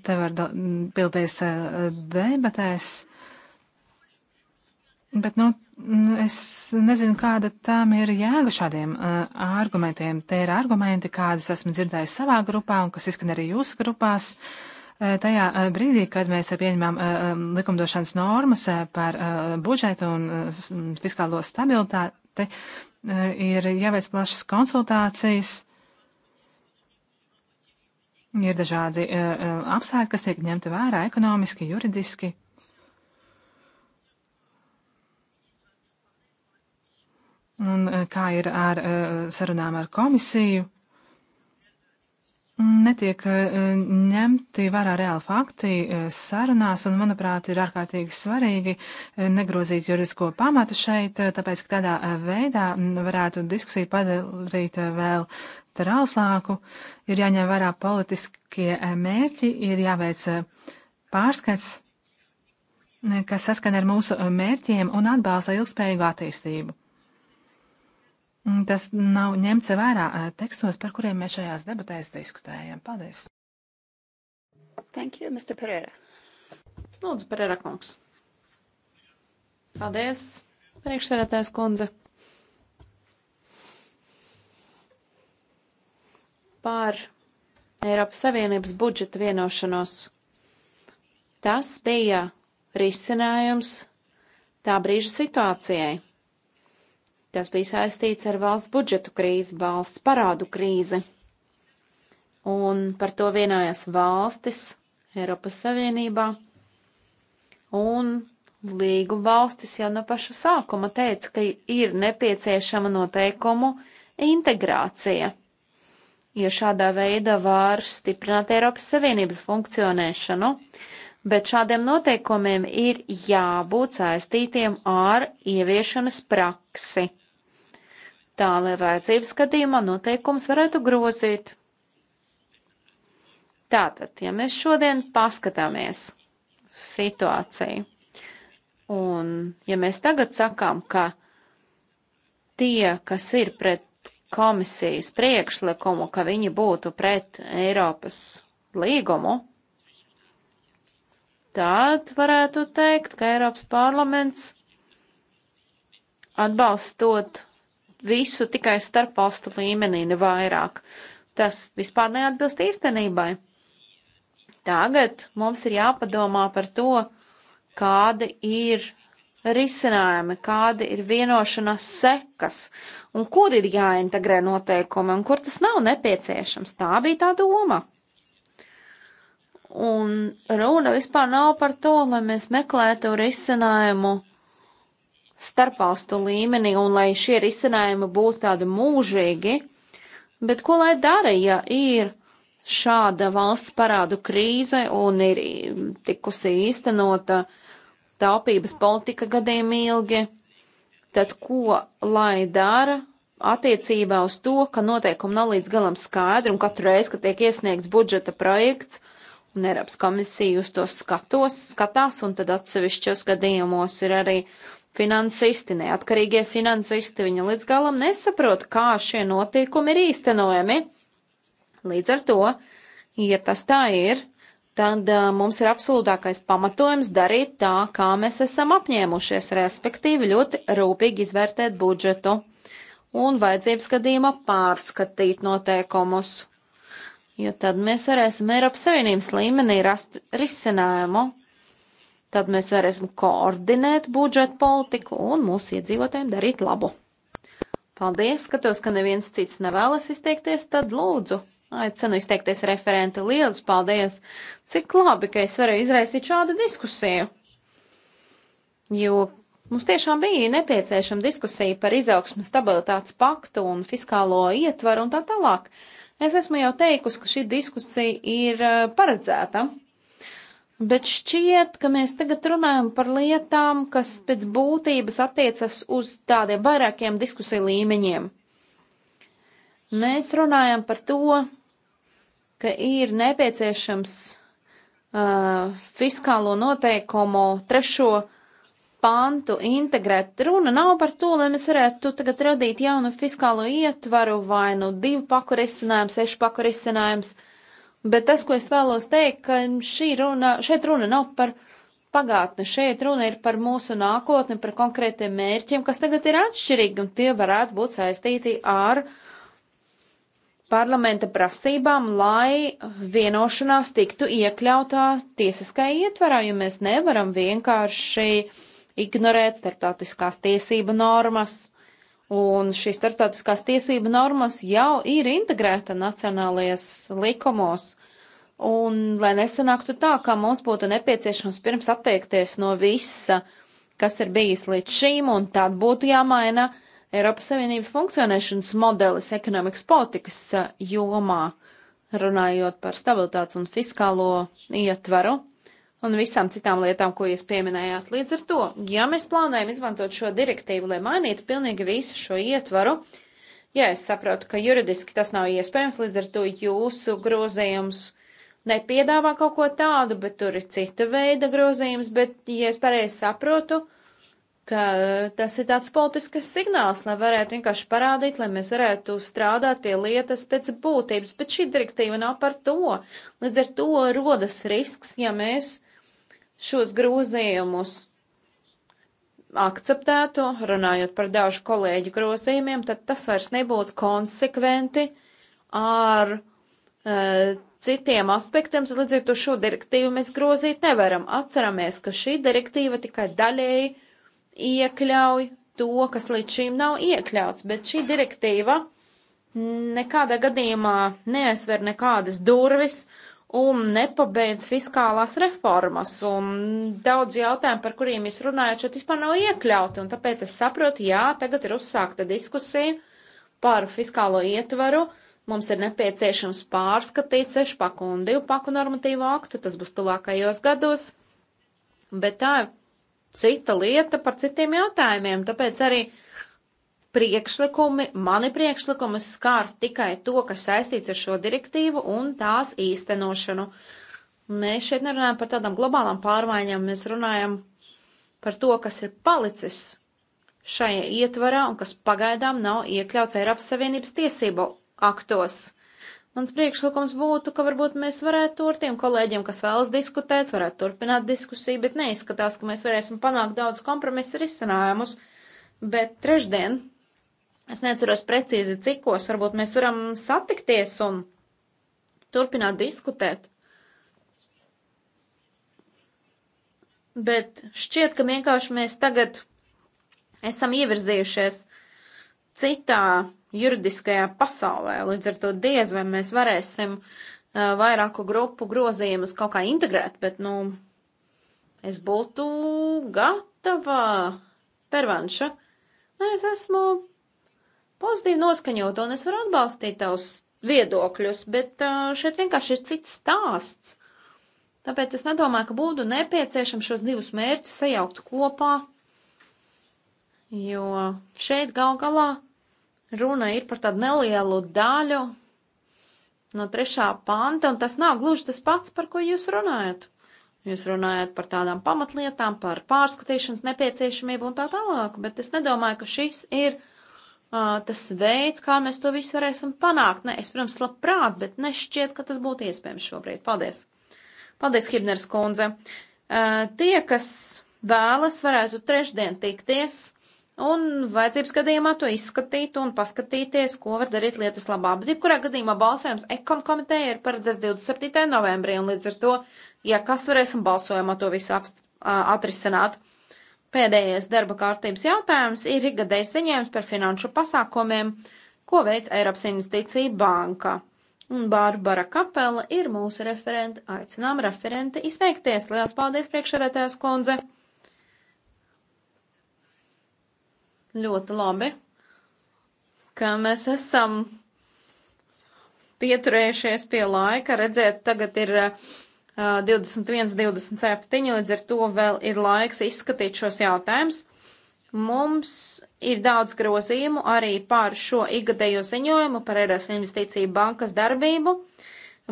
te var pildīties debatēs Bet, nu, es nezinu, kāda tam ir jēga šādiem uh, argumentiem. Te ir argumenti, kādus esmu dzirdējis savā grupā un kas izskan arī jūsu grupās. Uh, tajā uh, brīdī, kad mēs uh, pieņemam uh, likumdošanas normas uh, par uh, budžetu un uh, fiskālo stabilitāti, uh, ir jāveic plašas konsultācijas. Ir dažādi uh, apstākļi, kas tiek ņemti vērā ekonomiski, juridiski. Un eh, kā ir ar eh, sarunām ar komisiju? Netiek eh, ņemti vērā reāli fakti sarunās, un, manuprāt, ir ārkārtīgi svarīgi negrozīt juridisko pamatu šeit, tāpēc, ka tādā veidā varētu diskusiju padarīt vēl trauslāku, ir jāņem vērā politiskie mērķi, ir jāveic pārskats, kas saskana ar mūsu mērķiem un atbalsta ilgspējīgu attīstību. Mm, tas nav ņemts vērā tekstos, par kuriem mēs šajās debatēs diskutējam. Paldies! Thank you, Mr. Pereira. Lūdzu, Pereira kungs. Paldies, priekšsēdētājs kundze. Par Eiropas Savienības budžeta vienošanos. Tas bija risinājums tā brīža situācijai. Tas bija saistīts ar valsts budžetu krīzi, valsts parādu krīzi. Un par to vienojās valstis Eiropas Savienībā. Un līgu valstis jau no paša sākuma teica, ka ir nepieciešama noteikumu integrācija, jo šādā veidā var stiprināt Eiropas Savienības funkcionēšanu bet šādiem noteikumiem ir jābūt saistītiem ar ieviešanas praksi tā lai vajadzības gadījumā noteikums varētu grozīt. Tātad, ja mēs šodien paskatāmies situāciju, un ja mēs tagad sakām, ka tie, kas ir pret komisijas priekšlikumu, ka viņi būtu pret Eiropas līgumu, tad varētu teikt, ka Eiropas parlaments atbalstot visu tikai starp valstu līmenī, ne vairāk. Tas vispār neatbilst īstenībai. Tagad mums ir jāpadomā par to, kādi ir risinājumi, kādi ir vienošanās sekas, un kur ir jāintegrē noteikumi, un kur tas nav nepieciešams. Tā bija tā doma. Un runa vispār nav par to, lai mēs meklētu risinājumu starpvalstu līmenī un lai šie risinājumi būtu tādi mūžīgi. Bet ko lai dara, ja ir šāda valsts parādu krīze un ir tikusi īstenota taupības politika gadiem ilgi, tad ko lai dara attiecībā uz to, ka noteikumi nav līdz galam skaidri un katru reizi, kad tiek iesniegts budžeta projekts, un Eiropas komisija uz to skatos, skatās, un tad atsevišķos gadījumos ir arī uh, Finansisti, neatkarīgie finansisti, viņi līdz galam nesaprot, kā šie notiekumi ir īstenojami. Līdz ar to, ja tas tā ir, tad uh, mums ir absolūtākais pamatojums darīt tā, kā mēs esam apņēmušies, respektīvi ļoti rūpīgi izvērtēt budžetu un vajadzības gadījumā pārskatīt noteikumus, jo tad mēs varēsim Eiropas Savienības līmenī rast risinājumu. Tad mēs varēsim koordinēt budžetu politiku un mūsu iedzīvotājiem darīt labu. Paldies, skatos, ka neviens cits nevēlas izteikties, tad lūdzu, aicinu izteikties referenti. Lielas paldies! Cik labi, ka es varēju izraisīt šādu diskusiju! Jo Mums tiešām bija nepieciešama diskusija par izaugsmu stabilitātes paktu un fiskālo ietvaru un tā tālāk. Es esmu jau teikusi, ka šī diskusija ir eh, paredzēta. Bet šķiet, ka mēs tagad runājam par lietām, kas pēc būtības attiecas uz tādiem vairākiem diskusiju līmeņiem. Mēs runājam par to, ka ir nepieciešams uh, fiskālo noteikumu trešo pantu integrēt. Runa nav par to, lai mēs varētu tagad radīt jaunu fiskālo ietvaru vai nu divu paku risinājumu, sešu paku risinājumu Bet tas, ko es vēlos teikt, ka šī runa, šeit runa nav par pagātni, šeit runa ir par mūsu nākotni, par konkrētiem mērķiem, kas tagad ir atšķirīgi, un tie varētu būt saistīti ar parlamenta prasībām, lai vienošanās tiktu iekļautā tiesiskai ietvarā, jo mēs nevaram vienkārši ignorēt starptautiskās tiesību normas. Un šīs starptautiskās tiesība normas jau ir integrēta nacionālajās likumos. Un lai nesanāktu tā, ka mums būtu nepieciešams pirms atteikties no visa, kas ir bijis līdz šīm, un tad būtu jāmaina Eiropas Savienības funkcionēšanas modelis ekonomikas politikas eh, jomā, runājot par stabilitātes un fiskālo ietvaru un visām citām lietām, ko jūs pieminējāt. Līdz ar to, ja mēs plānojam izmantot šo direktīvu, lai mainītu pilnīgi visu šo ietvaru, ja es saprotu, ka juridiski tas nav iespējams, līdz ar to jūsu grozījums nepiedāvā kaut ko tādu, bet tur ir cita veida grozījums, bet, ja es pareizi saprotu, ka tas ir tāds politisks signāls, lai varētu vienkārši parādīt, lai mēs varētu strādāt pie lietas pēc būtības, bet šī direktīva nav par to. Līdz ar to rodas risks, ja mēs šos grozījumus akceptētu, runājot par dažu kolēģu grozījumiem, tad tas vairs nebūtu konsekventi ar e, citiem aspektiem, tad līdz ar to šo direktīvu mēs grozīt nevaram. Atceramies, ka šī direktīva tikai daļēji iekļauj to, kas līdz šīm nav iekļauts, bet šī direktīva nekādā gadījumā neaizver nekādas durvis uh, un nepabeidz fiskālās reformas, un daudz jautājumu, par kuriem jūs runājat, šeit vispār nav iekļauti, un tāpēc es saprotu, jā, tagad ir uzsākta diskusija par fiskālo ietvaru, mums ir nepieciešams pārskatīt sešpaku un divpaku normatīvu aktu, tas būs tuvākajos gados, bet tā ir cita lieta par citiem jautājumiem, tāpēc arī uh, priekšlikumi, mani priekšlikumi skār tikai to, kas saistīts ar šo direktīvu un tās īstenošanu. Mēs šeit nerunājam par tādām globālām pārmaiņām, mēs runājam par to, kas ir palicis šajā ietvarā un kas pagaidām nav iekļauts Eiropas Savienības tiesību aktos. Mans priekšlikums būtu, ka varbūt mēs varētu ar tiem kolēģiem, kas vēlas diskutēt, varētu turpināt diskusiju, bet neizskatās, ka mēs varēsim panākt daudz kompromisu risinājumus. Bet trešdien Es neatceros precīzi, cikos varbūt mēs varam satikties un turpināt diskutēt. Bet šķiet, ka vienkārši mēs tagad esam ievirzījušies citā juridiskajā pasaulē. Līdz ar to diez vai mēs varēsim uh, vairāku grupu grozījumus kaut kā integrēt, bet, nu, es būtu gatava pervanša. Es esmu pozitīvi noskaņota, un es varu atbalstīt tavus viedokļus, bet uh, šeit vienkārši ir cits stāsts. Tāpēc es nedomāju, ka būtu nepieciešams šos divus mērķus sajaukt kopā, jo šeit gal galā runa ir par tādu nelielu daļu no trešā panta, un tas nav gluži tas pats, par ko jūs runājat. Jūs runājat par tādām pamatlietām, par pārskatīšanas nepieciešamību un tā tālāk, bet es nedomāju, ka šis ir uh, tas veids, kā mēs to visu varēsim panākt. Ne, es, protams, labprāt, bet nešķiet, ka tas būtu iespējams šobrīd. Paldies! Paldies, Hibners kundze! Tie, kas vēlas, varētu trešdien tikties un vajadzības gadījumā to izskatīt un paskatīties, ko var darīt lietas labā. Bet, jebkurā gadījumā balsojums ekon komiteja ir paredzēts 27. novembrī, un līdz ar to, ja kas varēsim balsojumā to visu apst, atrisināt. Pēdējais darba kārtības jautājums ir ikgadējs ziņojums par finanšu pasākumiem, ko veic Eiropas Investīcija banka. Un Bārbara Kapela ir mūsu referente. Aicinām referente izteikties. Lielas paldies, priekšsēdētājas kundze! Ļoti labi, ka mēs esam pieturējušies pie laika. Redziet, tagad ir uh, 21, eh, 27, līdz ar to vēl ir laiks izskatīt šos jautājumus. Mums ir daudz grozījumu arī par šo ikgadējo ziņojumu par Eiropas investīciju bankas darbību.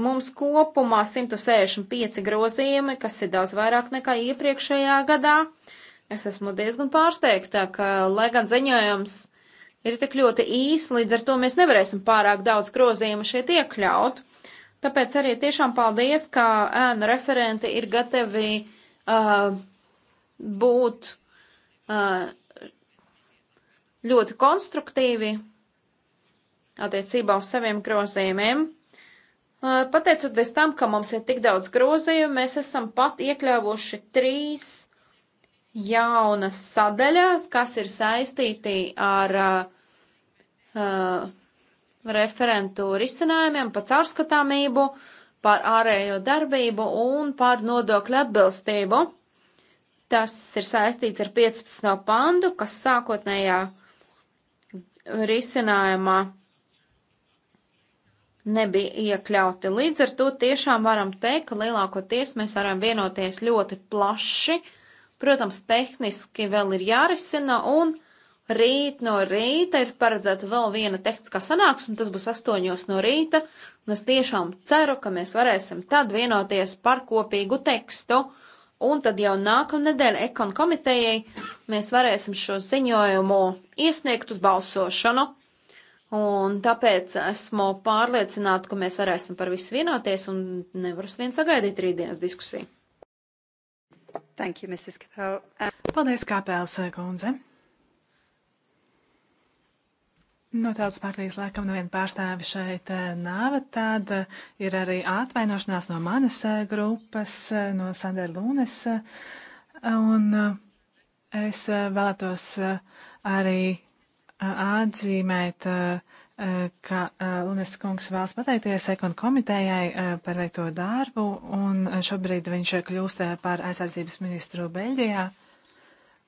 Mums kopumā 165 grozījumi, kas ir daudz vairāk nekā iepriekšējā gadā. Es esmu diezgan pārsteigta, ka, lai gan ziņojums ir tik ļoti īs, līdz ar to mēs nevarēsim pārāk daudz grozījumu šeit iekļaut. Tāpēc arī tiešām paldies, ka ēnu referenti ir gatavi uh, būt uh, ļoti konstruktīvi attiecībā uz saviem grozījumiem. Uh, pateicoties tam, ka mums ir tik daudz grozījumu, mēs esam pat iekļāvuši trīs jaunas sadaļas, kas ir saistīti ar uh, uh, referentu risinājumiem, par caurskatāmību, par ārējo darbību un par nodokļu atbilstību. Tas ir saistīts ar 15. pandu, kas sākotnējā risinājumā nebija iekļauti. Līdz ar to tiešām varam teikt, ka lielākoties mēs varam vienoties ļoti plaši. Protams, tehniski vēl ir jārisina un Rīt no rīta ir paredzēta vēl viena tehniskā sanāksme, tas būs astoņos no rīta, un es tiešām ceru, ka mēs varēsim tad vienoties par kopīgu tekstu, un tad jau nākamnedēļ ekon komitejai mēs varēsim šo ziņojumu iesniegt uz balsošanu, un tāpēc esmu pārliecināta, ka mēs varēsim par visu vienoties, un nevaras vien sagaidīt rītdienas diskusiju. Thank you, Mrs. Kapel. Paldies, Kāpēls kundze. No tautas partijas laikam neviena pārstāve šeit eh, nav. Tad eh, ir arī atvainošanās no manas eh, grupas, no Sandra Lūnes. Un es vēlētos arī atzīmēt, ka Lunes kungs vēlas pateikties ekonu komitejai par veikto darbu, un šobrīd viņš kļūst par aizsardzības ministru Beļģijā.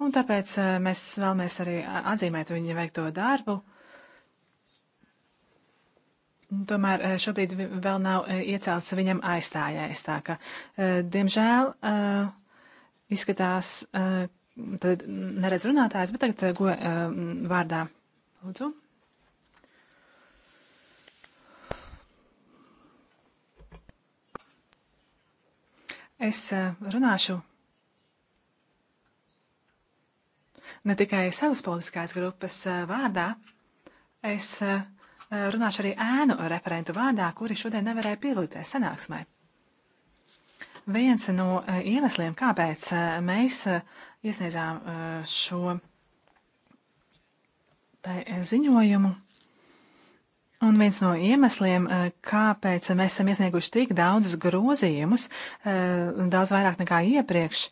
Un tāpēc mēs vēlamies arī atzīmēt viņa veikto darbu Tomēr eh, šobrīd vēl nav eh, iecelts viņam aizstājējs. Tā ka, eh, diemžēl, izskatās, tad neredz runātājs, bet tagad go vārdā. Lūdzu. Es runāšu ne tikai savas politiskās grupas vārdā, es uh, runāšu arī ēnu referentu vārdā, kuri šodien nevarēja piedalīties sanāksmē. Viens no eh, iemesliem, kāpēc eh, mēs eh, iesniedzām šo ziņojumu, un viens no iemesliem, kāpēc mēs esam iesnieguši tik daudzus grozījumus, daudz vairāk nekā iepriekš,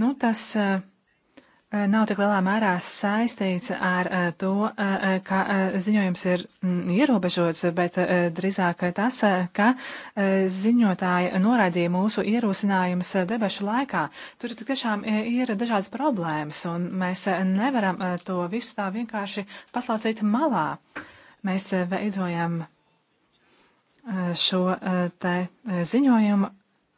nu tas. Uh, nav tik lielā mērā saistīts ar eh, to, eh, ka eh, ziņojums ir mm, ierobežots, bet drīzāk tas, ka ziņotāji noraidīja mūsu ierosinājumus debašu laikā. Tur tiešām ir dažādas problēmas, un mēs nevaram to visu tā vienkārši paslaucīt malā. Mēs veidojam šo te ziņojumu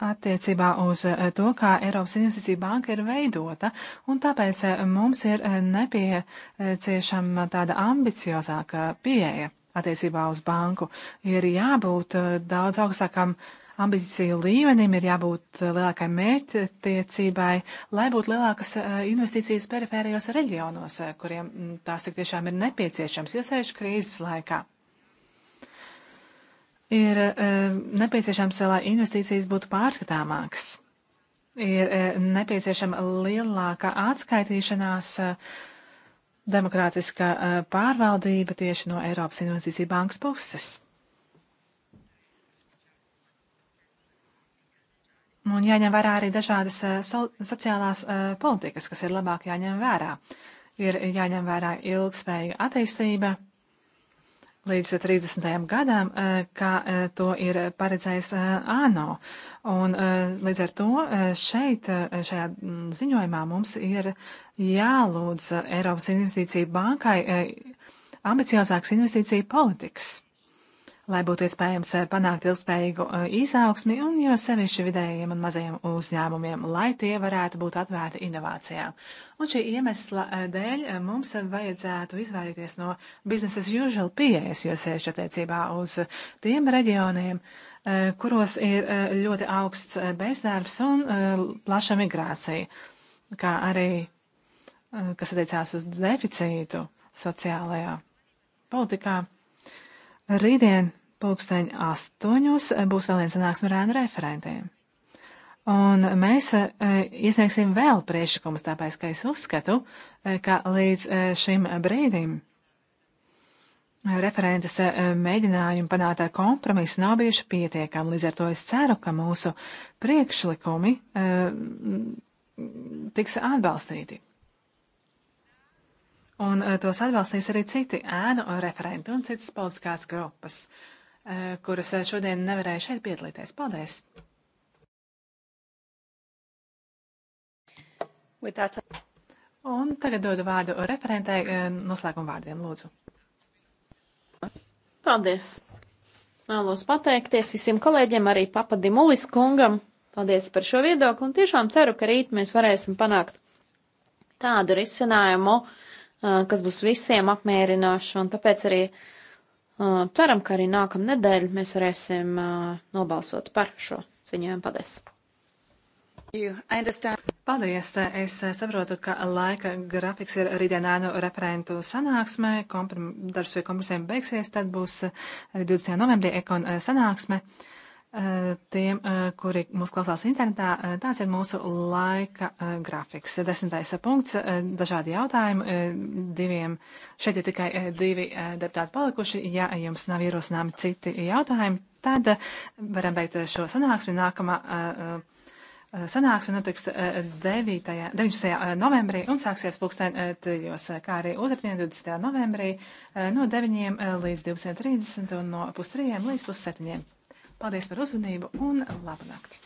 attiecībā uz eh, to, kā Eiropas Investīcija banka ir veidota, un tāpēc eh, mums ir eh, nepieciešama tāda ambiciozāka pieeja attiecībā uz banku. Ir jābūt daudz augstākam ambīciju līmenim, ir jābūt lielākai mērķtiecībai, lai būtu lielākas investīcijas perifērijos reģionos, kuriem mm, tās tik tiešām ir nepieciešams, jo sevišķi krīzes laikā ir e, nepieciešams, lai investīcijas būtu pārskatāmākas. Ir e, nepieciešama lielāka atskaitīšanās, e, demokrātiska pārvaldība tieši no Eiropas Investīcija bankas puses. Un jāņem vērā arī dažādas so, sociālās uh, politikas, kas ir labāk jāņem vērā. Ir jāņem vērā ilgspēja attīstība, līdz 30. gadam, eh, kā eh, to ir paredzējis eh, ANO. Un līdz ar to šeit, šajā mm, ziņojumā mums ir jālūdz Eiropas investīcija bankai ambiciozāks investīcija politikas lai būtu iespējams eh, panākt ilgspējīgu eh, izaugsmi un jo sevišķi vidējiem un mazajiem uzņēmumiem, lai tie varētu būt atvērti inovācijām. Un šī iemesla eh, dēļ mums vajadzētu izvairīties no biznesa as usual pieejas, jo sevišķi attiecībā uz tiem reģioniem, kuros ir ļoti augsts bezdarbs un plaša migrācija, kā arī kas attiecās uz deficītu sociālajā politikā. Rītdien pulksteņi astoņos būs vēl viens sanāksme ar ēnu referentiem. Un mēs e, iesniegsim vēl priekšlikumus, tāpēc, ka es uzskatu, e, ka līdz e, šim brīdim e, referentes e, mēģinājumi panākt kompromisu nav bijuši pietiekami. Līdz ar to es ceru, ka mūsu priekšlikumi e, tiks atbalstīti un eh, tos atbalstīs arī citi ēnu referenti un citas politiskās grupas, eh, kuras eh, šodien nevarēja šeit piedalīties. Paldies! Un tagad dodu vārdu referentai noslēguma vārdiem, lūdzu. Paldies! Vēlos pateikties visiem kolēģiem, arī papadi Mulis kungam. Paldies par šo viedokli un tiešām ceru, ka rīt mēs varēsim panākt tādu risinājumu, uh, kas būs visiem apmierinoši, un tāpēc arī ceram, ka arī nākam nedēļ mēs varēsim nobalsot par šo ziņojumu. Paldies! Paldies! Es saprotu, ka laika grafiks ir rītdienēnu referentu sanāksmē. Komprim, darbs pie kompromisiem beigsies, tad būs arī 20. novembrī ekon sanāksme. Eh, tiem, eh, kuri mūs klausās internetā, eh, tāds ir mūsu laika grafiks. Desmitais punkts, dažādi jautājumi. Diviem, šeit ir tikai divi deputāti palikuši. Ja jums nav ierosināmi citi jautājumi, tad varam beigt šo sanāksmi. Nākamā sanāksme notiks 9. 19. novembrī un sāksies pulksten 3. kā arī otrdien 20. novembrī no 9. līdz 12.30 un no pustrījiem līdz pusseptiņiem. Paldies par uzmanību un labu nakti!